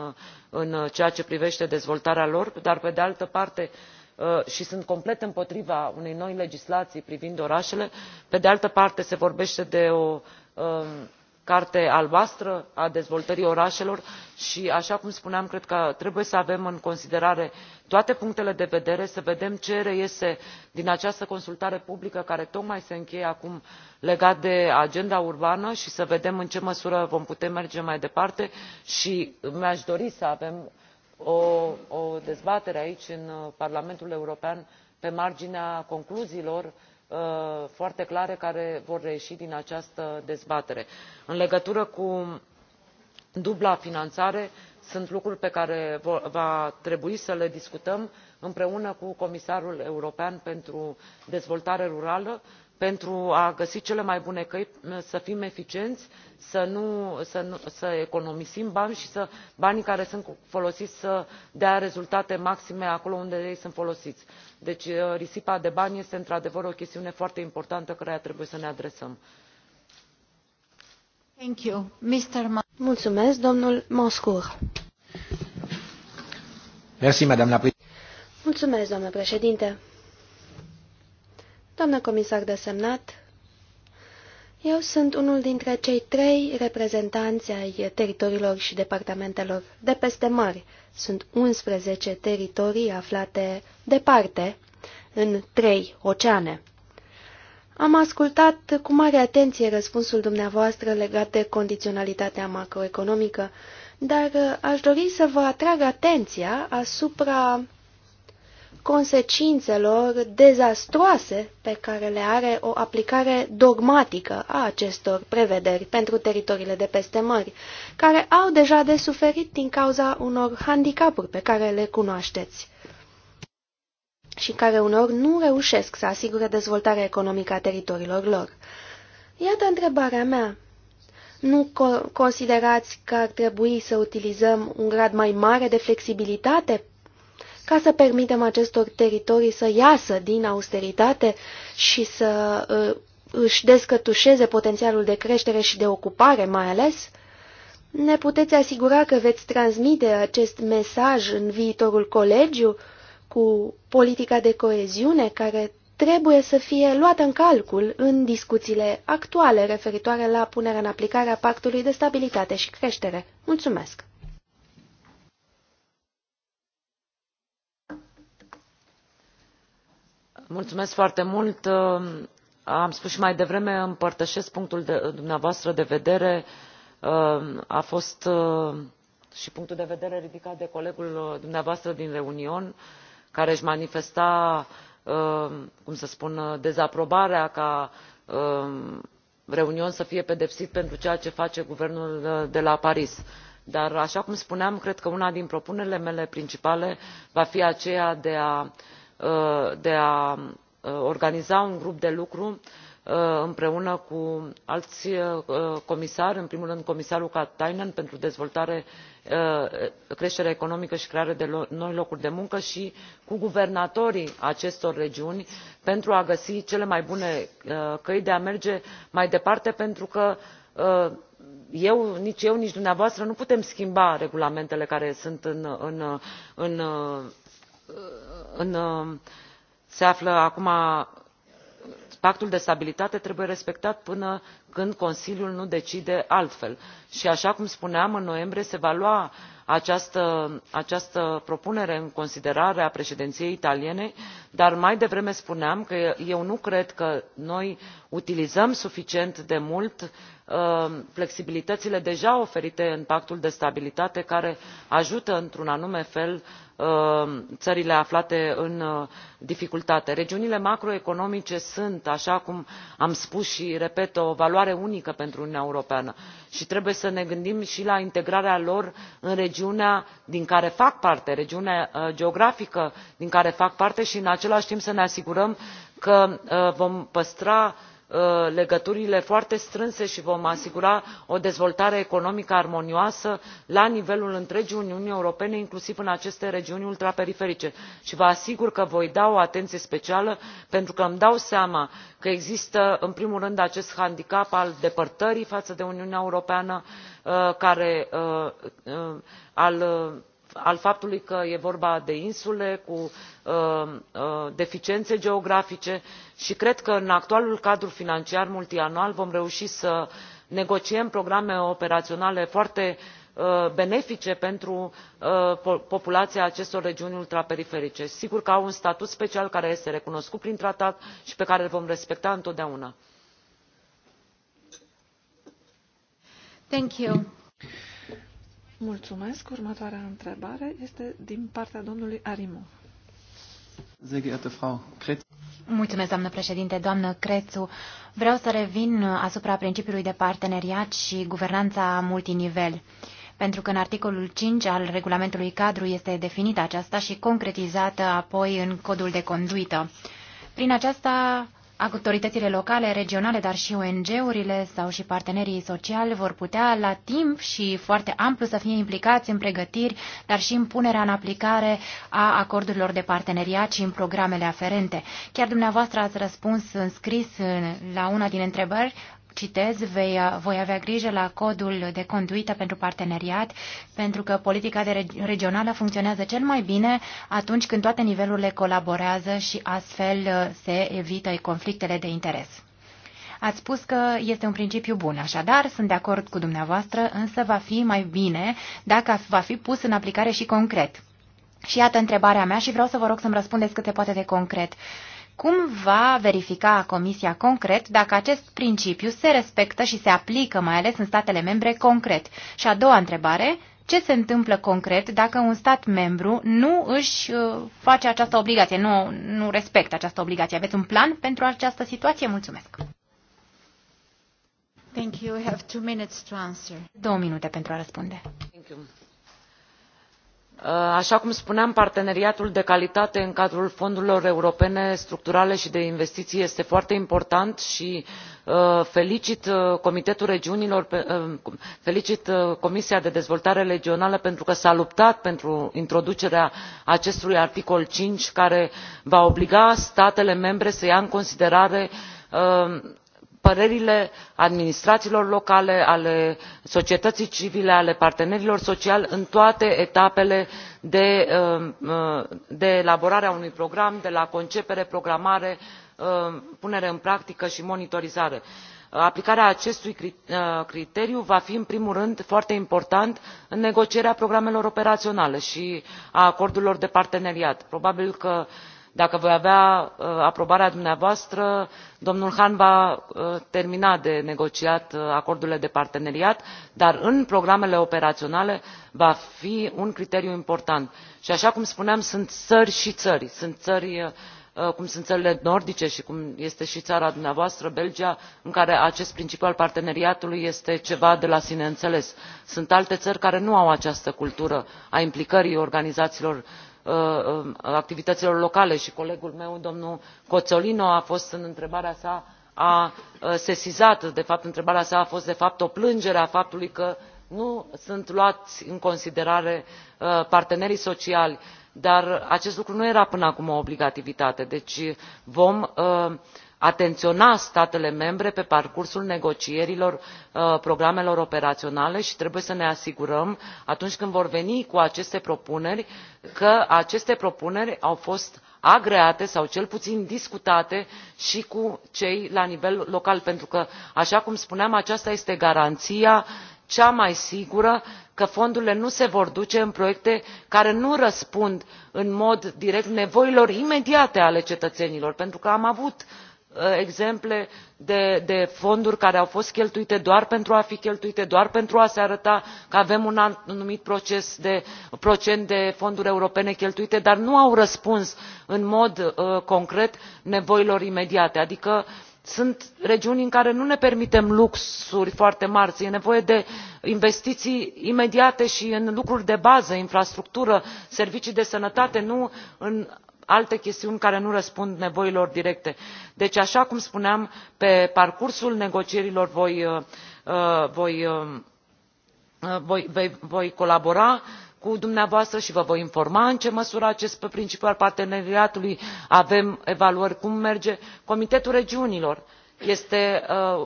în ceea ce privește dezvoltarea lor dar pe de altă parte Uh, și sunt complet împotriva unei noi legislații privind orașele pe de altă parte se vorbește de o um, carte albastră a dezvoltării orașelor și așa cum spuneam cred că trebuie să avem în considerare toate punctele de vedere să vedem ce reiese din această consultare publică care tocmai se încheie acum legată de agenda urbană și să vedem în ce măsură vom putea merge mai departe și mi aș dori să avem o, dezbatere aici în uh, parlamentul european pe marginea concluziilor uh, foarte clare care vor reieși din această dezbatere. în legătură cu dubla finanțare sunt lucruri pe care va trebui să le discutăm împreună cu comisarul european pentru dezvoltare rurală și pentru a găsi cele mai bune căi să fim eficienți să, nu, să, economisim bani și să banii care sunt folosiți să dea rezultate maxime acolo unde ei sunt folosiți. deci uh, risipa de bani este într adevăr o chestiune foarte importantă căreia trebuie să ne adresăm. Mulțumesc, domnul Mulțumesc, doamnă președinte Doamnă comisar desemnat, eu sunt unul dintre cei trei reprezentanți ai teritoriilor și departamentelor de peste mări. Sunt 11 teritorii aflate departe, în trei oceane. Am ascultat cu mare atenție răspunsul dumneavoastră legat de condiționalitatea macroeconomică, dar uh, aș dori să vă atrag atenția asupra consecințelor dezastroase pe care le are o aplicare dogmatică a acestor prevederi pentru teritoriile de peste mări, care au deja de suferit din cauza unor handicapuri pe care le cunoașteți și care uneori nu reușesc să asigure dezvoltarea economică a teritoriilor lor. Iată întrebarea mea. Nu co considerați că ar trebui să utilizăm un grad mai mare de flexibilitate ca să permitem acestor teritorii să iasă din austeritate și să uh, își descătușeze potențialul de creștere și de ocupare mai ales? Ne puteți asigura că veți transmite acest mesaj în viitorul colegiu cu politica de coeziune care trebuie să fie luată în calcul în discuțiile actuale referitoare la punerea în aplicare a Pactului de Stabilitate și Creștere. Mulțumesc! mulțumesc foarte mult. am spus și mai devreme împărtășesc punctul dumneavoastră de vedere a fost uh, și punctul de vedere ridicat de colegul uh, dumneavoastră din reunion care își manifesta uh, cum să spun dezaprobarea ca reunion să fie pedepsit pentru ceea ce face guvernul de la paris dar așa cum spuneam cred că una din propunerile mele principale va fi aceea de a Uh, de a uh, organiza un grup de lucru uh, împreună cu alți comisari în primul rând comisarul katainen pentru dezvoltare creștere economică și creare de noi locuri de muncă și cu guvernatorii acestor regiuni pentru a găsi cele mai bune căi de a merge mai departe pentru că eu, nici eu nici dumneavoastră nu putem schimba regulamentele care sunt în Uh, se află acum pactul de stabilitate trebuie respectat până când consiliul nu decide altfel și așa cum spuneam în noiembrie se va lua această, această propunere în considerare a președinției italiene dar mai devreme spuneam că eu nu cred că noi utilizăm suficient de mult Um, flexibilitățile deja oferite în pactul de stabilitate care ajută într un anume fel um, țările aflate în uh, dificultate. regiunile macroeconomice sunt așa cum am spus și repet o valoare unică pentru uniunea europeană și trebuie să ne gândim și la integrarea lor în regiunea din care fac parte regiunea uh, geografică din care fac parte și în același timp să ne asigurăm că uh, vom păstra Uh, legăturile foarte strânse și vom asigura o dezvoltare economică armonioasă la nivelul întregii uniuni europene inclusiv în aceste regiuni ultraperiferice și vă asigur că voi da o atenție specială pentru că îmi dau seama că există în primul rând acest handicap al depărtării față de uniunea europeană uh, uh, al al faptului că e vorba de insule cu uh, uh, deficiențe geografice și cred că în actualul cadru financiar multianual vom reuși să negociem programe operaționale foarte uh, benefice pentru populația acestor regiuni ultraperiferice. sigur că au un statut special care este recunoscut prin tratat și pe care îl vom respecta întotdeauna. Mulțumesc. Următoarea întrebare este din partea domnului Arimu. Mulțumesc, doamnă președinte. Doamnă Crețu, vreau să revin asupra principiului de parteneriat și guvernanța multinivel pentru că în articolul 5 al regulamentului cadru este definită aceasta și concretizată apoi în codul de conduită. Prin aceasta autoritățile locale, regionale, dar și ONG-urile sau și partenerii sociali vor putea la timp și foarte amplu să fie implicați în pregătiri, dar și în punerea în aplicare a acordurilor de parteneriat și în programele aferente. Chiar dumneavoastră ați răspuns în scris la una din întrebări citez, vei, voi avea grijă la codul de conduită pentru parteneriat, pentru că politica de regională funcționează cel mai bine atunci când toate nivelurile colaborează și astfel uh, se evită conflictele de interes. Ați spus că este un principiu bun, așadar sunt de acord cu dumneavoastră, însă va fi mai bine dacă va fi pus în aplicare și concret. Și iată întrebarea mea și vreau să vă rog să-mi răspundeți cât se poate de concret. Uh, cum va verifica Comisia concret dacă acest principiu se respectă și se aplică mai ales în statele membre concret? Și a doua întrebare, ce se întâmplă concret dacă un stat membru nu își uh, face această obligație, nu, nu respectă această obligație? Aveți un plan pentru această situație? Mulțumesc! Thank you. We have two minutes to answer. Două minute pentru a răspunde. Thank you. Uh, așa cum spuneam parteneriatul de calitate în cadrul fondurilor europene structurale și de investiții este foarte important și uh, felicit uh, comitetul regiunilor felicit comisia de dezvoltare regională pentru că s a luptat pentru introducerea acestui articol cinci care va obliga statele membre să ia în considerare părerile administrațiilor locale ale societății civile ale partenerilor sociali în toate etapele de, um, uh, de elaborare a unui program de la concepere programare um, punere în practică și monitorizare aplicarea acestui uh, criteriu va fi în primul rând foarte importantă în negocierea programelor operaționale și a acordurilor de parteneriat probabil că dacă voi avea uh, aprobarea dumneavoastră domnul hahn va uh, termina de negociat uh, acordurile de parteneriat dar în programele operaționale va fi un criteriu important și așa cum spuneam sunt țări și țări sunt țări cum sunt țările nordice și cum este și țara dumneavoastră belgia în care acest principiu al parteneriatului este ceva de la sine înțeles. sunt alte țări care nu au această cultură a implicării organizațiilor Uh, uh, activităților locale și colegul meu domnul cozzolino a fost în întrebarea sa a uh, sesizat de fapt întrebarea sa a fost de fapt o plângere a faptului că nu sunt luați în considerare partenerii sociali dar acest lucru nu era până acum o obligativitate deci vom atenționa statele membre pe parcursul negocierilor uh, programelor operaționale și trebuie să ne asigurăm atunci când vor veni cu aceste propuneri că aceste propuneri au fost agreate sau cel puțin discutate și cu cei la nivel local pentru că așa cum spuneam aceasta este garanția cea mai sigură că fondurile nu se vor duce în proiecte care nu răspund în mod direct nevoilor imediate ale cetățenilor pentru că am avut Uh, exemple de, fonduri care au fost cheltuite doar pentru a fi cheltuite doar pentru a se arăta că avem un anumit de, procent de fonduri europene cheltuite dar nu au răspuns în mod uh, concret nevoilor imediate adică sunt regiuni în care nu ne permitem luxuri foarte mari e nevoie de investiții imediate și în lucruri de bază infrastructură servicii de sănătate nu în alte chestiuni care nu răspund nevoilor directe. deci așa cum spuneam pe parcursul negocierilor uh, uh, uh, voi, colabora cu dumneavoastră și vă voi informa în ce măsură acest principiu al parteneriatului avem evaluări cum merge. comitetul regiunilor este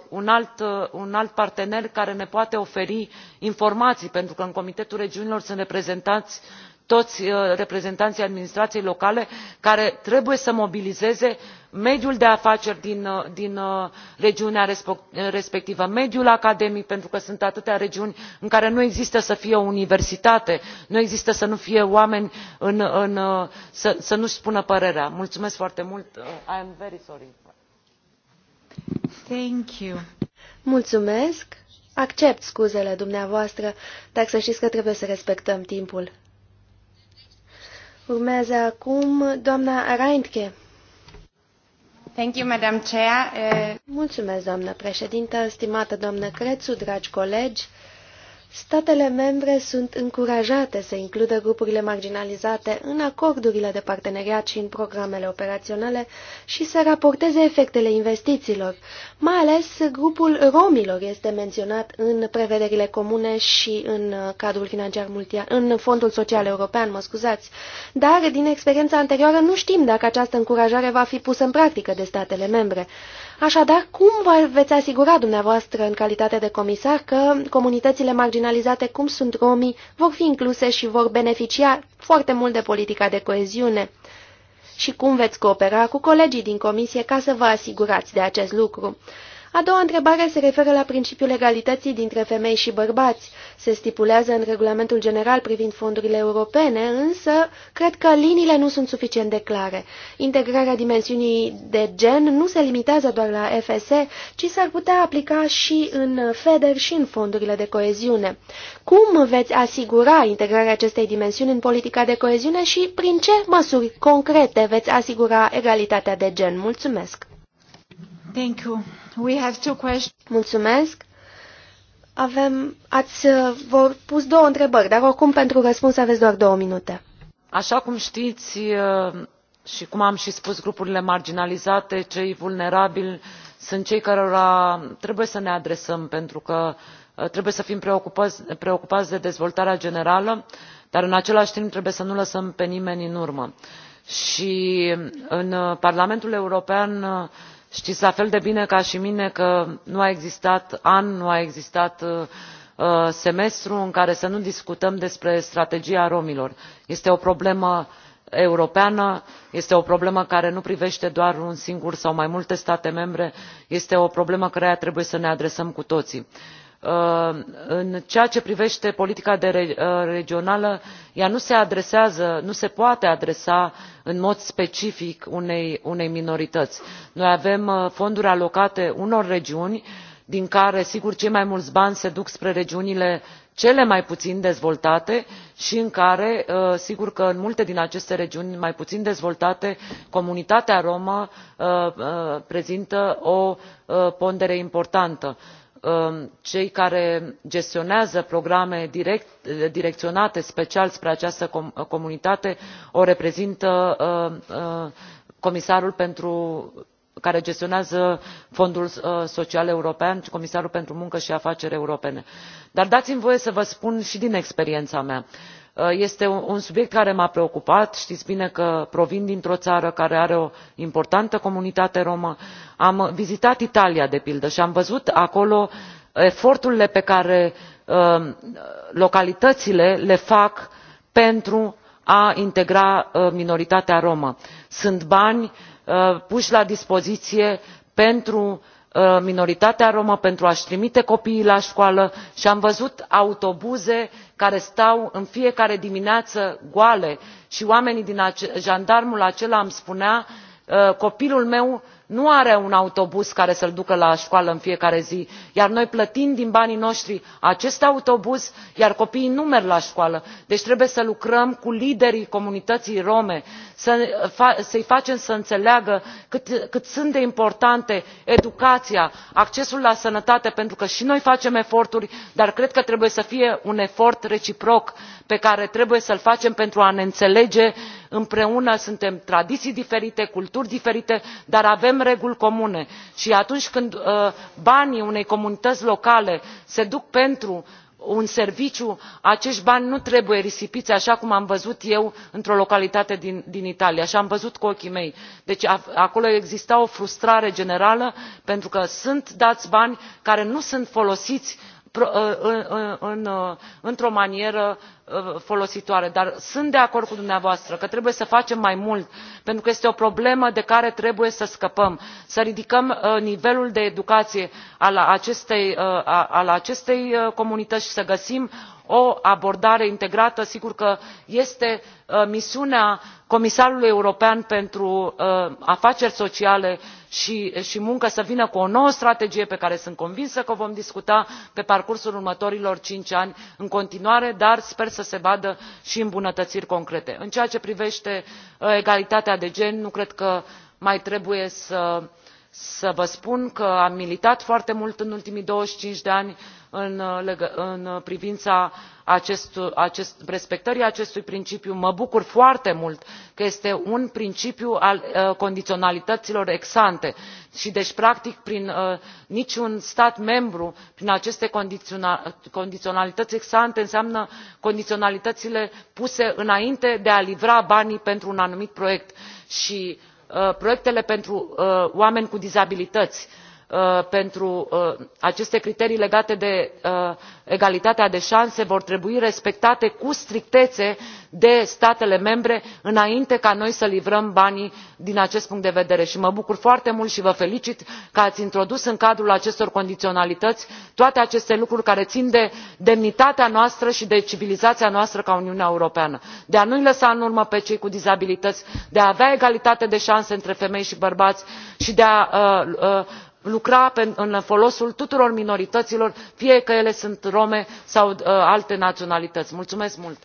un, alt, un alt partener care ne poate oferi informații pentru că în comitetul regiunilor sunt reprezentați toți uh, reprezentanții administrației locale care trebuie să mobilizeze mediul de afaceri din, uh, uh, regiunea respectivă mediul academic pentru că sunt atâtea regiuni în care nu există să fie o universitate nu există să nu fie oameni să, nu își spună părerea. mulțumesc foarte mult i am very sorry. Thank you. Mulțumesc. Accept scuzele dumneavoastră, dar să știți că trebuie să respectăm timpul. Urmează acum doamna Reintke. Thank you, Madam Chair. Uh, Mulțumesc, doamnă președintă, stimată doamnă Crețu, dragi colegi. Statele membre sunt încurajate să includă grupurile marginalizate în acordurile de parteneriat și în programele operaționale și să raporteze efectele investițiilor. Mai ales grupul romilor este menționat în prevederile comune și în cadrul financiar multian, în fondul social european, mă scuzați. Dar din experiența anterioară nu știm dacă această încurajare va fi pusă în practică de statele membre. Așadar, cum vă veți asigura dumneavoastră în calitate de comisar că comunitățile marginalizate cum sunt romii vor fi incluse și vor beneficia foarte mult de politica de coeziune? Și cum veți coopera cu colegii din comisie ca să vă asigurați de acest lucru? A doua întrebare se referă la principiul egalității dintre femei și bărbați. Se stipulează în regulamentul general privind fondurile europene, însă cred că liniile nu sunt suficient de clare. Integrarea dimensiunii de gen nu se limitează doar la FSE, ci s-ar putea aplica și în FEDER și în fondurile de coeziune. Cum veți asigura integrarea acestei dimensiuni în politica de coeziune și prin ce măsuri concrete veți asigura egalitatea de gen? Mulțumesc! Thank you. We have two questions. Mulțumesc. Avem, ați uh, vor pus două întrebări, dar oricum pentru răspuns aveți doar două minute. Așa cum știți uh, și cum am și spus, grupurile marginalizate, cei vulnerabili, sunt cei cărora trebuie să ne adresăm pentru că uh, trebuie să fim preocupați, preocupați de dezvoltarea generală dar în același timp trebuie să nu lăsăm pe nimeni în urmă și în parlamentul european știți la fel de bine ca și mine că nu a existat an nu a existat uh, uh, semestru în care să nu discutăm despre strategia romilor. este o problemă europeană este o problemă care nu privește doar un singur sau mai multe state membre este o problemă căreia trebuie să ne adresăm cu toții. Uh, în ceea ce privește politica uh, regională ea nu se adresează nu se poate adresa în mod specific unei, minorități. noi avem uh, fonduri alocate unor regiuni din care sigur cei mai mulți bani se duc spre regiunile cele mai puțin dezvoltate și în care sigur că în multe din aceste regiuni mai puțin dezvoltate comunitatea romă prezintă o pondere importantă. Um, cei care gestionează programe direcționate special spre această comunitate o reprezintă um, uh, comisarul pentru care gestionează fondul uh, social european comisarul pentru muncă și afaceri europene. dar dați mi voie să vă spun și din experiența mea că Uh, este un subiect care m a preocupat știți bine că provin dintr o țară care are o importantă comunitate romă am vizitat italia de pildă și am văzut acolo eforturile pe care uh, localitățile le fac pentru a integra uh, minoritatea romă. sunt bani puși la dispoziție pentru Uh, minoritatea romă pentru a și trimite copiii la școală și am văzut autobuze care stau în fiecare dimineață goale și jandarmul acela îmi spunea uh, copilul meu nu are un autobuz care să l ducă la școală în fiecare zi iar noi plătim din banii noștri acest autobuz iar copiii nu merg la școală deci trebuie să lucrăm cu liderii comunității rome să i facem să înțeleagă cât, cât sunt de importante educația accesul la sănătate pentru că și noi facem eforturi dar cred că trebuie să fie un efort reciproc pe care trebuie să l facem pentru a ne înțelege împreună suntem tradiții diferite culturi diferite dar avem reguli comune și atunci când uh, banii unei comunități locale se duc pentru un serviciu acești bani nu trebuie risipiți așa cum am văzut eu într o localitate din italia și am văzut cu ochii mei deci acolo exista o frustrare generală pentru că sunt dați bani care nu sunt folosiți Uh, uh, într o manieră uh, folositoare dar sunt de acord cu dumneavoastră că trebuie să facem mai mult pentru că este o problemă de care trebuie să scăpăm să ridicăm nivelul de educație al acestei comunități și să găsim o abordare integrată sigur că este uh, misiunea comisarului european pentru uh, afaceri sociale și, muncă să vină cu o nouă strategie pe care sunt convinsă că o vom discuta pe parcursul următorilor cinci ani în continuare dar sper să se vadă și îmbunătățiri concrete. în ceea ce privește uh, egalitatea de gen nu cred că mai trebuie să, să vă spun că am militat foarte mult în ultimii douăzeci și cinci de ani în, uh, uh, privința respectării acestui principiu mă bucur foarte mult că este un principiu al uh, condiționalităților ex ante și deci practic prin niciun stat membru prin aceste condiționalități ex ante înseamnă condiționalitățile puse înainte de a livra banii pentru un anumit proiect și proiectele pentru oameni cu dizabilități Uh, pentru uh, aceste criterii legate de uh, egalitatea de șanse vor trebui respectate cu strictețe de statele membre înainte ca noi să livrăm banii din acest punct de vedere și mă bucur foarte mult și vă felicit că ați introdus în cadrul acestor condiționalități toate aceste lucruri care țin de demnitatea noastră și de civilizația noastră ca uniune europeană de a nu i lăsa în urmă pe cei cu dizabilități de a avea egalitate de șanse între femei și bărbați și de a lucra în folosul tuturor minorităților fie că ele sunt rome sau uh, alte naționalități. mulțumesc mult!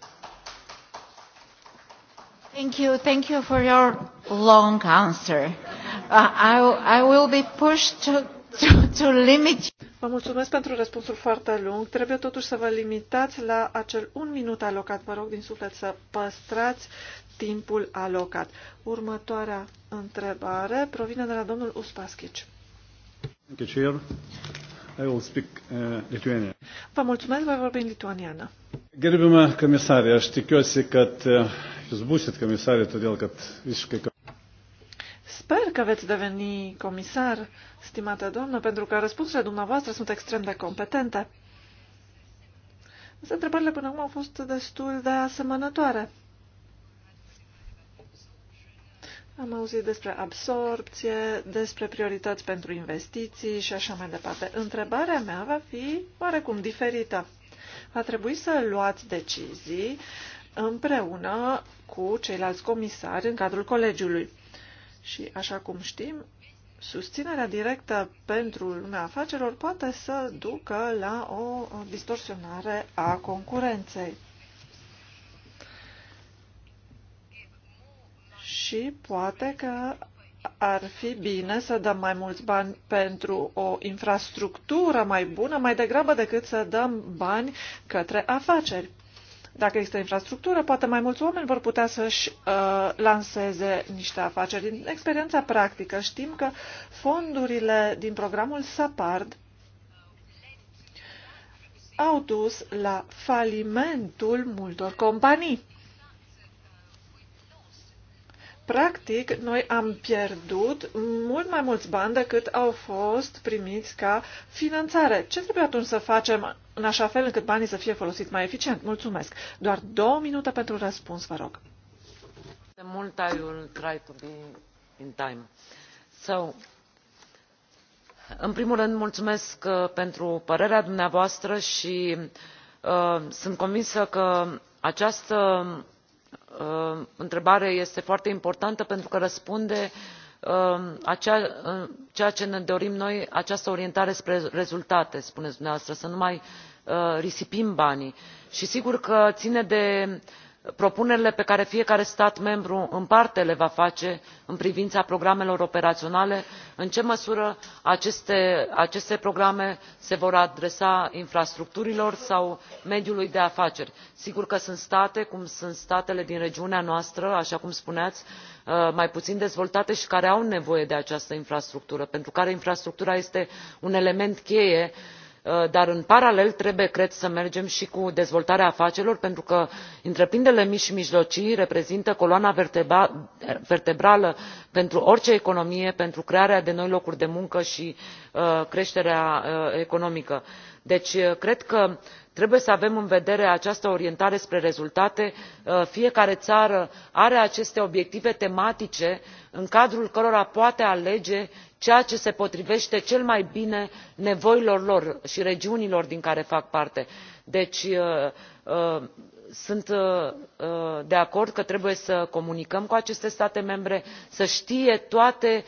Thank you. Thank you for your long answer. Uh, I, I will be pushed to, to, to limit. Vă mulțumesc pentru răspunsul foarte lung. Trebuie totuși să vă limitați la acel un minut alocat. Vă rog din suflet să păstrați timpul alocat. Următoarea întrebare provine de la domnul Uspaschici. Uh, Vă mulțumesc, voi vorbi în lituaniană. Gerbima comisarė, aš tikiuosi, kad uh, jūs būsit komisarė, todėl kad visiškai... Sper că veți deveni comisar, stimată doamnă, pentru că răspunsurile dumneavoastră sunt extrem de competente. Însă întrebările până acum au fost destul de asemănătoare. Am auzit despre absorpție, despre priorități pentru investiții și așa mai departe. Întrebarea mea va fi oarecum diferită. Va trebui să luați decizii împreună cu ceilalți comisari în cadrul colegiului. Și, așa cum știm, susținerea directă pentru lumea afacerilor poate să ducă la o distorsionare a concurenței. și poate că ar fi bine să dăm mai mulți bani pentru o infrastructură mai bună, mai degrabă decât să dăm bani către afaceri. Dacă există infrastructură, poate mai mulți oameni vor putea să-și uh, lanseze niște afaceri. Din experiența practică știm că fondurile din programul SAPARD au dus la falimentul multor companii. Practic, noi am pierdut mult mai mulți bani decât au fost primiți ca finanțare. Ce trebuie atunci să facem în așa fel încât banii să fie folosiți mai eficient? Mulțumesc. Doar două minute pentru răspuns, vă rog. Mult I will try to be in time. So, în primul rând, mulțumesc uh, pentru părerea dumneavoastră și uh, sunt convinsă că această Uh, întrebare este foarte importantă pentru că răspunde la uh, uh, ceea ce ne dorim noi această orientare spre rezultate spuneți dumneavoastră să nu mai risipim banii și sigur că ține de propunerile pe care fiecare stat membru în parte le va face în privința programelor operaționale în ce măsură aceste, aceste programe se vor adresa infrastructurilor sau mediului de afaceri. sigur că sunt state cum sunt statele din regiunea noastră așa cum spuneați uh, mai puțin dezvoltate și care au nevoie de această infrastructură pentru care infrastructura este un element cheie în Uh, dar în paralel trebuie cred să mergem și cu dezvoltarea afacerilor pentru că întreprinderile mici și mijlocii reprezintă coloana vertebrală pentru orice economie pentru crearea de noi locuri de muncă și uh, creșterea uh, economică deci cred că trebuie să avem în vedere această orientare spre rezultate fiecare țară are aceste obiective tematice în cadrul cărora poate alege ceea ce se potrivește cel mai bine nevoilor lor și regiunilor din care fac parte. deci uh, uh, sunt uh, de acord că trebuie să comunicăm cu aceste state membre să știe toate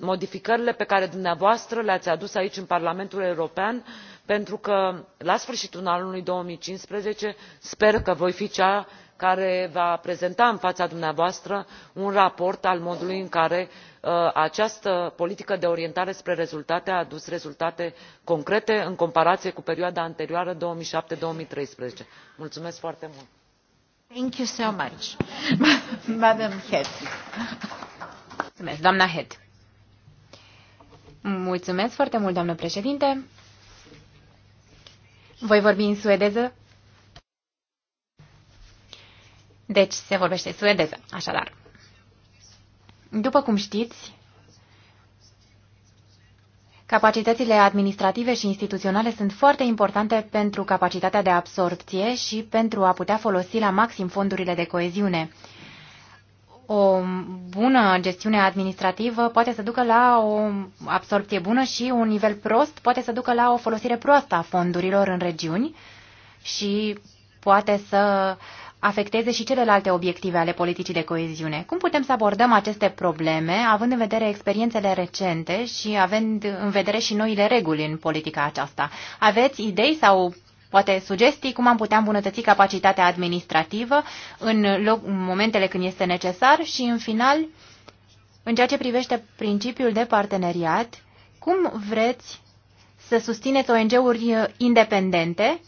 modificările pe care dumneavoastră le ați adus aici în parlamentul european pentru că la sfârșitul anului două mii cincisprezece sper că voi fi cea care va prezenta în fața dumneavoastră un raport al modului în care uh, această politică de orientare spre rezultate a adus rezultate concrete în comparație cu perioada anterioară două mii șapte două mii treisprezece mulțumesc foarte mult! Mulțumesc, Mulțumesc foarte mult, doamnă președinte. Voi vorbi în suedeză deci se vorbește suedeză, așadar. După cum știți, capacitățile administrative și instituționale sunt foarte importante pentru capacitatea de absorpție și pentru a putea folosi la maxim fondurile de coeziune. O bună gestiune administrativă poate să ducă la o absorpție bună și un nivel prost poate să ducă la o folosire proastă a fondurilor în regiuni și poate să uh, afecteze și celelalte obiective ale politicii de coeziune. Cum putem să abordăm aceste probleme, având în vedere experiențele recente și având în vedere și noile reguli în politica aceasta? Aveți idei sau poate sugestii cum am putea îmbunătăți capacitatea administrativă în, loc, în momentele când este necesar și, în final, în ceea ce privește principiul de parteneriat, cum vreți să susțineți ONG-uri independente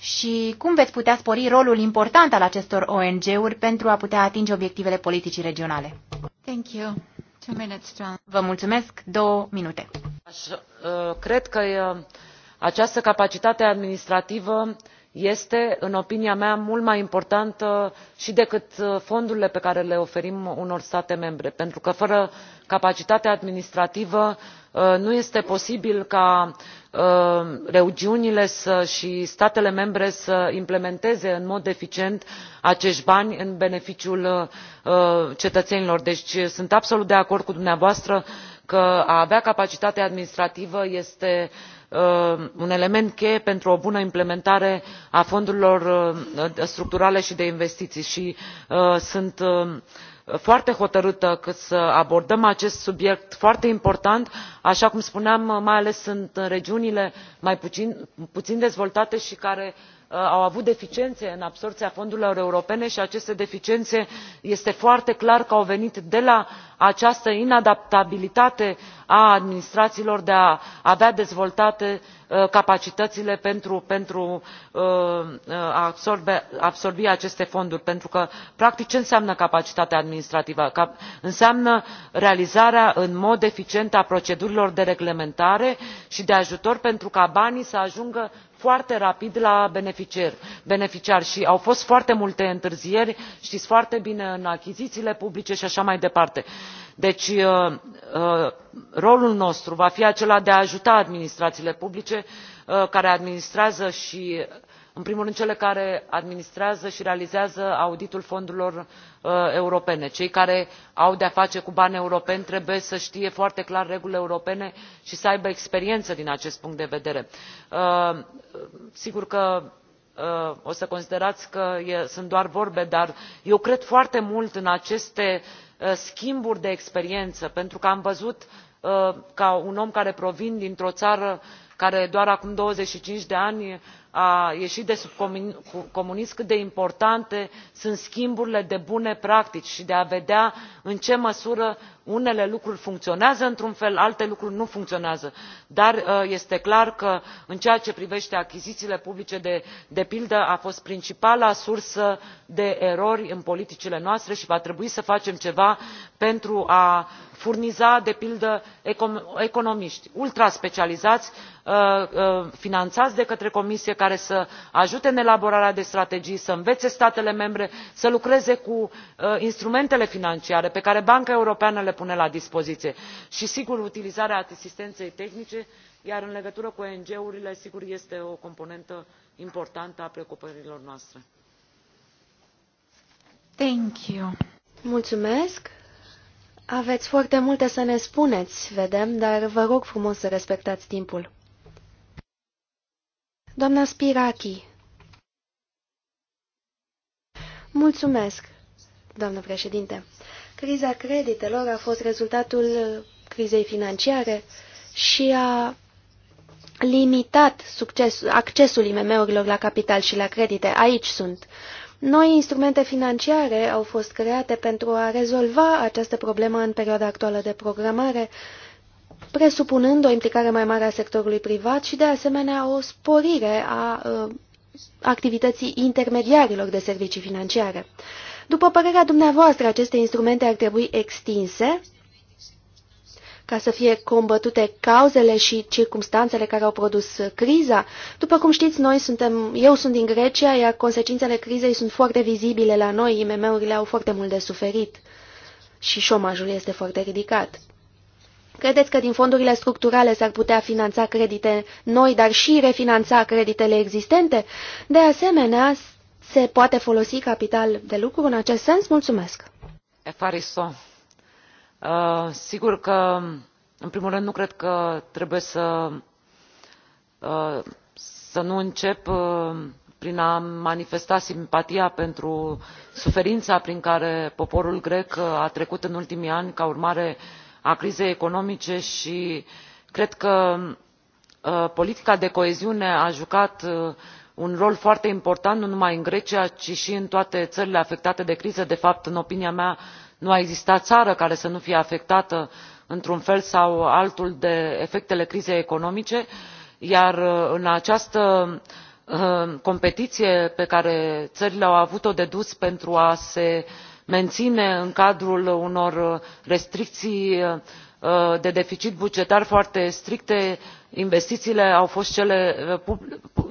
și cum veți putea spori rolul important al acestor ONG-uri pentru a putea atinge obiectivele politicii regionale? Thank you. Two minutes, John. Vă mulțumesc. Două minute. Aș, uh, cred că uh, această capacitate administrativă este în opinia mea mult mai importantă și decât uh, fondurile pe care le oferim unor state membre pentru că fără capacitate administrativă uh, nu este posibil ca Uh, regiunile și statele membre să implementeze în mod eficient acești bani în beneficiul uh, cetățenilor. deci sunt absolut de acord cu dumneavoastră că a avea capacitate administrativă este uh, un element cheie pentru o bună implementare a fondurilor structurale și de investiții și sunt foarte hotărâtă să abordăm acest subiect foarte important așa cum spuneam mai ales în regiunile mai puțin dezvoltate și care Uh, au avut deficiențe în absorbția fondurilor europene și aceste deficiențe este foarte clar că au venit de la această inadaptabilitate a administrațiilor de a avea dezvoltate uh, capacitățile pentru, pentru uh, a absorbe, absorbi aceste fonduri pentru că practic ce înseamnă capacitatea administrativă? înseamnă realizarea în mod eficient a procedurilor de reglementare și de ajutor pentru ca banii să ajungă foarte rapid la beneficiar, și au fost foarte multe întârzieri știți foarte bine în achizițiile publice și așa mai departe. deci uh, uh, rolul nostru va fi acela de a ajuta administrațiile publice uh, care administrează și în primul rând cele care administrează și realizează auditul fondurilor uh, europene cei care au de a face cu bani europeni trebuie să știe foarte clar regulile europene și să aibă experiență din acest punct de vedere. Uh, sigur că uh, o să considerați că sunt doar vorbe dar eu cred foarte mult în aceste schimburi de experiență pentru că am văzut ca un om care provine dintr o țară care doar acum douăzeci și cinci de ani a ieșit de sub comunism cât de importante sunt schimburile de bune practici și de a vedea în ce măsură unele lucruri funcționează într un fel alte lucruri nu funcționează dar uh, este clar că în ceea ce privește achizițiile publice de, pildă a fost principala sursă de erori în politicile noastre și va trebui să facem ceva pentru a furniza de pildă economiști ultraspecializați uh, uh, finanțați de către comisie care să ajute în elaborarea de strategii să învețe statele membre să lucreze cu instrumentele financiare pe care banca europeană le pune la dispoziție și sigur utilizarea asistenței tehnice iar în legătură cu ong urile sigur este o componentă importantă a preocupărilor noastre. Thank you. Mulțumesc. Aveți foarte multe să ne spuneți, vedem, dar vă rog frumos să respectați timpul. Doamna Spirachi. Mulțumesc, doamnă președinte. Criza creditelor a fost rezultatul crizei financiare și a limitat succes, accesul IMM-urilor la capital și la credite. Aici sunt. Noi instrumente financiare au fost create pentru a rezolva această problemă în perioada actuală de programare, presupunând o implicare mai mare a sectorului privat și, de asemenea, o sporire a uh, activității intermediarilor de servicii financiare. După părerea dumneavoastră, aceste instrumente ar trebui extinse ca să fie combătute cauzele și circumstanțele care au produs criza. După cum știți, noi suntem, eu sunt din Grecia, iar consecințele crizei sunt foarte vizibile la noi, IMM-urile au foarte mult de suferit și șomajul este foarte ridicat. Credeți că din fondurile structurale s-ar putea finanța credite noi, dar și refinanța creditele existente? De asemenea, se poate folosi capital de lucru în acest sens? Mulțumesc! Fariso, uh, sigur că, în primul rând, nu cred că trebuie să, uh, să nu încep uh, prin a manifesta simpatia pentru suferința prin care poporul grec uh, a trecut în ultimii ani ca urmare a crizei economice și cred că uh, politica de coeziune a jucat uh, un rol foarte important nu numai în grecia ci și în toate țările afectate de criză de fapt în opinia mea nu a existat țară care să nu fie afectată într un fel sau altul de efectele crizei economice iar uh, în această uh, competiție pe care țările au avut o de dus pentru a se menține în cadrul unor restricții uh, Uh, de deficit bugetar foarte stricte investițiile au fost cele, uh,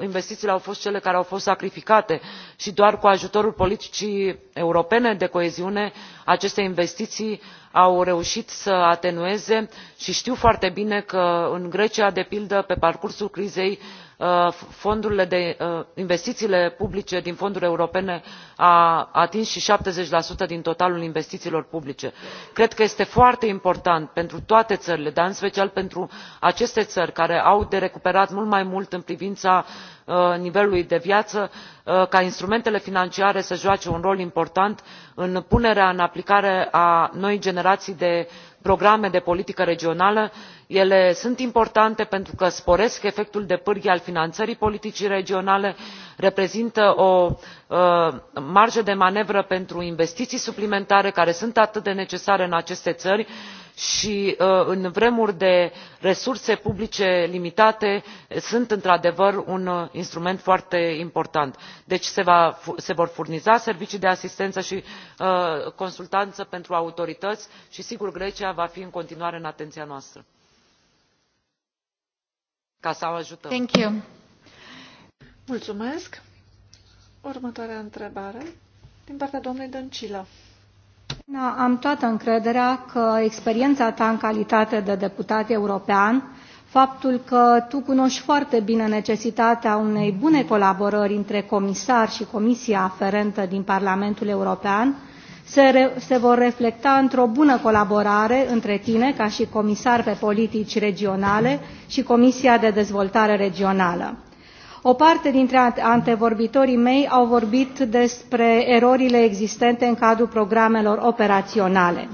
investițiile au fost cele care au fost sacrificate și doar cu ajutorul politicii europene de coeziune aceste investiții au reușit să atenueze și știu foarte bine că în grecia de pildă pe parcursul crizei Uh, de uh, investițiile publice din fonduri europene a atins și șaptezeci din totalul investițiilor publice. cred că este foarte important pentru toate țările dar în special pentru aceste țări care au de recuperat mult mai mult în privința uh, nivelului de viață ca instrumentele financiare să joace un rol important în punerea în aplicare a noii generații de programe de politică regională și ele sunt importante pentru că sporesc efectul de pârghie al finanțării politicii regionale reprezintă o uh, marjă de manevră pentru investiții suplimentare care sunt atât de necesare în aceste țări și uh, în vremuri de resurse publice limitate sunt într adevăr un uh, instrument foarte important deci se, va, se vor furniza servicii de asistență și consultanță pentru autorități și sigur grecia va fi în continuare în atenția noastră ca să o ajutăm. Thank you. Mulțumesc. Următoarea întrebare din partea domnului Dăncilă. Da, am toată încrederea că experiența ta în calitate de deputat european, faptul că tu cunoști foarte bine necesitatea unei bune colaborări între comisar și comisia aferentă din Parlamentul European, se, re, se vor reflecta într-o bună colaborare între tine ca și comisar pe politici regionale și Comisia de Dezvoltare Regională. O parte dintre antevorbitorii mei au vorbit despre erorile existente în cadrul programelor operaționale.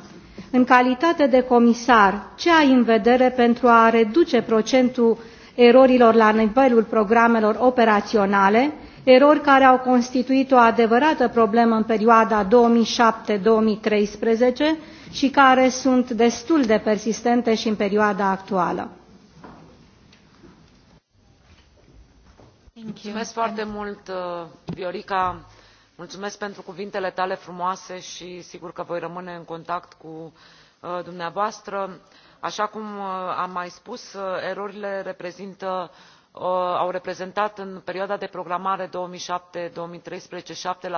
În calitate de comisar, ce ai în vedere pentru a reduce procentul erorilor la nivelul programelor operaționale erori care au constituit o adevărată problemă în perioada două mii șapte două mii treisprezece și care sunt destul de persistente și în perioada actuală. Mulțumesc foarte mult, uh, Viorica. Mulțumesc pentru cuvintele tale frumoase și sigur că voi rămâne în contact cu uh, dumneavoastră. Așa cum uh, am mai spus, erorile reprezintă Uh, au reprezentat în perioada de programare două mii șapte două mii treisprezece șapte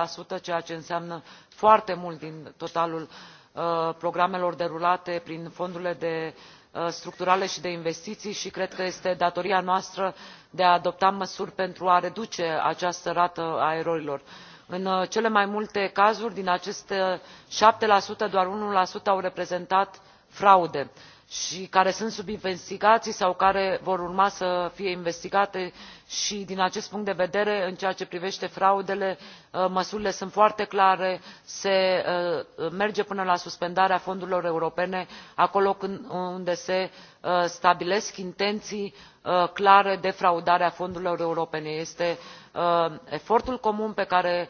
ceea ce înseamnă foarte mult din totalul uh, programelor derulate prin fondurile uh, structurale și de investiții și cred că este datoria noastră de a adopta măsuri pentru a reduce această rată a erorilor. în cele mai multe cazuri din aceste șapte doar unu au reprezentat fraude și care sunt sub investigație sau care vor urma să fie investigate și din acest punct de vedere în ceea ce privește fraudele uh, măsurile sunt foarte clare se uh, merge până la suspendarea fondurilor europene acolo unde se uh, stabilesc intenții clare de fraudare a fondurilor europene. este efortul comun pe care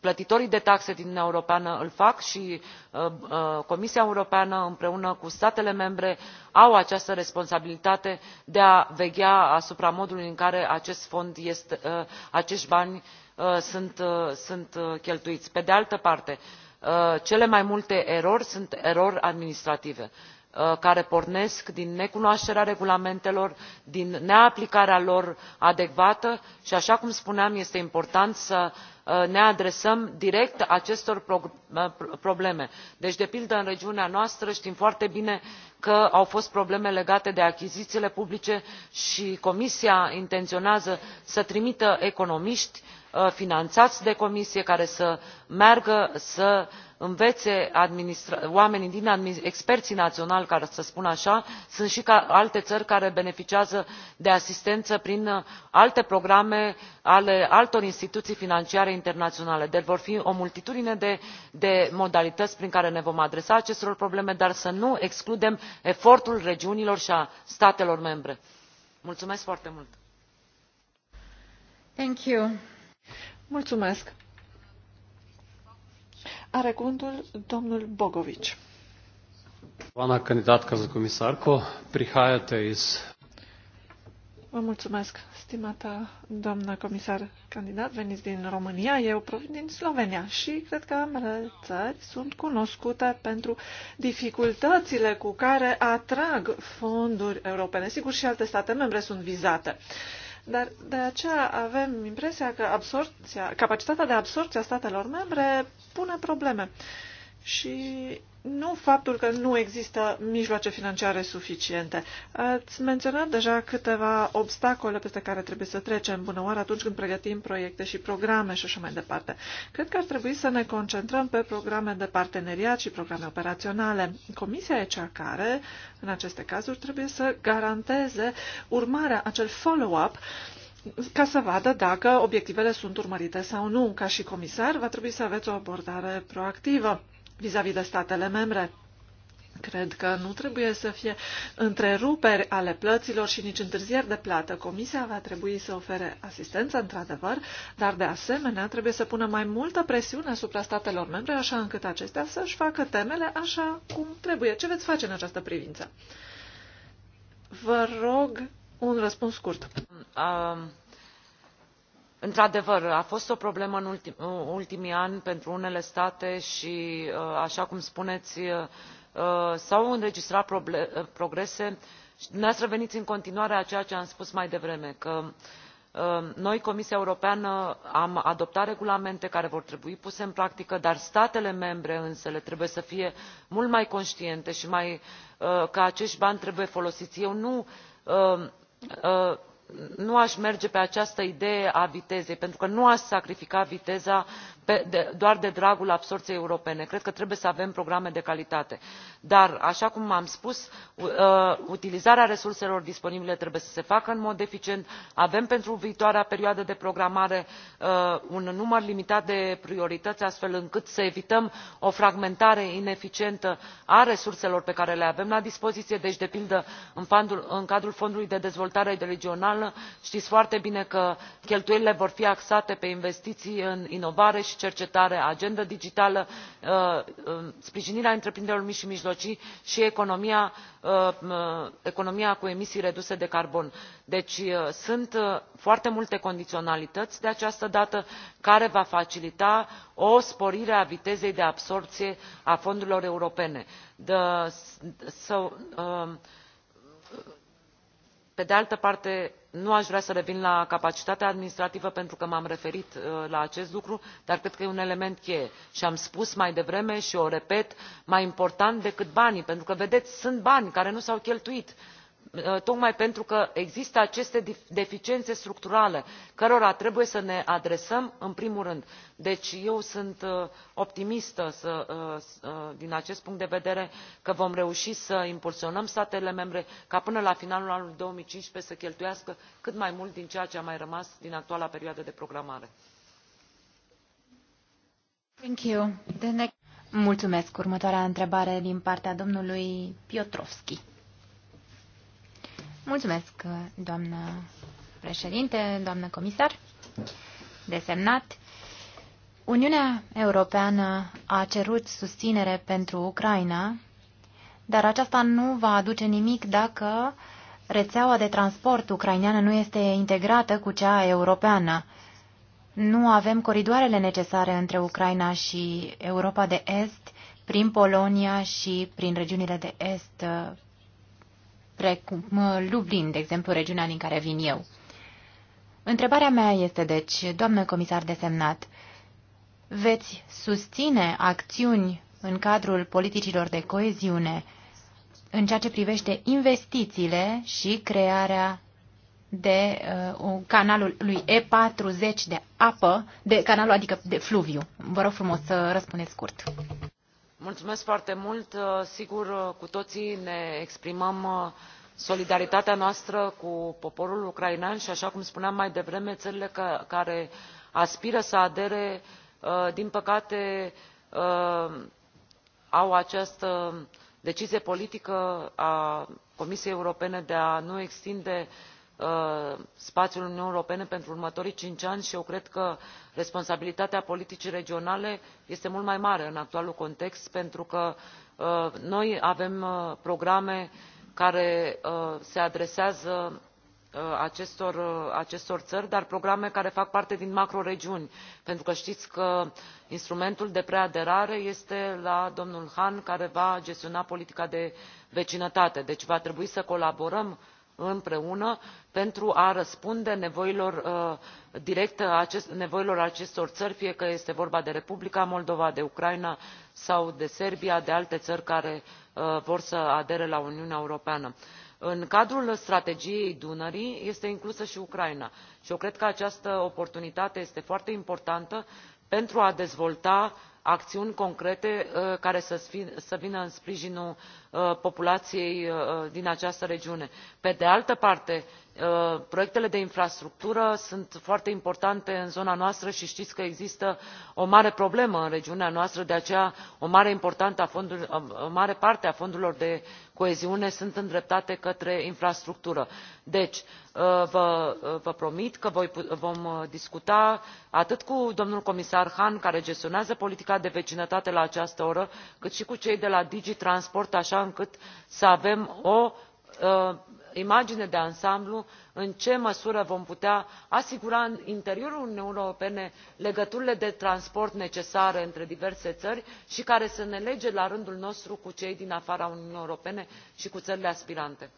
plătitorii de taxe din uniunea europeană îl fac și uh, uh, comisia europeană împreună cu statele membre au această responsabilitate de a veghea asupra modului în care acest fond uh, acești bani sunt cheltuiți. pe de altă parte cele mai multe erori sunt erori administrative care pornesc din necunoașterea regulamentelor din neaplicarea lor adecvată și așa cum spuneam este important să Uh, ne adresăm direct acestor uh, probleme. deci de pildă în regiunea noastră știm foarte bine că au fost probleme legate de achizițiile publice și comisia intenționează să trimită economiști Uh, finanțați de comisie care să meargă să învețe oamenii din experții naționali ca să spun așa sunt și alte țări care beneficiază de asistență prin uh, alte programe ale altor instituții financiare internaționale deci vor fi o multitudine de, modalități prin care ne vom adresa acestor probleme dar să nu excludem efortul regiunilor și al statelor membre. mulțumesc foarte mult! Mulțumesc. Are cuvântul domnul Bogovici. Doamna candidatcă za comisarco, prihajate iz... Vă mulțumesc, stimata doamna comisar candidat, veniți din România, eu provin din Slovenia și cred că ambele țări sunt cunoscute pentru dificultățile cu care atrag fonduri europene. Sigur, și alte state membre sunt vizate. Uh, dar de aceea avem impresia că absorpția, capacitatea de absorție a statelor membre pune probleme. Și nu faptul că nu există mijloace financiare suficiente. Ați menționat deja câteva obstacole peste care trebuie să trecem bună oară atunci când pregătim proiecte și programe și așa mai departe. Cred că ar trebui să ne concentrăm pe programe de parteneriat și programe operaționale. Comisia e cea care, în aceste cazuri, trebuie să garanteze urmarea, acel follow-up ca să vadă dacă obiectivele sunt urmărite sau nu. Ca și comisar, va trebui să aveți o abordare proactivă vis-a-vis de statele membre. Cred că nu trebuie să fie întreruperi ale plăților și nici întârzieri de plată. Comisia va trebui să ofere asistență, într-adevăr, dar de asemenea trebuie să pună mai multă presiune asupra statelor membre, așa încât acestea să-și facă temele așa cum trebuie. Ce veți face în această privință? Vă rog un răspuns scurt. Um, într adevăr a fost o problemă în ultimii ani pentru unele state și uh, așa cum spuneți uh, uh, s au înregistrat progrese și dumneavoastră veniți în continuare la ceea ce am spus mai devreme că noi comisia europeană am adoptat regulamente care vor trebui puse în practică dar statele membre însele trebuie să fie mult mai conștiente și mai, că acești bani trebuie folosiți. eu nu nu aș merge pe această idee a vitezei pentru că nu aș sacrifica viteza pentru doar de dragul absorbției europene cred că trebuie să avem programe de calitate dar așa cum am spus uh, utilizarea resurselor disponibile trebuie să se facă în mod eficient avem pentru viitoarea perioadă de programare uh, un număr limitat de priorități astfel încât să evităm o fragmentare ineficientă a resurselor pe care le avem la dispoziție deci de pildă în, în cadrul fondului de dezvoltare regională știți foarte bine că cheltuielile vor fi axate pe investiții în inovare și cercetare agendă digitală uh, um, sprijinirea întreprinderilor mici și mijlocii și economia, uh, uh, economia cu emisii reduse de carbon. deci sunt foarte multe condiționalități de această dată care va facilita o sporire a vitezei de absorbție a fondurilor europene. Um, pe de altă parte nu aș vrea să revin la capacitatea administrativă pentru că m am referit uh, la acest lucru dar cred că e un element cheie și am spus mai devreme și o repet mai important decât banii pentru că vedeți sunt bani care nu s au cheltuit și Uh, tocmai pentru că există aceste deficiențe structurale cărora trebuie să ne adresăm în primul rând deci eu sunt uh, optimistă uh, din acest punct de vedere că vom reuși să impulsionăm statele membre ca până la finalul anului două mii cincisprezece să cheltuiască cât mai mult din ceea ce a mai rămas din actuala perioadă de programare. Mulțumesc. Următoarea întrebare din partea domnului Piotrowski. Mulțumesc, doamnă președinte, doamnă comisar, desemnat. Uniunea Europeană a cerut susținere pentru Ucraina, dar aceasta nu va aduce nimic dacă rețeaua de transport ucraineană nu este integrată cu cea europeană. Nu avem coridoarele necesare între Ucraina și Europa de Est, prin Polonia și prin regiunile de Est precum Lublin, de exemplu, regiunea din care vin eu. Întrebarea mea este, deci, doamnă comisar desemnat, veți susține acțiuni în cadrul politicilor de coeziune în ceea ce privește investițiile și crearea de uh, canalul lui E40 de apă, de canalul adică de fluviu. Vă rog frumos să răspundeți scurt mulțumesc foarte mult. Uh, sigur uh, cu toții ne exprimăm uh, solidaritatea noastră cu poporul ucrainean și așa cum spuneam mai devreme țările care aspiră să adere din păcate au această decizie politică a comisiei europene de a nu extinde Uh, spațiul uniunii europene pentru următorii cinci ani și eu cred că responsabilitatea politicii regionale este mult mai mare în actualul context pentru că uh, noi avem uh, programe care se adresează acestor, acestor țări dar programe care fac parte din macroregiuni pentru că știți că instrumentul de preaderare este la domnul hahn care va gestiona politica de vecinătate deci va trebui să colaborăm împreună pentru a răspunde nevoilor uh, directe nevoilor acestor țări fie că este vorba de republica moldova de ucraina sau de serbia de alte țări care uh, vor să adere la uniunea europeană. în cadrul strategiei dunării este inclusă și ucraina și eu cred că această oportunitate este foarte importantă pentru a dezvolta acțiuni concrete uh, care să vină în sprijinul Uh, populației uh, din această regiune. pe de altă parte uh, proiectele de infrastructură sunt foarte importante în zona noastră și știți că există o mare problemă în regiunea noastră de aceea o mare, parte a fondurilor de coeziune sunt îndreptate către infrastructură. deci vă, promit că vom discuta atât cu domnul comisar hahn care gestionează politica de vecinătate la această oră cât și cu cei de la dg transport așa încât să avem o ă, imagine de ansamblu în ce măsură vom putea asigura în interiorul uniunii europene legăturile de transport necesare între diverse țări și care să ne lege la rândul nostru cu cei din afara uniunii europene și cu țările aspirante.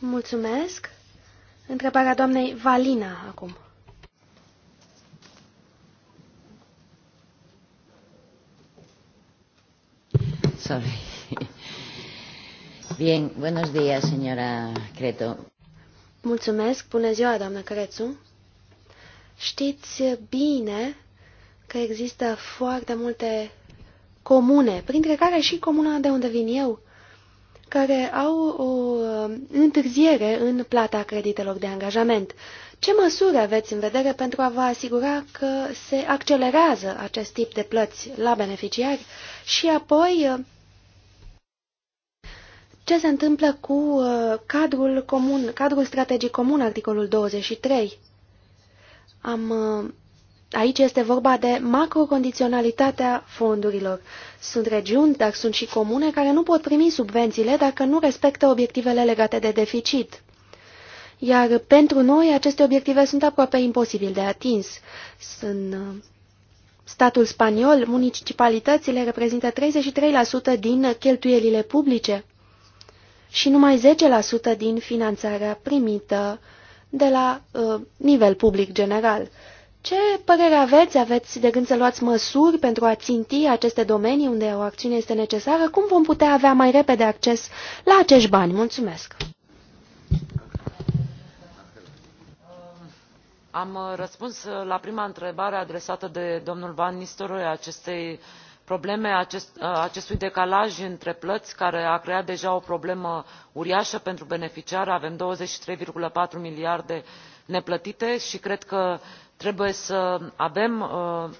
Mulțumesc. Întrebarea doamnei Valina acum. sorry. Bien, buenos días, señora Creto. Mulțumesc, bună ziua, doamnă Crețu. Știți bine că există foarte multe comune, printre care și comuna de unde vin eu, care au o um, întârziere în plata creditelor de angajament. Ce măsuri aveți în vedere pentru a vă asigura că se accelerează acest tip de plăți la beneficiari și apoi um, ce se întâmplă cu uh, cadrul comun, cadrul strategic comun, articolul 23. Am, uh, aici este vorba de macrocondiționalitatea fondurilor. Sunt regiuni, dar sunt și comune care nu pot primi subvențiile dacă nu respectă obiectivele legate de deficit. Iar pentru noi aceste obiective sunt aproape imposibil de atins. Sunt, uh, statul spaniol, municipalitățile reprezintă 33% din cheltuielile publice și numai 10% din finanțarea primită de la uh, nivel public general. Ce părere aveți? Aveți de gând să luați măsuri pentru a ținti aceste domenii unde o acțiune este necesară? Cum vom putea avea mai repede acces la acești bani? Mulțumesc! Am uh, răspuns uh, la prima întrebare adresată de domnul Van Nistelrooy acestei uh, probleme acestui decalaj între plăți care a creat deja o problemă uriașă pentru beneficiar avem douăzeci și trei patru miliarde neplătite și cred că trebuie să avem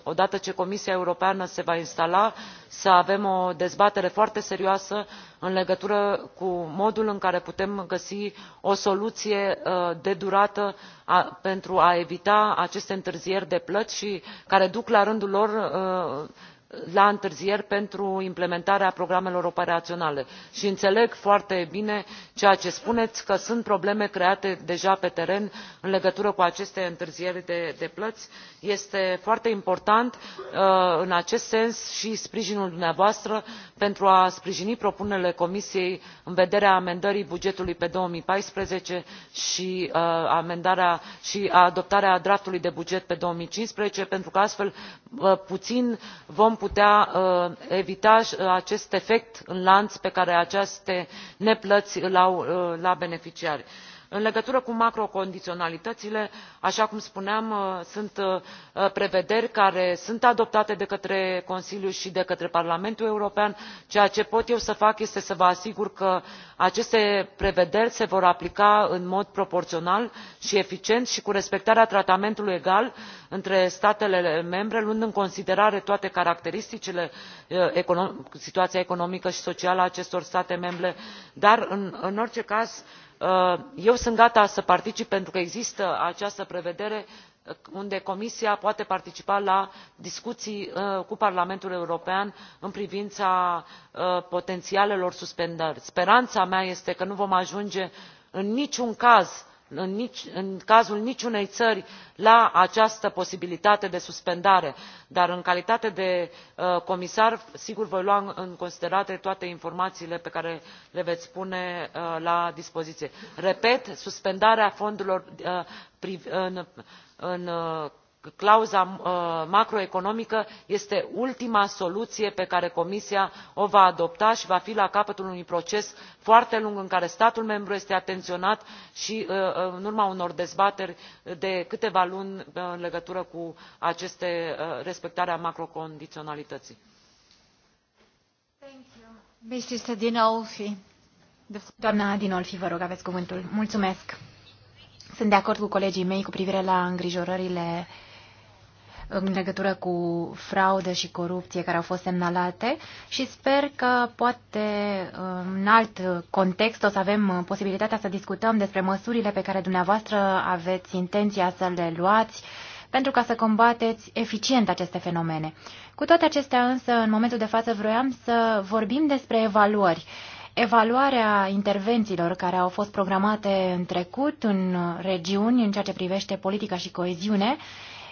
odată ce comisia europeană se va instala să avem o dezbatere foarte serioasă în legătură cu modul în care putem găsi o soluție de durată pentru a evita aceste întârzieri de plăți și care duc la rândul lor la întârzieri pentru implementarea programelor operaționale și înțeleg foarte bine ceea ce spuneți că sunt probleme create deja pe teren în legătură cu aceste întârzieri de, plăți. este foarte important uh, în acest sens și sprijinul dumneavoastră pentru a sprijini propunerile comisiei în vederea amendării bugetului pe două mii paisprezece și uh, amendarea și adoptarea draftului de buget pe două mii cincisprezece pentru că astfel uh, puțin vom putea uh, evita uh, acest efect în lanț pe care aceste neplăți îl au uh, la beneficiari în legătură cu macrocondiționalitățile așa cum spuneam uh, sunt uh, prevederi care sunt adoptate de către consiliu și de către parlamentul european ceea ce pot eu să fac este să vă asigur că aceste prevederi se vor aplica în mod proporțional și eficient și cu respectarea tratamentului egal între statele membre luând în considerare toate caracteristicile uh, situația economică și socială a acestor state membre dar în orice caz Uh, eu sunt gata să particip pentru că există această prevedere uh, unde comisia poate participa la discuții uh, cu parlamentul european în privința potențialelor suspendări. speranța mea este că nu vom ajunge în niciun caz în, cazul niciunei țări la această posibilitate de suspendare dar în calitate de uh, comisar sigur voi lua în considerare toate informațiile pe care le veți pune uh, la dispoziție. repet suspendarea fondurilor uh, în clauza uh, macroeconomică este ultima soluție pe care comisia o va adopta și va fi la capătul unui proces foarte lung în care statul membru este atenționat și uh, uh, în urma unor dezbateri de câteva luni în legătură cu respectarea macrocondiționalității. mulțumesc. sunt de acord cu colegii mei cu privire la îngrijorările în legătură cu fraudă și corupție care au fost semnalate și sper că poate în alt context o să avem posibilitatea să discutăm despre măsurile pe care dumneavoastră aveți intenția să le luați pentru ca să combateți eficient aceste fenomene. Cu toate acestea însă, în momentul de față vroiam să vorbim despre evaluări. Evaluarea intervențiilor care au fost programate în trecut în regiuni în ceea ce privește politica și coeziune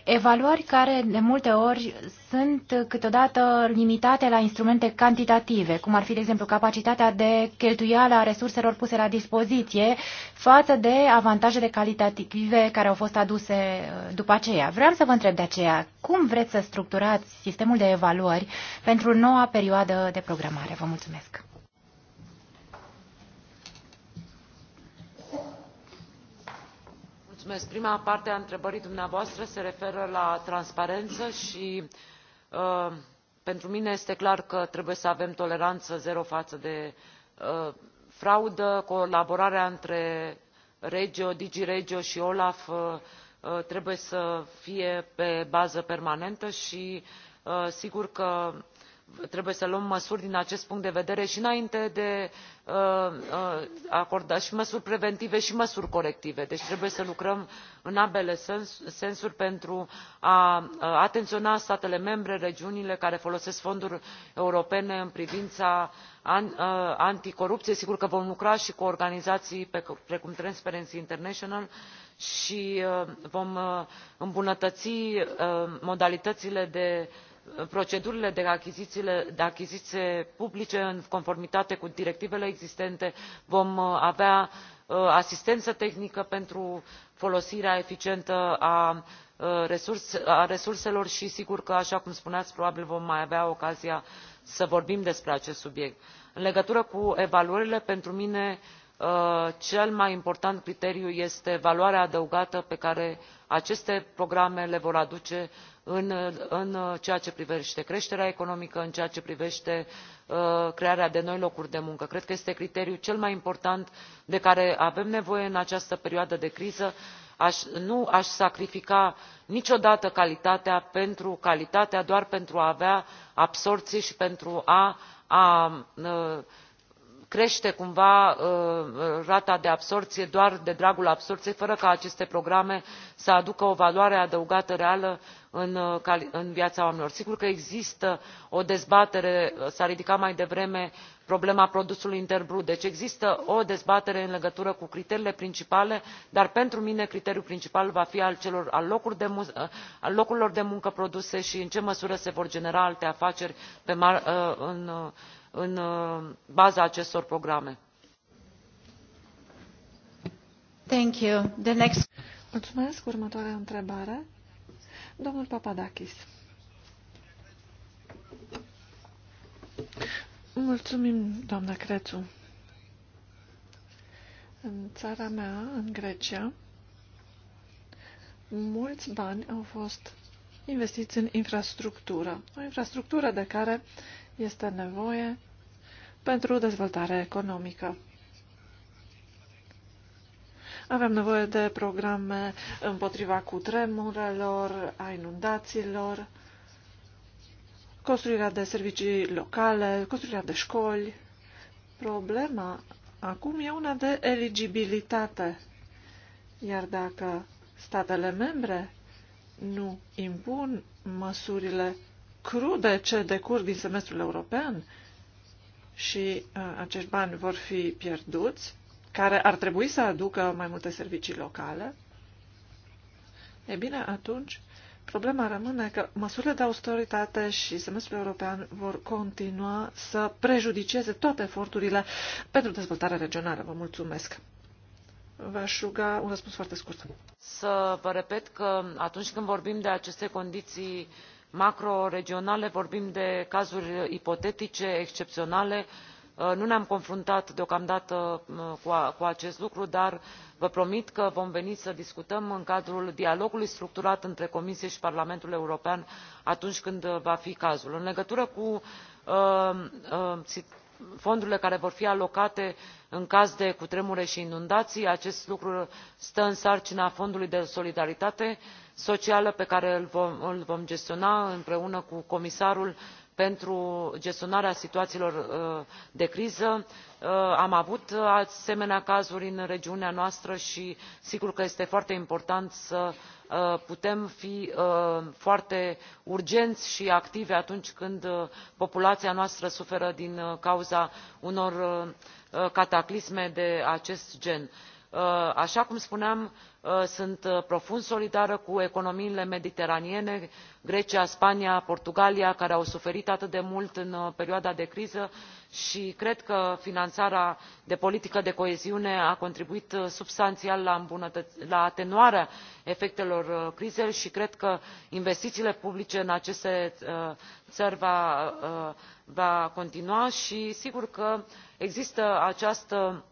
evaluări care de multe ori sunt câteodată limitate la instrumente cantitative, cum ar fi, de exemplu, capacitatea de cheltuială a resurselor puse la dispoziție față de avantajele calitative care au fost aduse uh, după aceea. Vreau să vă întreb de aceea, cum vreți să structurați sistemul de evaluări pentru noua perioadă de programare? Vă mulțumesc! prima parte a întrebării dumneavoastră se referă la transparență și uh, pentru mine este clar că trebuie să avem toleranță zero față de uh, fraudă colaborarea între regio dg regio și olaf uh, trebuie să fie pe bază permanentă și sigur că trebuie să luăm măsuri din acest punct de vedere și înainte de a uh, uh, acorda și măsuri preventive și măsuri corective deci trebuie să lucrăm în ambele sensuri pentru a uh, atenționa statele membre regiunile care folosesc fonduri europene în privința anticorupției sigur că vom lucra și cu organizații precum transparency international și vom îmbunătăți modalitățile de procedurile de achiziții publice în conformitate cu directivele existente vom uh, avea uh, asistență tehnică pentru folosirea eficientă uh, a resurselor și sigur că așa cum spuneați probabil vom mai avea ocazia să vorbim despre acest subiect. în legătură cu evaluările pentru mine Uh, cel mai important criteriu este valoarea adăugată pe care aceste programe le vor aduce în, în ceea ce privește creșterea economică în ceea ce privește uh, crearea de noi locuri de muncă. cred că este criteriul cel mai important de care avem nevoie în această perioadă de criză. nu aș sacrifica niciodată calitatea pentru calitatea doar pentru a avea absorbție și pentru a, uh, crește cumva uh, uh, rata de absorbție doar de dragul absorbției fără ca aceste programe să aducă o valoare adăugată reală în, uh, viața oamenilor. sigur că există o dezbatere s a ridicat mai devreme problema produsului intern brut deci există o dezbatere în legătură cu criteriile principale dar pentru mine criteriul principal va fi al, locurilor de muncă produse și în ce măsură se vor genera alte afaceri pe, în, în uh, baza acestor programe. Thank you. The next... Mulțumesc. Următoarea întrebare. Domnul Papadakis. Mulțumim, doamna Crețu. În țara mea, în Grecia, mulți bani au fost investiți în infrastructură. O infrastructură de care este nevoie pentru dezvoltare economică. Avem nevoie de programe împotriva cutremurelor, a inundațiilor, construirea de servicii locale, construirea de școli. Problema acum e una de eligibilitate. Iar dacă statele membre nu impun măsurile crude ce decur din semestrul european și uh, acești bani vor fi pierduți, care ar trebui să aducă mai multe servicii locale, e bine, atunci problema rămâne că măsurile de austeritate și semestrul european vor continua să prejudiceze toate eforturile pentru dezvoltarea regională. Vă mulțumesc! V-aș ruga un răspuns foarte scurt. Să vă repet că atunci când vorbim de aceste condiții macroregionale vorbim de cazuri ipotetice excepționale uh, nu ne am confruntat deocamdată uh, cu, acest lucru dar vă promit că vom veni să discutăm în cadrul dialogului structurat între comisie și parlamentul european atunci când uh, va fi cazul. în legătură cu fondurile care vor fi alocate în caz de cutremure și inundații acest lucru stă în sarcina fondului de solidaritate socială pe care îl vom, gestiona împreună cu comisarul pentru gestionarea situațiilor uh, de criză uh, am avut asemenea cazuri în regiunea noastră și sigur că este foarte important să uh, putem fi foarte urgenți și activi atunci când populația noastră suferă din cauza unor cataclisme de acest gen. Uh, așa cum spuneam uh, sunt uh, profund solidară cu economiile mediteraniene grecia spania portugalia care au suferit atât de mult în perioada de criză și cred că finanțarea de politică de coeziune a contribuit substanțial la, la atenuarea efectelor crizei și cred că investițiile publice în aceste țări vor continua și sigur că există această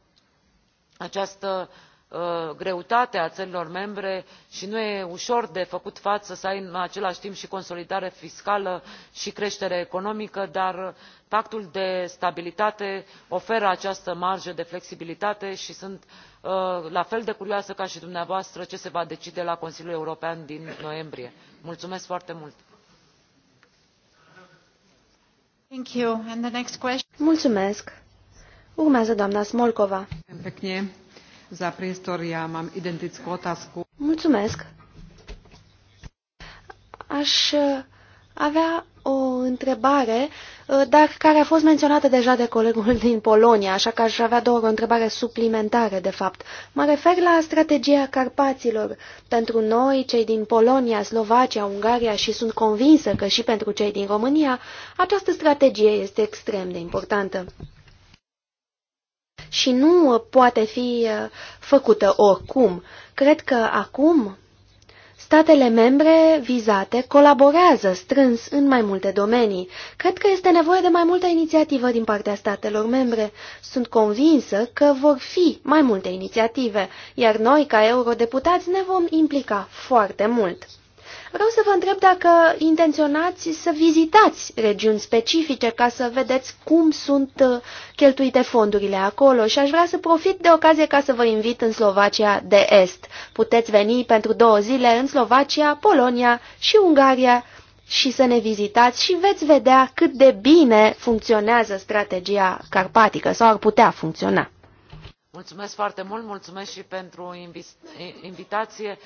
această uh, greutate a țărilor membre și nu e ușor de făcut față să ai în același timp și consolidare fiscală și creștere economică dar pactul de stabilitate oferă această marjă de flexibilitate și sunt uh, la fel de curioasă ca și dumneavoastră ce se va decide la consiliul european din noiembrie. mulțumesc foarte mult! mulțumesc! Urmează doamna Smolkova. Mulțumesc. Aș uh, avea o întrebare, uh, dar care a fost menționată deja de colegul din Polonia, așa că aș avea doar o întrebare suplimentară, de fapt. Mă refer la strategia Carpaților. Pentru noi, cei din Polonia, Slovacia, Ungaria și sunt convinsă că și pentru cei din România, această strategie este extrem de importantă și nu uh, poate fi uh, făcută oricum. Cred că acum statele membre vizate colaborează strâns în mai multe domenii. Cred că este nevoie de mai multă inițiativă din partea statelor membre. Sunt convinsă că vor fi mai multe inițiative, iar noi, ca eurodeputați, ne vom implica foarte mult. Vreau să vă întreb dacă intenționați să vizitați regiuni specifice ca să vedeți cum sunt uh, cheltuite fondurile acolo și aș vrea să profit de ocazie ca să vă invit în Slovacia de Est. Puteți veni pentru două zile în Slovacia, Polonia și Ungaria și să ne vizitați și veți vedea cât de bine funcționează strategia carpatică sau ar putea funcționa. Mulțumesc foarte mult, mulțumesc și pentru invitație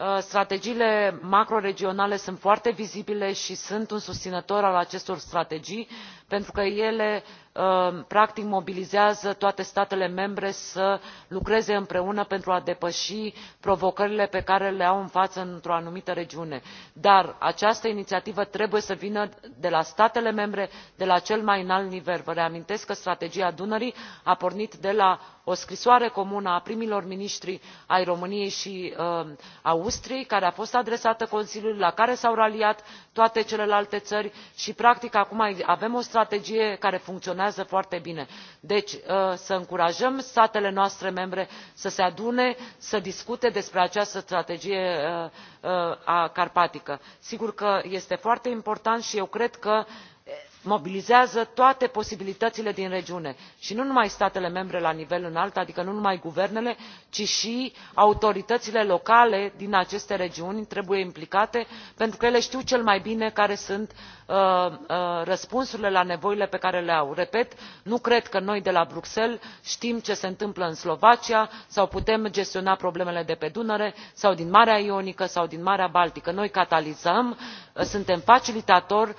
Uh, strategiile macroregionale sunt foarte vizibile și sunt un susținător al acestor strategii pentru că ele uh, practic mobilizează toate statele membre să lucreze împreună pentru a depăși provocările pe care le au în față într o anumită regiune dar această inițiativă trebuie să vină de la statele membre de la cel mai înalt nivel. vă reamintesc că strategia dunării a pornit de la o scrisoare comună a primilor miniștri ai româniei și uh, austriei care a fost adresată consiliului la care s au raliat toate celelalte țări și practic acum avem o strategie care funcționează foarte bine deci uh, să încurajăm statele noastre membre să se adune să discute despre această strategie uh, uh, carpatică. sigur că este foarte important și eu cred că eh, mobilizează toate posibilitățile din regiune și nu numai statele membre la nivel înalt adică nu numai guvernele ci și autoritățile locale din aceste regiuni trebuie implicate pentru că ele știu cel mai bine care sunt Uh, uh, răspunsurile la nevoile pe care le au. repet nu cred că noi de la bruxelles știm ce se întâmplă în slovacia sau putem gestiona problemele de pe dunăre sau din marea ionică sau din marea baltică. noi catalizăm uh, suntem facilitatori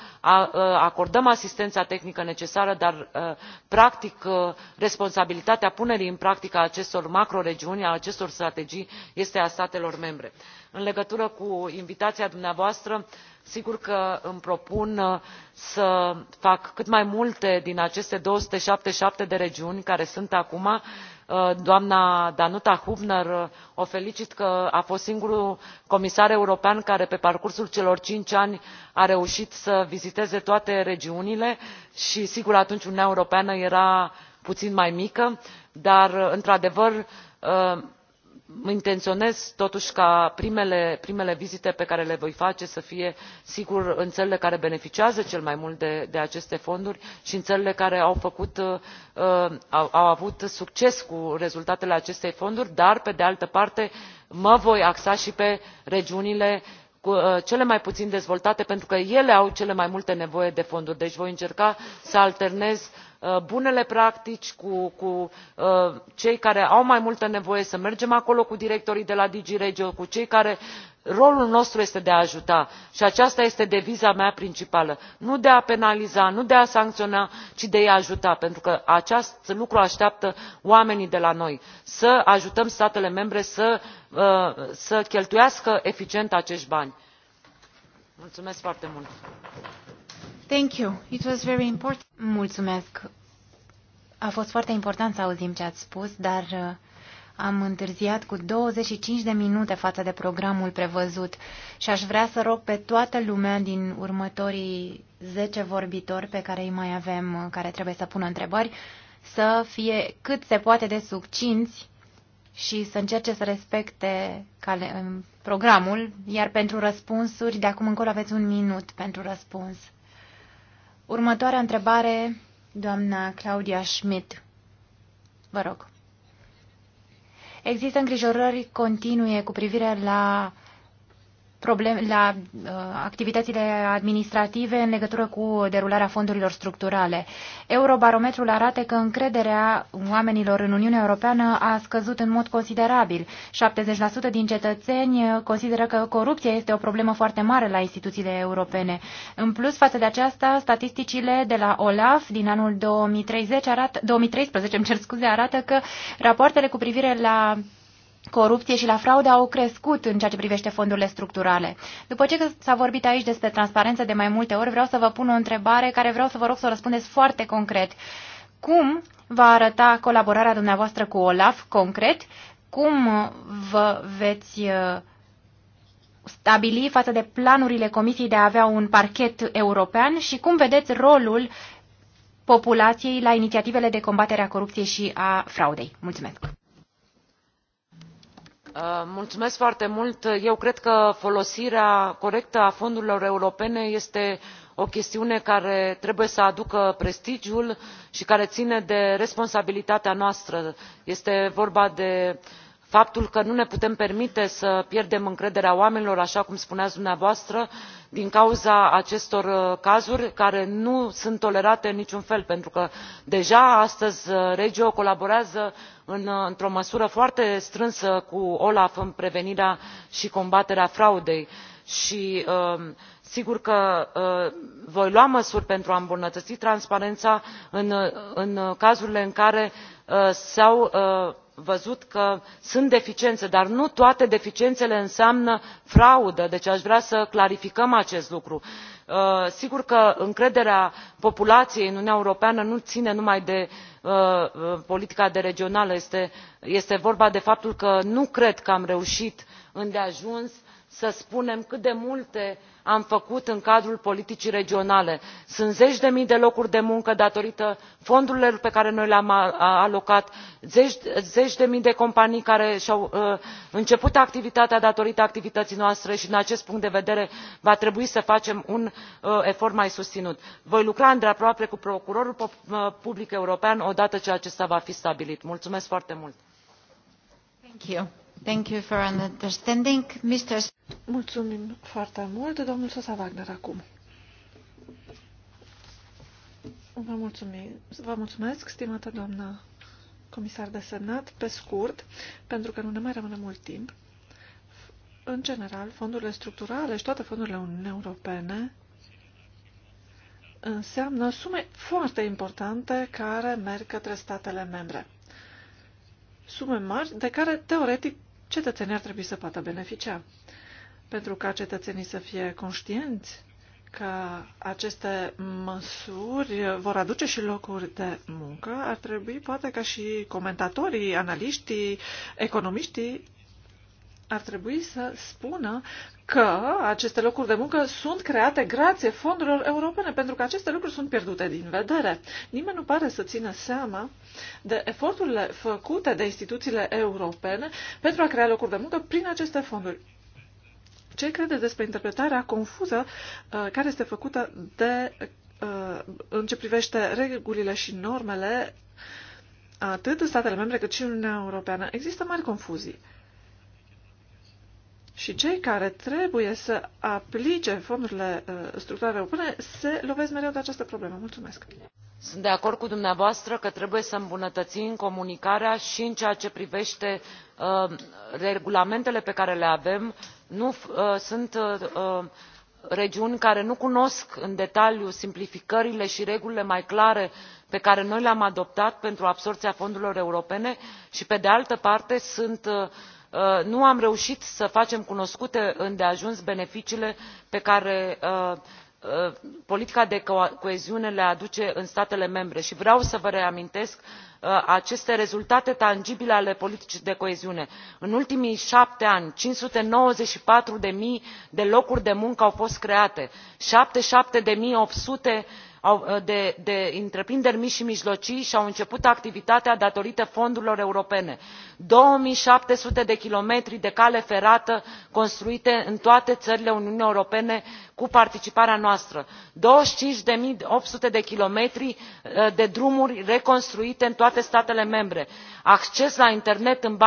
acordăm asistența tehnică necesară dar practic responsabilitatea punerii în practică a acestor macroregiuni a acestor strategii este a statelor membre în legătură cu invitația dumneavoastră sigur că îmi propun uh, să fac cât mai multe din aceste două sute șaptezeci și șapte de regiuni care sunt acum uh, doamna danuta hübner uh, o felicit că a fost singurul comisar european care pe parcursul celor cinci ani a reușit să viziteze toate regiunile și sigur atunci uniunea europeană era puțin mai mică dar într adevăr intenționez totuși ca primele, primele vizite pe care le voi face să fie sigur în țările care beneficiază cel mai mult de, aceste fonduri și în țările care au, uh, avut succes cu rezultatele acestor fonduri dar pe de altă parte mă voi axa și pe regiunile uh, cele mai puțin dezvoltate pentru că ele au cele mai multe nevoie de fonduri deci voi încerca să alternez Uh, bunele practici cu, uh, cei care au mai multă nevoie să mergem acolo cu directorii de la dg regio cu cei care rolul nostru este de a ajuta și aceasta este deviza mea principală nu de a penaliza nu de a sancționa ci de a i ajuta pentru că acest lucru așteaptă oamenii de la noi să ajutăm statele membre să, uh, să cheltuiască eficient acești bani. mulțumesc foarte mult. Thank you. It was very important. Mulțumesc. A fost foarte important să auzim ce ați spus, dar uh, am întârziat cu 25 de minute față de programul prevăzut și aș vrea să rog pe toată lumea din următorii 10 vorbitori pe care îi mai avem, uh, care trebuie să pună întrebări, să fie cât se poate de succinți și să încerce să respecte um, programul, iar pentru răspunsuri, de acum încolo aveți un minut pentru răspuns. Următoarea întrebare, doamna Claudia Schmidt. Vă rog. Există îngrijorări continue cu privire la probleme, la uh, activitățile administrative în legătură cu derularea fondurilor structurale. Eurobarometrul arată că încrederea oamenilor în Uniunea Europeană a scăzut în mod considerabil. 70% din cetățeni consideră că corupția este o problemă foarte mare la instituțiile europene. În plus, față de aceasta, statisticile de la OLAF din anul 2030 arată, 2013 îmi cer scuze, arată că rapoartele cu privire la corupție și la fraude au crescut în ceea ce privește fondurile structurale. După ce s-a vorbit aici despre transparență de mai multe ori, vreau să vă pun o întrebare care vreau să vă rog să o răspundeți foarte concret. Cum va arăta colaborarea dumneavoastră cu OLAF concret? Cum vă veți uh, stabili față de planurile Comisiei de a avea un parchet european și cum vedeți rolul populației la inițiativele de combatere a corupției și a fraudei? Mulțumesc! Uh, mulțumesc foarte mult eu cred că folosirea corectă a fondurilor europene este o chestiune care trebuie să aducă prestigiul și care ține de responsabilitatea noastră este vorba de faptul că nu ne putem permite să pierdem încrederea oamenilor așa cum spuneați dumneavoastră din cauza acestor uh, cazuri care nu sunt tolerate în niciun fel pentru că deja astăzi uh, regio colaborează uh, într o măsură foarte strânsă cu olaf în prevenirea și combaterea fraudei și um, sigur că voi lua măsuri pentru a îmbunătăți transparența în, cazurile în care s au văzut că sunt deficiențe dar nu toate deficiențele înseamnă fraudă deci aș vrea să clarificăm acest lucru. Uh, sigur că încrederea populației în uniunea europeană nu ține numai de uh, uh, politica de regională este, este vorba de faptul că nu cred că am reușit îndeajuns să spunem cât de multe am făcut în cadrul politicii regionale sunt zeci de mii de locuri de muncă datorită fondurilor pe care noi le am alocat zeci de mii de companii care și au uh, început activitatea datorită activității noastre și din acest punct de vedere va trebui să facem un uh, efort mai susținut. voi lucra îndeaproape cu procurorul uh, public european odată ce acesta va fi stabilit. mulțumesc foarte mult. Thank you for understanding, Mr. Mulțumim foarte mult, domnul Sosa Wagner, acum. Vă, mulțumim. Vă mulțumesc, stimată doamnă comisar de desemnat, pe scurt, pentru că nu ne mai rămâne mult timp. În general, fondurile structurale și toate fondurile Uniunii Europene înseamnă sume foarte importante care merg către statele membre. Sume mari de care, teoretic, cetățenii ar trebui să poată beneficia. Pentru ca cetățenii să fie conștienți că aceste măsuri vor aduce și locuri de muncă, ar trebui poate ca și comentatorii, analiștii, economiștii ar trebui să spună că aceste locuri de muncă sunt create grație fondurilor europene, pentru că aceste lucruri sunt pierdute din vedere. Nimeni nu pare să țină seama de eforturile făcute de instituțiile europene pentru a crea locuri de muncă prin aceste fonduri. Ce crede despre interpretarea confuză uh, care este făcută de, uh, în ce privește regulile și normele atât în statele membre cât și în Uniunea Europeană? Există mari confuzii. Și cei care trebuie să aplice fondurile uh, structurale europene se lovesc mereu de această problemă. Mulțumesc! Sunt de acord cu dumneavoastră că trebuie să îmbunătățim comunicarea și în ceea ce privește uh, regulamentele pe care le avem. Nu, uh, sunt uh, uh regiuni care nu cunosc în detaliu simplificările și regulile mai clare pe care noi le am adoptat pentru absorbția fondurilor europene și pe de altă parte sunt uh, Uh, nu am reușit să facem cunoscute îndeajuns beneficiile pe care uh, uh, politica de coeziune le aduce în statele membre și vreau să vă reamintesc aceste rezultate tangibile ale politicii de coeziune în ultimii șapte ani cinci sute nouăzeci și patru zero de locuri de muncă au fost create șaptezeci și șapte opt sute Ă, de, întreprinderi mici și mijlocii și au început activitatea datorită fondurilor europene doi șapte sute de kilometri de cale ferată construite în toate țările uniunii europene cu participarea noastră douăzeci și cinci opt sute de kilometri eh, de drumuri reconstruite în toate statele membre acces la internet în,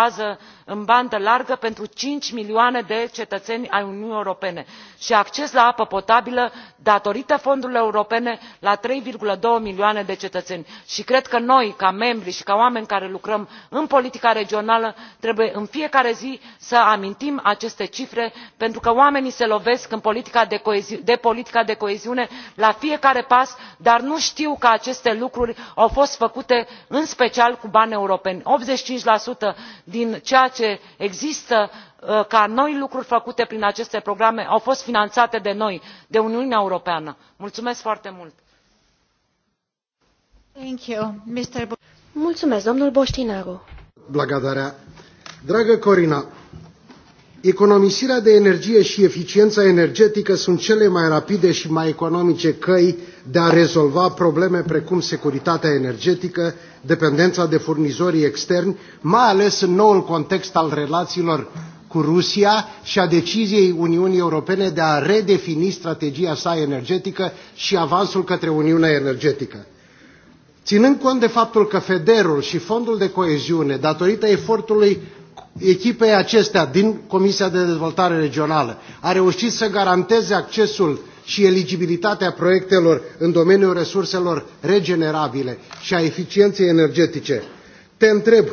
în bandă largă pentru cinci milioane de cetățeni ai uniunii europene și acces la apă potabilă datorită fondurilor europene la trei doi milioane de cetățeni și cred că noi ca membri și ca oameni care lucrăm în politica regională trebuie în fiecare zi să amintim aceste cifre pentru că oamenii se lovesc în politica de coeziune de politica de coeziune la fiecare pas dar nu știu că aceste lucruri au fost făcute în special cu bani europeni optzeci și cinci din ceea ce există uh, ca noi lucruri făcute prin aceste programe au fost finanțate de noi de uniunea europeană. mulțumesc foarte mult! Mulțumesc, domnul Corina, Economisirea de energie și eficiența energetică sunt cele mai rapide și mai economice căi de a rezolva probleme precum securitatea energetică, dependența de furnizorii externi, mai ales în noul context al relațiilor cu Rusia și a deciziei Uniunii Europene de a redefini strategia sa energetică și avansul către Uniunea Energetică. Ținând cont de faptul că Federul și Fondul de Coeziune, datorită efortului echipei acestea din Comisia de Dezvoltare Regională a reușit să garanteze accesul și eligibilitatea proiectelor în domeniul resurselor regenerabile și a eficienței energetice. Te întreb,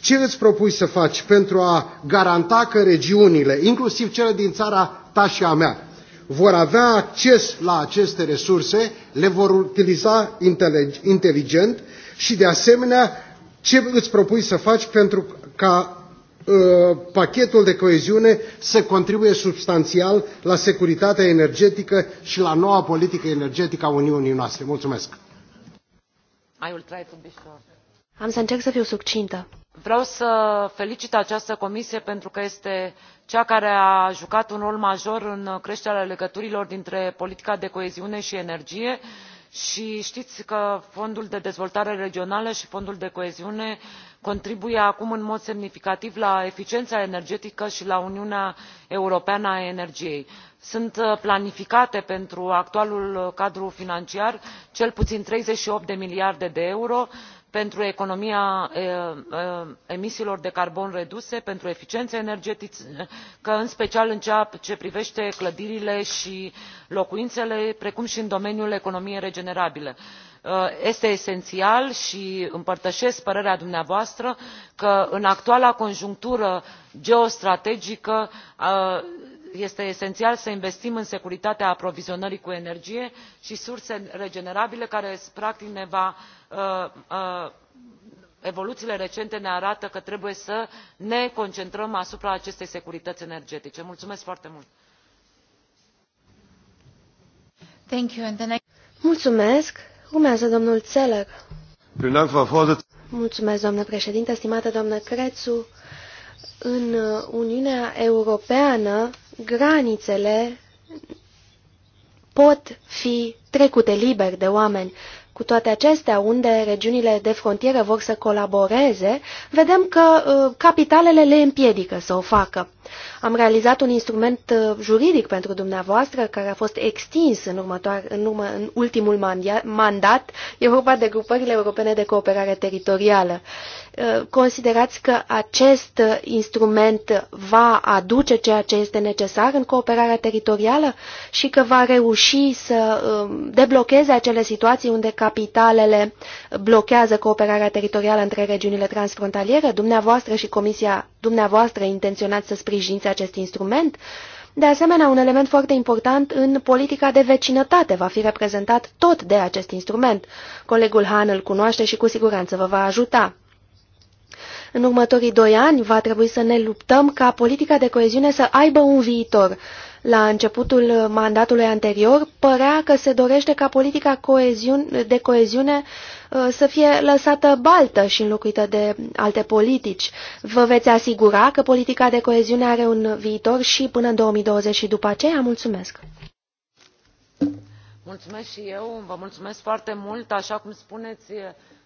ce îți propui să faci pentru a garanta că regiunile, inclusiv cele din țara ta și a mea, vor avea acces la aceste resurse, le vor utiliza inteligent și, de asemenea, ce îți propui să faci pentru ca Uh, pachetul de coeziune să contribuie substanțial la securitatea energetică și la noua politică energetică a Uniunii noastre. Mulțumesc! Am să încerc să fiu succintă. Vreau să felicit această comisie pentru că este cea care a jucat un rol major în creșterea legăturilor dintre politica de coeziune și energie și știți că fondul de dezvoltare regională și fondul de coeziune uh, contribuie acum în mod semnificativ la eficiența energetică și la uniunea europeană a energiei. sunt uh, planificate pentru actualul cadru financiar cel puțin treizeci și opt de miliarde de euro pentru economia emisiilor de carbon reduse pentru eficiență energetică în special în ceea ce privește clădirile și locuințele precum și în domeniul economiei regenerabile. Uh, este esențial și împărtășesc părerea dumneavoastră că în actuala conjunctură geostrategică uh, este esențial să investim în securitatea aprovizionării cu energie și surse regenerabile care practic ne va uh, evoluțiile recente ne arată că trebuie să ne concentrăm asupra acestei securități energetice. mulțumesc foarte mult! Mulțumesc! Urmează domnul Țeler. Mulțumesc, domnule președinte, stimată doamnă Crețu. În Uniunea Europeană, granițele pot fi trecute liber de oameni. Cu toate acestea, unde regiunile de frontieră vor să colaboreze, vedem că uh, capitalele le împiedică să o facă. Am realizat un instrument uh, juridic pentru dumneavoastră care a fost extins în, următoar, în, urmă, în ultimul mandat. E vorba de grupările europene de cooperare teritorială. Uh, considerați că acest uh, instrument va aduce ceea ce este necesar în cooperarea teritorială și că va reuși să um, deblocheze acele situații unde capitalele blochează cooperarea teritorială între regiunile transfrontaliere? Dumneavoastră și Comisia dumneavoastră intenționați să sprijiniți acest instrument. De asemenea, un element foarte important în politica de vecinătate va fi reprezentat tot de acest instrument. Colegul Han îl cunoaște și cu siguranță vă va ajuta. În următorii doi ani va trebui să ne luptăm ca politica de coeziune să aibă un viitor la începutul mandatului anterior, părea că se dorește ca politica de coeziune uh, să fie lăsată baltă și înlocuită de alte politici. Vă veți asigura că politica de coeziune are un viitor și până în 2020 și după aceea? Mulțumesc! Mulțumesc și eu, vă mulțumesc foarte mult. Așa cum spuneți,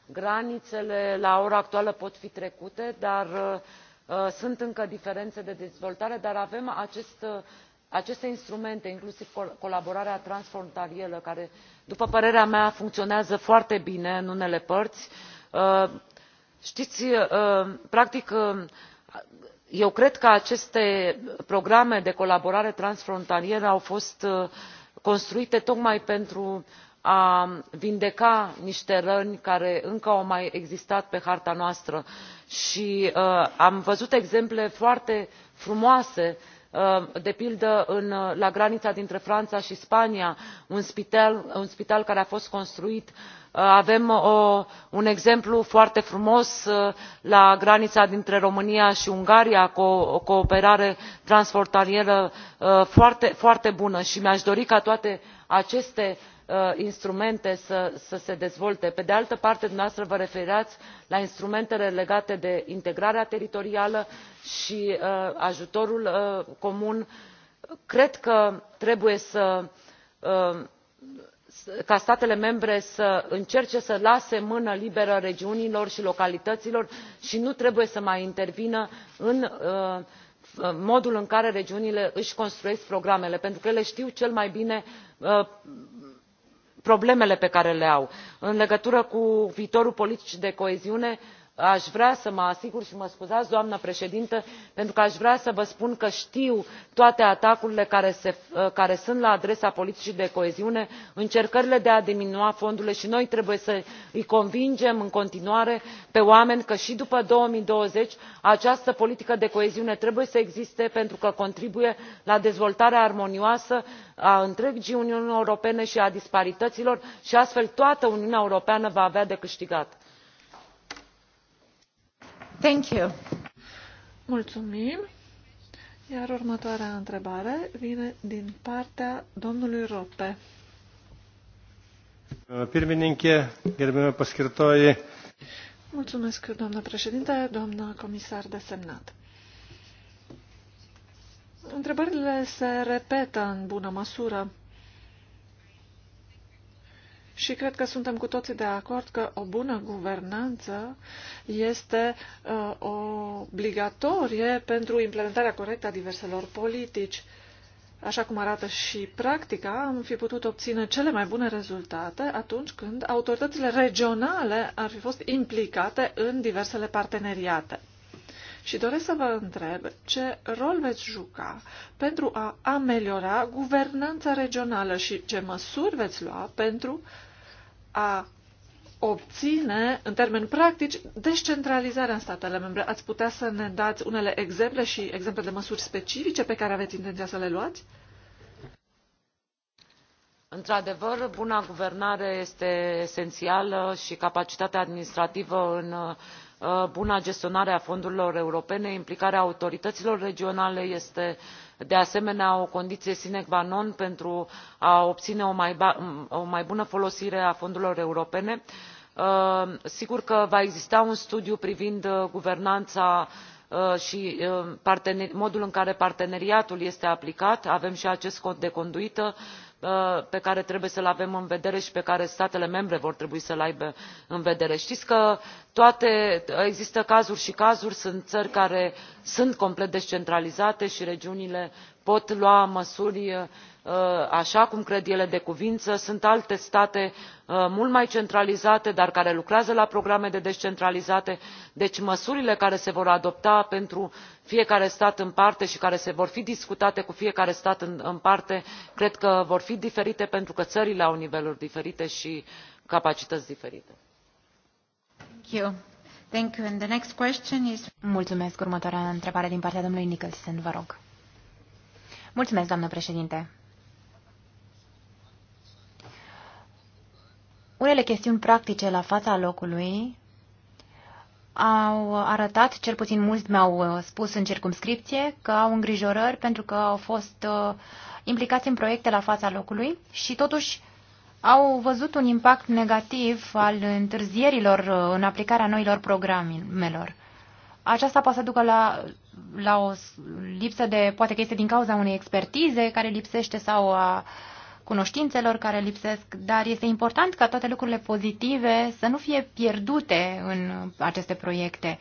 granițele la ora actuală pot fi trecute, dar uh, sunt încă diferențe de dezvoltare, dar avem acest uh, aceste instrumente inclusiv colaborarea transfrontalieră care după părerea mea funcționează foarte bine în unele părți uh, știți uh, practic uh, eu cred că aceste programe de colaborare transfrontalieră au fost construite tocmai pentru a vindeca niște răni care încă au mai existat pe harta noastră și am văzut exemple foarte frumoase de Uh, de pildă uh, la granița dintre franța și spania un spital, care a fost construit uh, avem un exemplu foarte frumos la granița dintre românia și ungaria cu o cooperare transfrontalieră foarte, foarte bună și mi aș dori ca toate aceste Uh, instrumente să, se dezvolte. pe de altă parte dumneavoastră vă referați la instrumentele legate de integrarea teritorială și uh, ajutorul uh, comun. cred că trebuie să, ca statele membre să încerce să lase mână liberă regiunilor și localităților și nu trebuie să mai intervină în modul în care regiunile își construiesc programele pentru că ele știu cel mai bine problemele pe care le au în legătură cu viitorul politicii de coeziune aș vrea să mă asigur și mă scuzați doamnă președintă pentru că aș vrea să vă spun că știu toate atacurile care, se, uh, care sunt la adresa politicii de coeziune încercările de a diminua fondurile și noi trebuie să îi convingem în continuare pe oameni că și după două mii douăzeci această politică de coeziune trebuie să existe pentru că contribuie la dezvoltarea armonioasă a întregii uniuni europene și a disparităților și astfel toată uniunea europeană va avea de câștigat. Mulțumim. Iar următoarea întrebare vine din partea domnului Rope. Pirmininkė, gerbėme paskirtoji. Mulțumesc, doamnă președinte, doamnă comisar desemnat. Întrebările se repetă în bună măsură. Și cred că suntem cu toții de acord că o bună guvernanță este uh, obligatorie pentru implementarea corectă a diverselor politici. Așa cum arată și practica, am fi putut obține cele mai bune rezultate atunci când autoritățile regionale ar fi fost implicate în diversele parteneriate. Și doresc să vă întreb ce rol veți juca pentru a ameliora guvernanța regională și ce măsuri veți lua pentru a obține, în termeni practici, descentralizarea în statele membre. Ați putea să ne dați unele exemple și exemple de măsuri specifice pe care aveți intenția să le luați? într adevăr buna guvernare este esențială și capacitatea administrativă în uh, buna gestionare a fondurilor europene implicarea autorităților regionale este de asemenea o condiție sine qua non pentru a obține o mai, bună folosire a fondurilor europene uh, sigur că va exista un studiu privind uh, guvernanța uh, și modul în care parteneriatul este aplicat avem și acest cod de conduită și Uh, pe care trebuie să l avem în vedere și pe care statele membre vor trebui să l aibă în vedere. știți că toate, există cazuri și cazuri sunt țări care sunt complet descentralizate și regiunile pot lua măsuri uh, Uh, așa cum cred ele de cuviință sunt alte state uh, mult mai centralizate dar care lucrează la programe de descentralizare deci măsurile care se vor adopta pentru fiecare stat în parte și care vor fi discutate cu fiecare stat în, parte cred că vor fi diferite pentru că țările au niveluri diferite și capacități diferite. Mulțumesc. Următoarea întrebare din partea domnului Nicholson, vă rog. Mulțumesc, doamnă președinte. Unele chestiuni practice la fața locului au arătat, cel puțin mulți mi-au uh, spus în circumscripție, că au îngrijorări pentru că au fost uh, implicați în proiecte la fața locului și totuși au văzut un impact negativ al întârzierilor uh, în aplicarea noilor programelor. Aceasta poate să ducă la, la o lipsă de, poate că este din cauza unei expertize care lipsește sau a cunoștințelor care lipsesc, dar este important ca toate lucrurile pozitive să nu fie pierdute în aceste proiecte.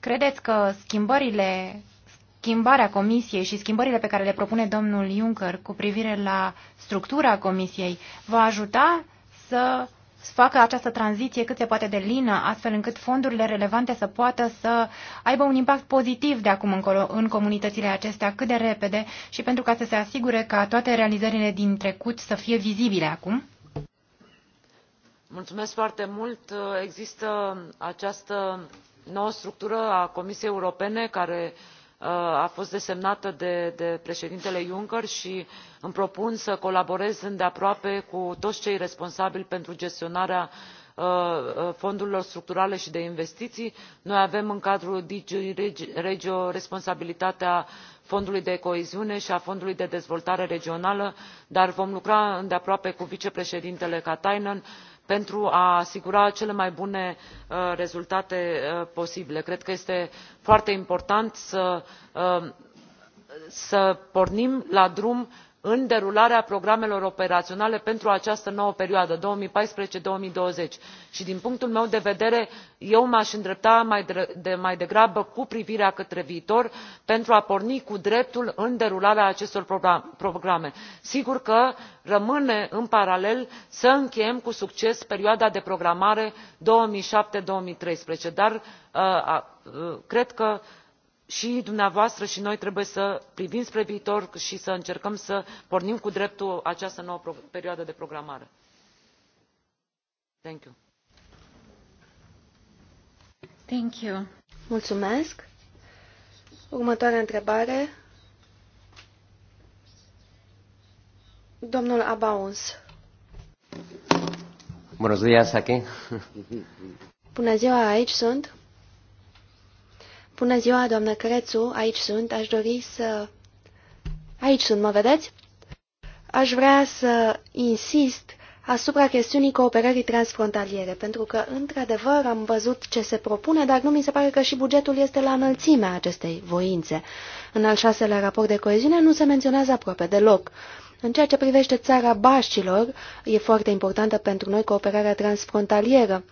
Credeți că schimbările, schimbarea comisiei și schimbările pe care le propune domnul Juncker cu privire la structura comisiei va ajuta să să facă această tranziție cât se poate de lină, astfel încât fondurile relevante să poată să aibă un impact pozitiv de acum încolo în comunitățile acestea cât de repede și pentru ca să se asigure ca toate realizările din trecut să fie vizibile acum? Mulțumesc foarte mult. Există această nouă structură a Comisiei Europene care uh, a fost desemnată de, președintele juncker și îmi propun să colaborez îndeaproape cu toți cei responsabili pentru gestionarea uh, uh, fondurilor structurale și de investiții noi avem în cadrul dg regio responsabilitatea fondului de coeziune și a fondului de dezvoltare regională dar vom lucra îndeaproape cu vicepreședintele katainen pentru a asigura cele mai bune uh, rezultate uh, posibile. cred că este foarte important să uh, pornim la drum în derularea programelor operaționale pentru această nouă perioadă două mii paisprezece două mii douăzeci și din punctul meu de vedere eu m aș îndrepta mai degrabă cu privirea către viitor pentru a porni cu dreptul în derularea acestor programe. sigur că rămâne în paralel să încheiem cu succes perioada de programare două mii șapte două mii treisprezece dar uh, uh, cred că și dumneavoastră și noi trebuie să privim spre viitor și să încercăm să pornim cu dreptul această nouă perioadă de programare. Thank you. Thank you. Mulțumesc. Următoarea întrebare. Domnul Abauns. Bună ziua, Saki. Bună ziua, aici sunt. Bună ziua, doamnă Crețu, aici sunt, aș dori să... Aici sunt, mă vedeți? Aș vrea să insist asupra chestiunii cooperării transfrontaliere, pentru că, într-adevăr, am văzut ce se propune, dar nu mi se pare că și bugetul este la înălțimea acestei voințe. În al șaselea raport de coeziune nu se menționează aproape deloc. În ceea ce privește țara Bașilor, e foarte importantă pentru noi cooperarea transfrontalieră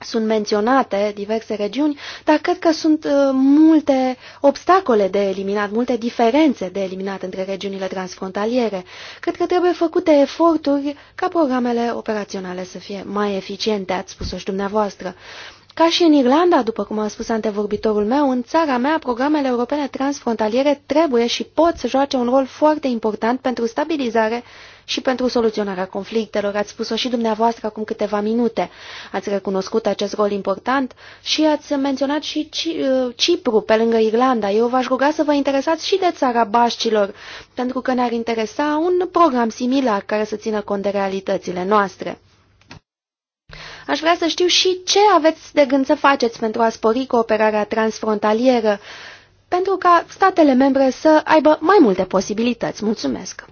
sunt menționate diverse regiuni, dar cred că sunt uh, multe obstacole de eliminat, multe diferențe de eliminat între regiunile transfrontaliere. Cred că trebuie făcute eforturi ca programele operaționale să fie mai eficiente, ați spus-o și dumneavoastră. Ca și în Irlanda, după cum a spus antevorbitorul meu, în țara mea programele europene transfrontaliere trebuie și pot să joace un rol foarte important pentru stabilizare și pentru soluționarea conflictelor. Ați spus-o și dumneavoastră acum câteva minute. Ați recunoscut acest rol important și ați menționat și uh, Cipru pe lângă Irlanda. Eu v-aș ruga să vă interesați și de țara Bașcilor, pentru că ne-ar interesa un program similar care să țină cont de realitățile noastre. Aș vrea să știu și ce aveți de gând să faceți pentru a spori cooperarea transfrontalieră, pentru ca statele membre să aibă mai multe posibilități. Mulțumesc!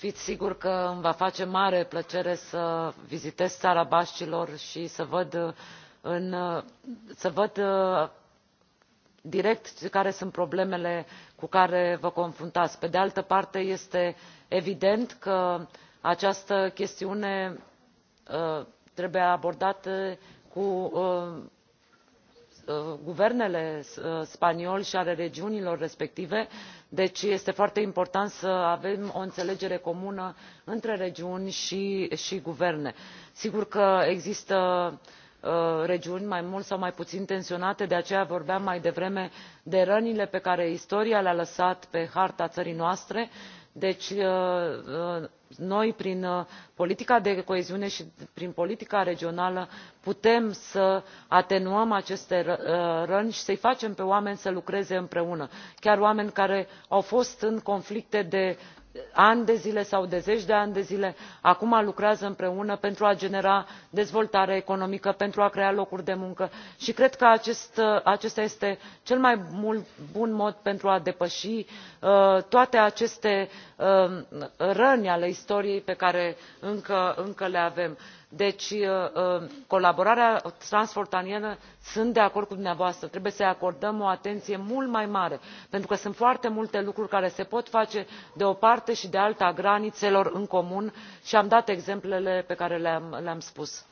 fiți sigur că îmi va face mare plăcere să vizitez țara baștilor și să văd, uh, uh, să văd uh, direct care sunt problemele cu care vă confruntați. pe de altă parte este evident că această chestiune trebuie abordată cu Uh, guvernele uh, spaniol și ale regiunilor respective deci este foarte important să avem o înțelegere comună între regiuni și, și guverne. sigur că există uh, regiuni mai mult sau mai puțin tensionate de aceea vorbeam mai devreme de rănile pe care istoria le a lăsat pe harta țării noastre și deci uh, uh, noi prin uh, politica de coeziune și prin politica regională putem să atenuăm aceste răni și să i facem pe oameni să lucreze împreună chiar oameni care au fost în conflicte de ani de zile sau de zeci de ani de zile acum lucrează împreună pentru a genera dezvoltare economică pentru a crea locuri de muncă și cred că acesta este cel mai bun mod pentru a depăși uh, toate aceste uh, răni ale istoriei pe care încă le avem deci uh, uh, colaborarea transfrontalieră sunt de acord cu dumneavoastră trebuie să i acordăm o atenție mult mai mare pentru că sunt foarte multe lucruri care se pot face de o parte și de alta a granițelor în comun și am dat exemplele pe care le am spus.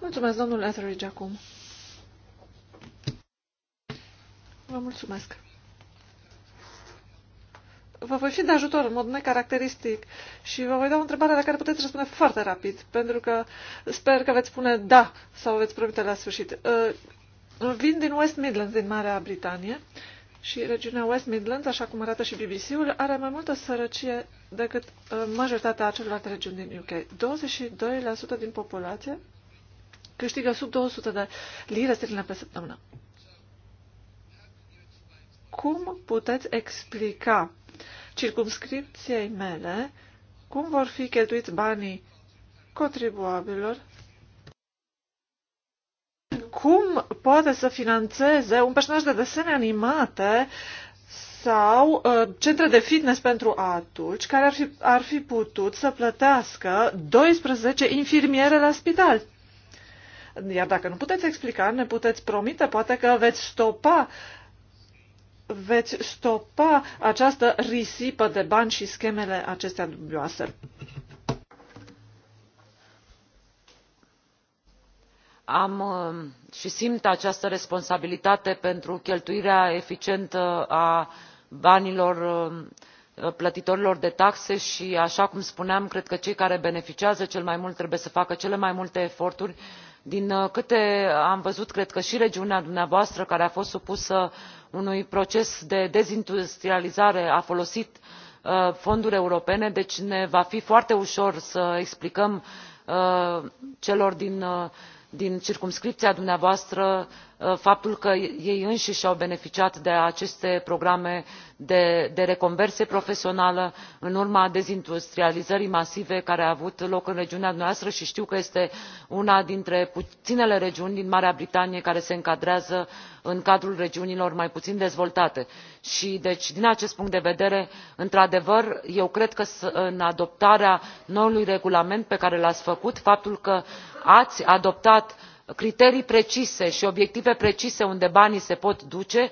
Mulțumesc, domnule Etheridge, acum. Vă mulțumesc vă voi fi de ajutor în mod necaracteristic și vă voi da o întrebare la care puteți răspunde foarte rapid, pentru că sper că veți spune da sau veți promite la sfârșit. Uh, vin din West Midlands, din Marea Britanie, și regiunea West Midlands, așa cum arată și BBC-ul, are mai multă sărăcie decât uh, majoritatea celorlalte regiuni din UK. 22% din populație câștigă sub 200 de lire sterline pe săptămână. Cum puteți explica circumscripției mele cum vor fi cheltuit banii contribuabilor, cum poate să financeze un personaj de desene animate sau uh, centre de fitness pentru adulți care ar fi, ar fi putut să plătească 12 infirmiere la spital. Iar dacă nu puteți explica, ne puteți promite poate că veți stopa veți stopa această risipă de bani și schemele acestea dubioase? am uh, și simt această responsabilitate pentru cheltuirea eficientă a banilor uh, plătitorilor de taxe și așa cum spuneam cred că cei care beneficiază cel mai mult trebuie să facă cele mai multe eforturi. din uh, câte am văzut cred că și regiunea dumneavoastră care a fost supusă unui proces de dezindustrializare a folosit uh, fonduri europene deci ne va fi foarte ușor să explicăm uh, celor uh, din circumscripția dumneavoastră Uh, faptul că ei înșiși au beneficiat de aceste programe de, reconversie profesională în urma dezindustrializării masive care a avut loc în regiunea dumneavoastră și știu că este una dintre puținele regiuni din marea britanie care se încadrează în cadrul regiunilor mai puțin dezvoltate și deci din acest punct de vedere într adevăr eu cred că în adoptarea noului regulament pe care l ați făcut faptul că ați adoptat criterii precise și obiective precise unde banii se pot duce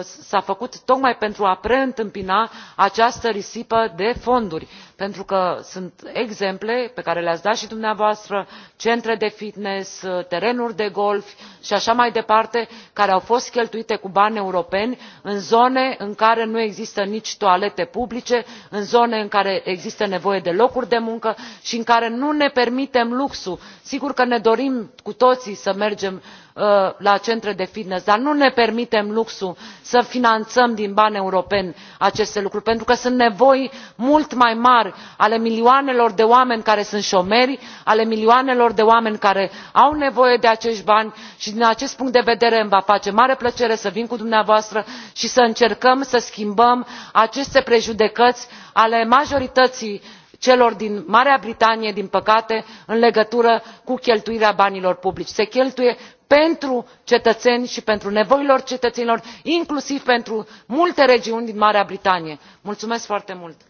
s a ă, făcut tocmai pentru a preîntâmpina această risipă de fonduri pentru că sunt exemple pe care le ați dat și dumneavoastră centre de fitness terenuri de golf și așa mai departe care au fost cheltuite cu bani europeni în zone în care nu există nici toalete publice în zone în care există nevoie de locuri de muncă și în care nu ne permitem luxul. sigur că ne dorim cu toții să mergem Uh, la centre de fitness dar nu ne permitem luxul să finanțăm din bani europeni aceste lucruri pentru că sunt nevoi mult mai mari ale milioanelor de oameni care sunt șomeri ale milioanelor de oameni care au nevoie de acești bani și din acest punct de vedere îmi va face mare plăcere să vin cu dumneavoastră și să încercăm să schimbăm aceste prejudecăți ale majorității celor din marea britanie din păcate în legătură cu cheltuirea banilor publici se cheltuie pentru cetățeni și pentru nevoile cetățenilor inclusiv pentru multe regiuni din marea britanie. mulțumesc foarte mult!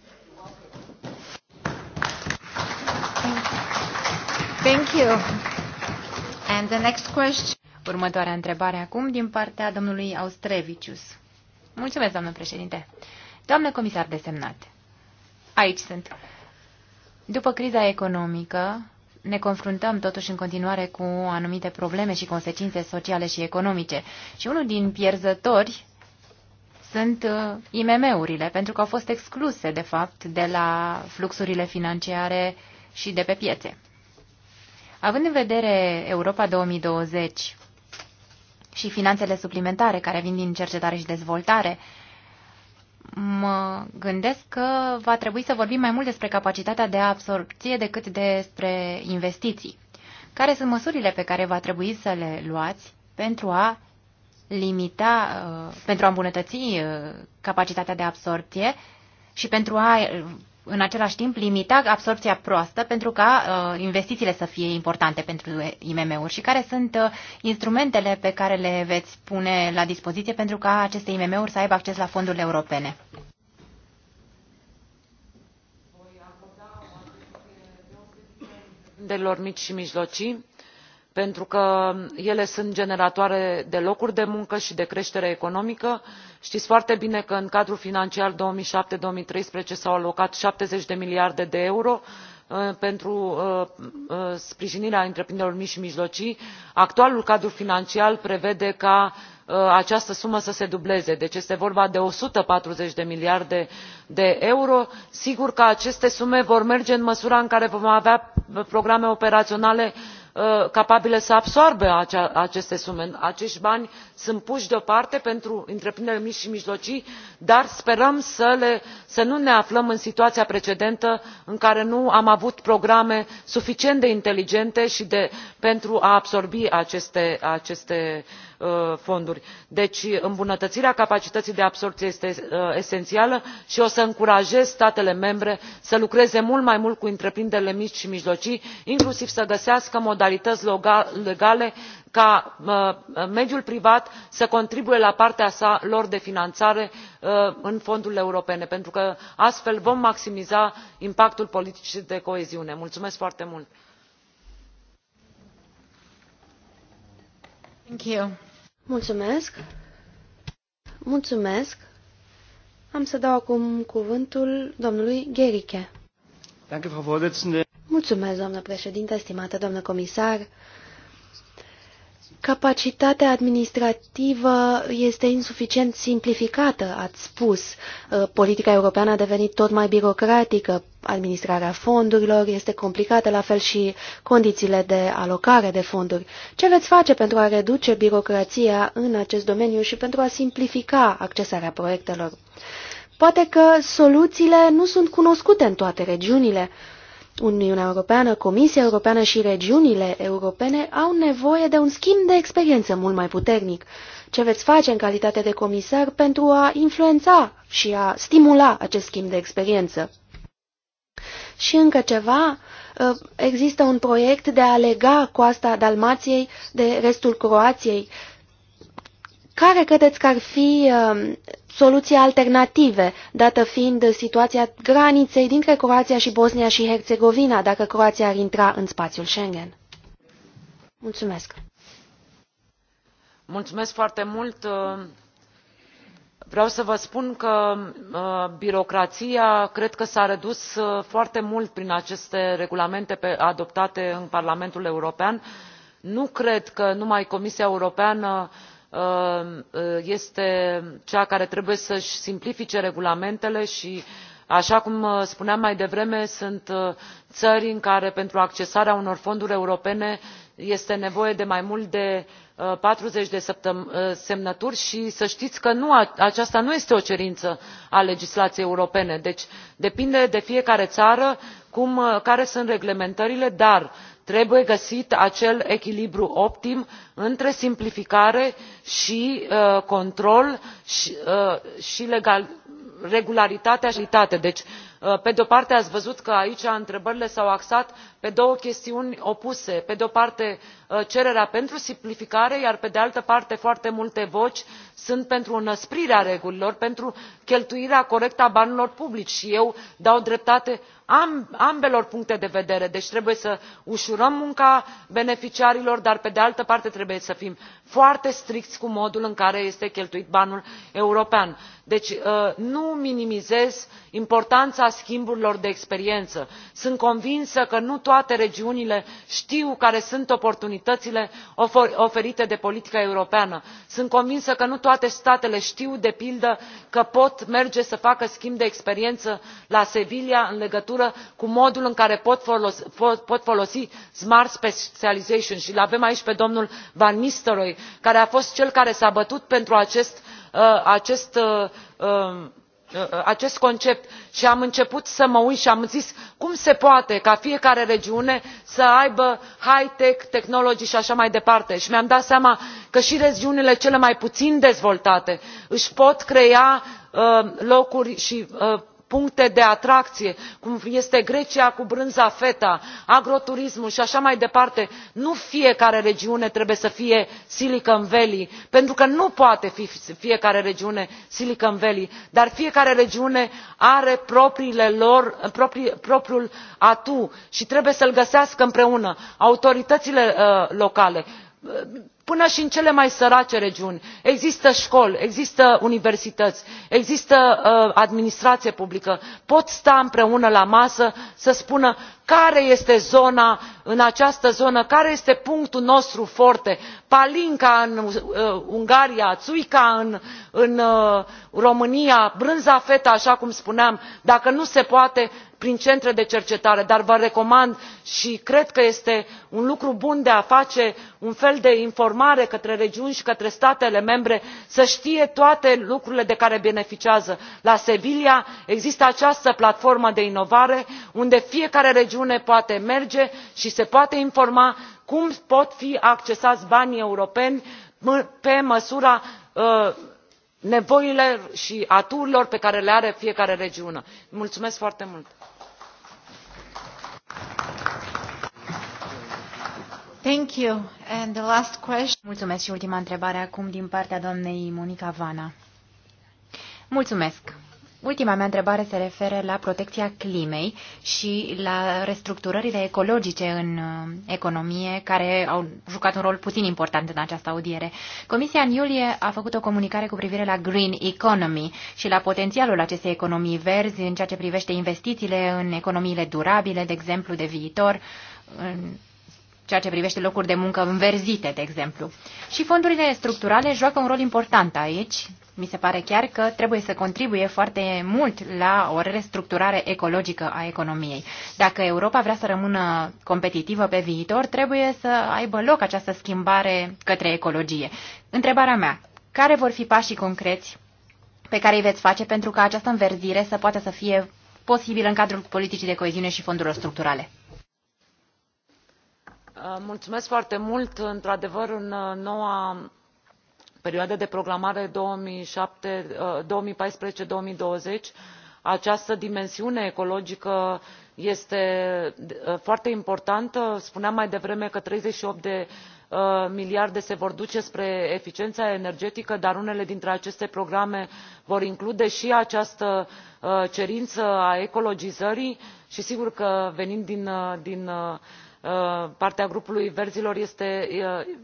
Următoarea întrebare acum din partea domnului Austrevicius. Mulțumesc, doamnă președinte. Doamnă comisar desemnat, aici sunt. După criza economică, ne confruntăm totuși în continuare cu anumite probleme și consecințe sociale și economice. Și unul din pierzători sunt uh, IMM-urile, pentru că au fost excluse, de fapt, de la fluxurile financiare și de pe piețe. Având în vedere Europa 2020 și finanțele suplimentare care vin din cercetare și dezvoltare, mă gândesc că va trebui să vorbim mai mult despre capacitatea de absorpție decât despre investiții. Care sunt măsurile pe care va trebui să le luați pentru a limita, uh, pentru a îmbunătăți uh, capacitatea de absorpție și pentru a uh, în același timp limita absorpția proastă pentru ca uh, investițiile să fie importante pentru IMM-uri și care sunt uh, instrumentele pe care le veți pune la dispoziție pentru ca aceste IMM-uri să aibă acces la fondurile europene. de mici și mijlocii pentru că ele sunt generatoare de locuri de muncă și de creștere economică știți foarte bine că în cadrul financiar două mii șapte două mii treisprezece s au alocat șaptezeci de miliarde de euro uh, pentru uh, uh, sprijinirea întreprinderilor mici și mijlocii actualul cadru financiar prevede ca această sumă să se dubleze deci este vorba de o sută patruzeci de miliarde de euro. sigur că aceste sume vor merge în măsura în care vom avea programe operaționale Uh, capabile să absoarbe aceste sume. acești bani sunt puși deoparte pentru întreprinderile mici și mijlocii dar sperăm să, le, să nu ne aflăm în situația precedentă în care nu am avut programe suficient de inteligente de, pentru a absorbi aceste, aceste Uh, fonduri. deci îmbunătățirea capacității de absorbție este uh, esențială și o să încurajez statele membre să lucreze mult mai mult cu întreprinderile mici și mijlocii inclusiv să găsească modalități legale ca uh, mediul privat să contribuie la partea sa lor de finanțare în fondurile europene pentru că astfel vom maximiza impactul politicii de coeziune. mulțumesc foarte mult. Mulțumesc. Mulțumesc. Am să dau acum cuvântul domnului Gheriche. Mulțumesc, doamnă președinte, stimată doamnă comisar. Capacitatea administrativă este insuficient simplificată, ați spus. Uh, politica europeană a devenit tot mai birocratică, administrarea fondurilor este complicată, la fel și condițiile de alocare de fonduri. Ce veți face pentru a reduce birocrația în acest domeniu și pentru a simplifica accesarea proiectelor? Poate că soluțiile nu sunt cunoscute în toate regiunile. Uniunea Europeană, Comisia Europeană și regiunile europene au nevoie de un schimb de experiență mult mai puternic. Ce veți face în calitate de comisar pentru a influența și a stimula acest schimb de experiență? Și încă ceva, ă, există un proiect de a lega coasta Dalmației de restul Croației care credeți că ar fi um, soluții alternative, dată fiind situația graniței dintre Croația și Bosnia și Herțegovina, dacă Croația ar intra în spațiul Schengen? Mulțumesc! Mulțumesc foarte mult! Vreau să vă spun că uh, birocrația cred că s-a redus uh, foarte mult prin aceste regulamente adoptate în Parlamentul European. Nu cred că numai Comisia Europeană uh, Um, uh, este cea care trebuie să și simplifice regulamentele și așa cum uh, spuneam mai devreme sunt uh, țări în care pentru accesarea unor fonduri europene este nevoie de mai mult de patruzeci de semnături și să știți că nu, aceasta nu este o cerință a legislației europene deci depinde de fiecare țară cum, care sunt reglementările dar trebuie găsit acel echilibru optim între simplificare și uh, control și, uh, regularitate și calitate. deci uh, pe de o parte ați văzut că aici întrebările s au axat pe două chestiuni opuse pe de o parte Uh, cererea pentru simplificare iar pe de altă parte foarte multe voci sunt pentru înăsprirea regulilor pentru cheltuirea corectă a banilor publici și eu dau dreptate ambelor puncte de vedere deci trebuie să ușurăm munca beneficiarilor dar pe de altă parte trebuie să fim foarte stricți cu modul în care este cheltuit banul european. deci uh, nu minimizez importanța schimburilor de experiență sunt convinsă că nu toate regiunile știu care sunt oportunitățile oportunitățile oferite de politica europeană. sunt convinsă că nu toate statele știu de pildă că pot merge să facă schimb de experiență la sevilla în legătură cu modul în care pot folosi, smart specialisation și îl avem aici pe domnul van nistelrooij care a fost cel care s a bătut pentru acest, uh, acest uh, uh, Uh, acest concept și am început să mă uit și am zis cum se poate ca fiecare regiune să aibă high tech technology și așa mai departe și mi am dat seama că și regiunile cele mai puțin dezvoltate își pot crea uh, locuri și uh, puncte de atracție cum este grecia cu brânza feta agroturismul și așa mai departe nu fiecare regiune trebuie să fie silicon valley pentru că nu poate fi fiecare regiune silicon valley dar fiecare regiune are lor, propriul atu și trebuie să l găsească împreună autoritățile uh, locale până și în cele mai sărace regiuni există școli există universități există uh, administrație publică pot sta împreună la masă să spună care este zona în această zonă care este punctul nostru forte palinca în uh, ungaria țuica în, în uh, românia brânza feta așa cum spuneam dacă nu se poate prin centre de cercetare dar vă recomand și cred că este un lucru bun de a face un fel de informare către regiuni și către statele membre să știe toate lucrurile de care beneficiază. la sevilla există această platformă de inovare unde fiecare regiune poate merge și se poate informa cum pot fi accesați banii europeni pe măsura ă, nevoilor și a atuurilor pe care le are fiecare regiune. mulțumesc foarte mult! Thank you. And the last question. Mulțumesc și ultima întrebare acum din partea doamnei Monica Vana. Mulțumesc. Ultima mea întrebare se referă la protecția climei și la restructurările ecologice în uh, economie, care au jucat un rol puțin important în această audiere. Comisia în iulie a făcut o comunicare cu privire la green economy și la potențialul acestei economii verzi în ceea ce privește investițiile în economiile durabile, de exemplu, de viitor, în ceea ce privește locuri de muncă înverzite, de exemplu. Și fondurile structurale joacă un rol important aici. Mi se pare chiar că trebuie să contribuie foarte mult la o restructurare ecologică a economiei. Dacă Europa vrea să rămână competitivă pe viitor, trebuie să aibă loc această schimbare către ecologie. Întrebarea mea, care vor fi pașii concreți pe care îi veți face pentru ca această înverzire să poată să fie posibilă în cadrul politicii de coeziune și fondurilor structurale? Uh, mulțumesc foarte mult într adevăr în uh, noua perioadă de programare uh, două mii paisprezece două mii douăzeci această dimensiune ecologică este foarte importantă spuneam mai devreme că treizeci și opt de miliarde se vor duce spre eficiența energetică dar unele dintre aceste programe vor include și această cerință a ecologizării și sigur că venind din Uh, partea grupului verzilor este uh,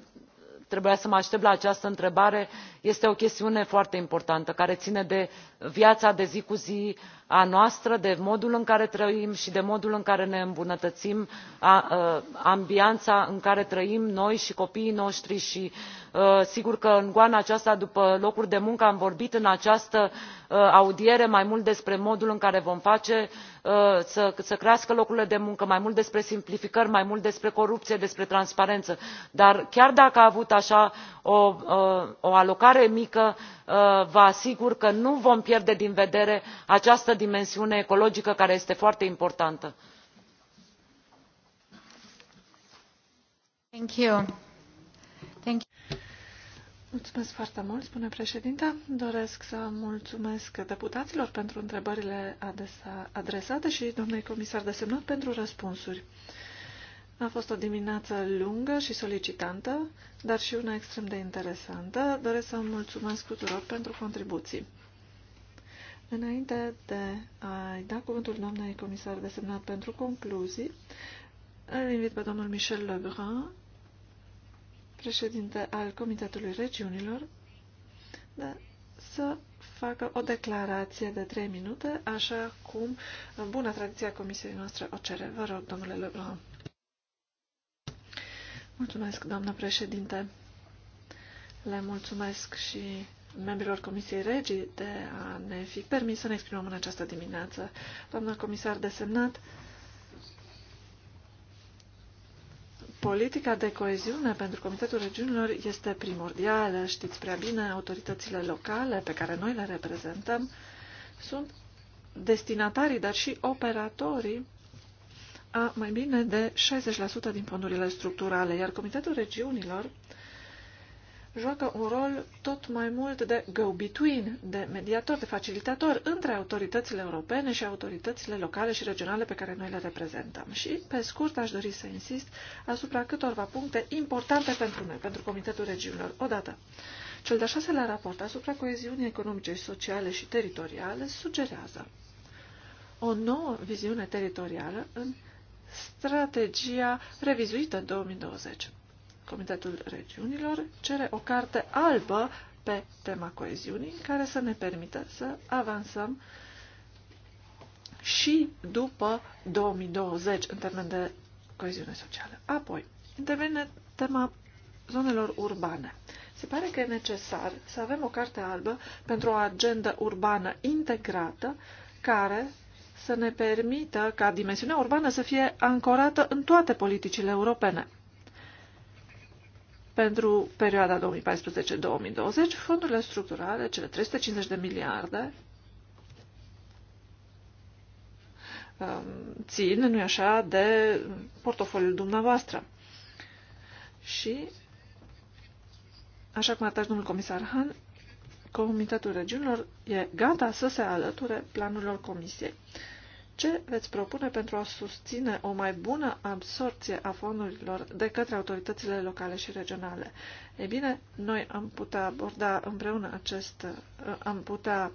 trebuia să mă aștept la această întrebare este o chestiune foarte importantă care ține de viața de zi cu zi a noastră de modul în care trăim și de modul în care ne îmbunătățim uh, ambianța în care trăim noi și copiii noștri și Uh, sigur că în goana aceasta după locuri de muncă am vorbit în această uh, audiere mai mult despre modul în care vom face uh, să, crească locurile de muncă mai mult despre simplificări mai mult despre corupție despre transparență dar chiar dacă a avut așa o, o alocare mică vă asigur că nu vom pierde din vedere această dimensiune ecologică care este foarte importantă. Thank you. Mulțumesc foarte mult, spune președinta. Doresc să mulțumesc deputaților pentru întrebările adresate și domnului comisar de semnat pentru răspunsuri. A fost o dimineață lungă și solicitantă, dar și una extrem de interesantă. Doresc să mulțumesc tuturor pentru contribuții. Înainte de a-i da cuvântul doamnei comisar desemnat pentru concluzii, îl invit pe domnul Michel Lebrun, președinte al Comitetului Regiunilor, da, să facă o declarație de 3 minute, așa cum buna tradiție a comisiei noastre o cere. Vă rog, domnule Lebrun. Mulțumesc, doamnă președinte. Le mulțumesc și membrilor Comisiei Regii de a ne fi permis să ne exprimăm în această dimineață. Doamna comisar desemnat, Politica de coeziune pentru Comitetul Regiunilor este primordială. Știți prea bine, autoritățile locale pe care noi le reprezentăm sunt destinatarii, dar și operatorii a mai bine de 60% din fondurile structurale, iar Comitetul Regiunilor joacă un rol tot mai mult de go-between, de mediator, de facilitator între autoritățile europene și autoritățile locale și regionale pe care noi le reprezentăm. Și, pe scurt, aș dori să insist asupra câtorva puncte importante pentru noi, pentru Comitetul Regiunilor. Odată, cel de-a șaselea raport asupra coeziunii economice, sociale și teritoriale sugerează o nouă viziune teritorială în strategia revizuită 2020 Comitetul Regiunilor cere o carte albă pe tema coeziunii care să ne permită să avansăm și după 2020 în termen de coeziune socială. Apoi, intervine tema zonelor urbane. Se pare că e necesar să avem o carte albă pentru o agendă urbană integrată care să ne permită ca dimensiunea urbană să fie ancorată în toate politicile europene pentru perioada 2014-2020, fondurile structurale, cele 350 de miliarde, um, țin, nu-i așa, de portofoliul dumneavoastră. Și, așa cum arătați domnul comisar Han, Comitetul Regiunilor e gata să se alăture planurilor comisiei ce veți propune pentru a susține o mai bună absorție a fondurilor de către autoritățile locale și regionale? Ei bine, noi am putea aborda împreună acest, uh, am putea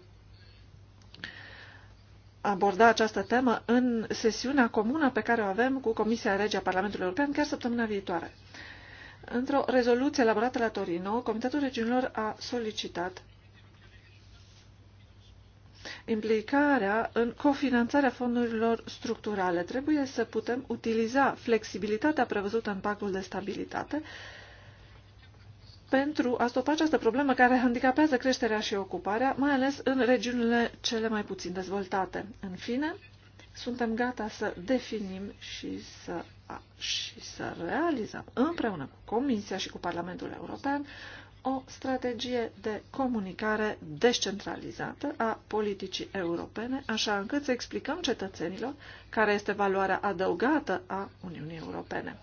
aborda această temă în sesiunea comună pe care o avem cu Comisia Regia Parlamentului European chiar săptămâna viitoare. Într-o rezoluție elaborată la Torino, Comitetul Regiunilor a solicitat implicarea în cofinanțarea fondurilor structurale. Trebuie să putem utiliza flexibilitatea prevăzută în pactul de stabilitate pentru a stopa această problemă care handicapează creșterea și ocuparea, mai ales în regiunile cele mai puțin dezvoltate. În fine, suntem gata să definim și să, și să realizăm împreună cu Comisia și cu Parlamentul European o strategie de comunicare descentralizată a politicii europene, așa încât să explicăm cetățenilor care este valoarea adăugată a Uniunii Europene.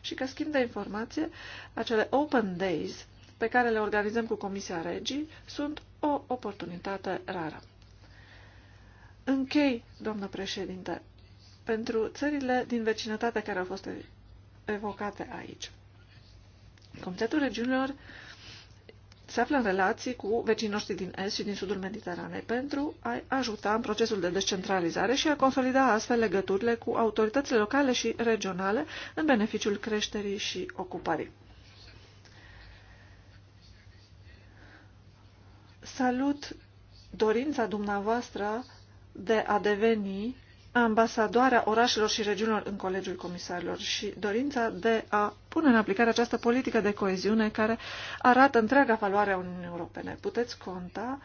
Și ca schimb de informație, acele Open Days pe care le organizăm cu Comisia Regii sunt o oportunitate rară. Închei, doamnă președinte, pentru țările din vecinătate care au fost evocate aici. Comitetul regiunilor se află în relații cu vecinii noștri din Est și din Sudul Mediteranei pentru a ajuta în procesul de descentralizare și a consolida astfel legăturile cu autoritățile locale și regionale în beneficiul creșterii și ocupării. Salut dorința dumneavoastră de a deveni ambasadoarea orașelor și regiunilor în Colegiul Comisarilor și dorința de a pune în aplicare această politică de coeziune care arată întreaga valoare a Uniunii Europene. Puteți conta,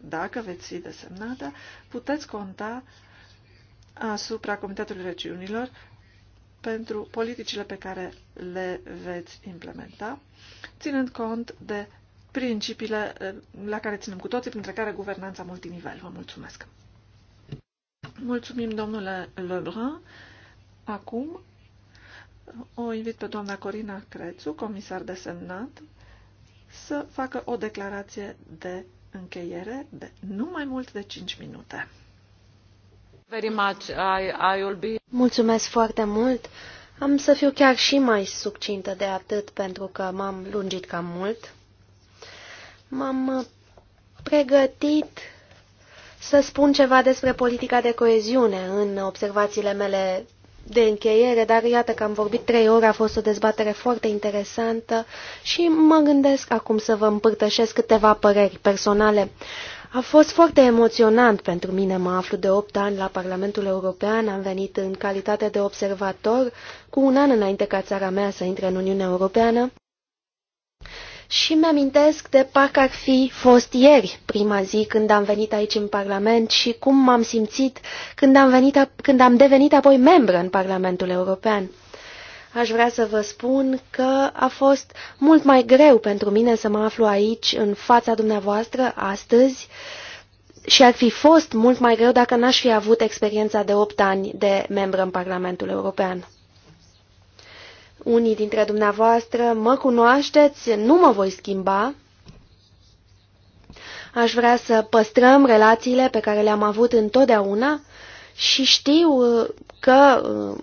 dacă veți fi desemnată, puteți conta asupra Comitetului Regiunilor pentru politicile pe care le veți implementa, ținând cont de principiile eh, la care ținem cu toții, printre care guvernanța multinivel. Vă mulțumesc! Mulțumim, domnule Lebrun. Acum o invit pe doamna Corina Crețu, comisar desemnat, să facă o declarație de încheiere de nu mai mult de 5 minute. Very much. I, I will be... Mulțumesc foarte mult. Am să fiu chiar și mai succintă de atât pentru că m-am lungit cam mult. M-am pregătit să spun ceva despre politica de coeziune în observațiile mele de încheiere, dar iată că am vorbit trei ore, a fost o dezbatere foarte interesantă și mă gândesc acum să vă împărtășesc câteva păreri personale. A fost foarte emoționant pentru mine, mă aflu de 8 ani la Parlamentul European, am venit în calitate de observator cu un an înainte ca țara mea să intre în Uniunea Europeană și mi-amintesc de parcă ar fi fost ieri, prima zi, când am venit aici în Parlament și cum m-am simțit când am, venit, când am devenit apoi membră în Parlamentul European. Aș vrea să vă spun că a fost mult mai greu pentru mine să mă aflu aici, în fața dumneavoastră, astăzi, și ar fi fost mult mai greu dacă n-aș fi avut experiența de 8 ani de membră în Parlamentul European. Unii dintre dumneavoastră mă cunoașteți, nu mă voi schimba. Aș vrea să păstrăm relațiile pe care le-am avut întotdeauna și știu uh, că uh,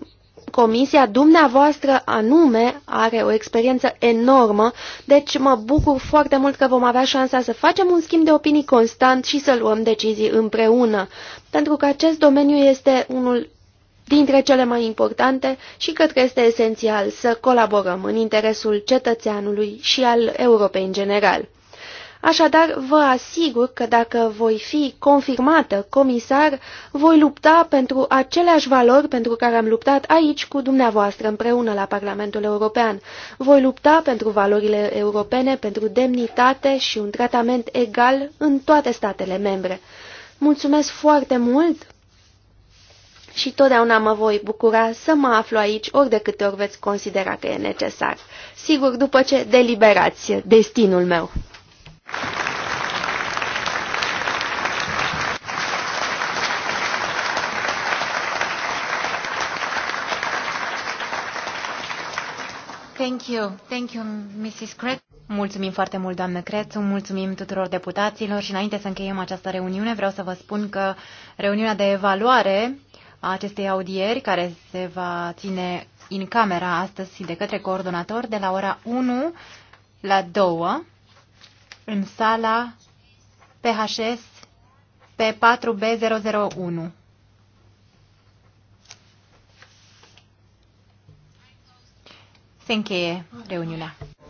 comisia dumneavoastră anume are o experiență enormă, deci mă bucur foarte mult că vom avea șansa să facem un schimb de opinii constant și să luăm decizii împreună, pentru că acest domeniu este unul dintre cele mai importante și cred că este esențial să colaborăm în interesul cetățeanului și al Europei în general. Așadar, vă asigur că dacă voi fi confirmată comisar, voi lupta pentru aceleași valori pentru care am luptat aici cu dumneavoastră împreună la Parlamentul European. Voi lupta pentru valorile europene, pentru demnitate și un tratament egal în toate statele membre. Mulțumesc foarte mult și totdeauna mă voi bucura să mă aflu aici ori de câte ori veți considera că e necesar. Sigur, după ce deliberați destinul meu. Thank you. Thank you, Mrs. Cret. Mulțumim foarte mult, doamnă Crețu, mulțumim tuturor deputaților și înainte să încheiem această reuniune vreau să vă spun că reuniunea de evaluare a acestei audieri, care se va ține în camera astăzi de către coordonator de la ora 1 la 2 în sala PHS pe 4B001. Se încheie reuniunea.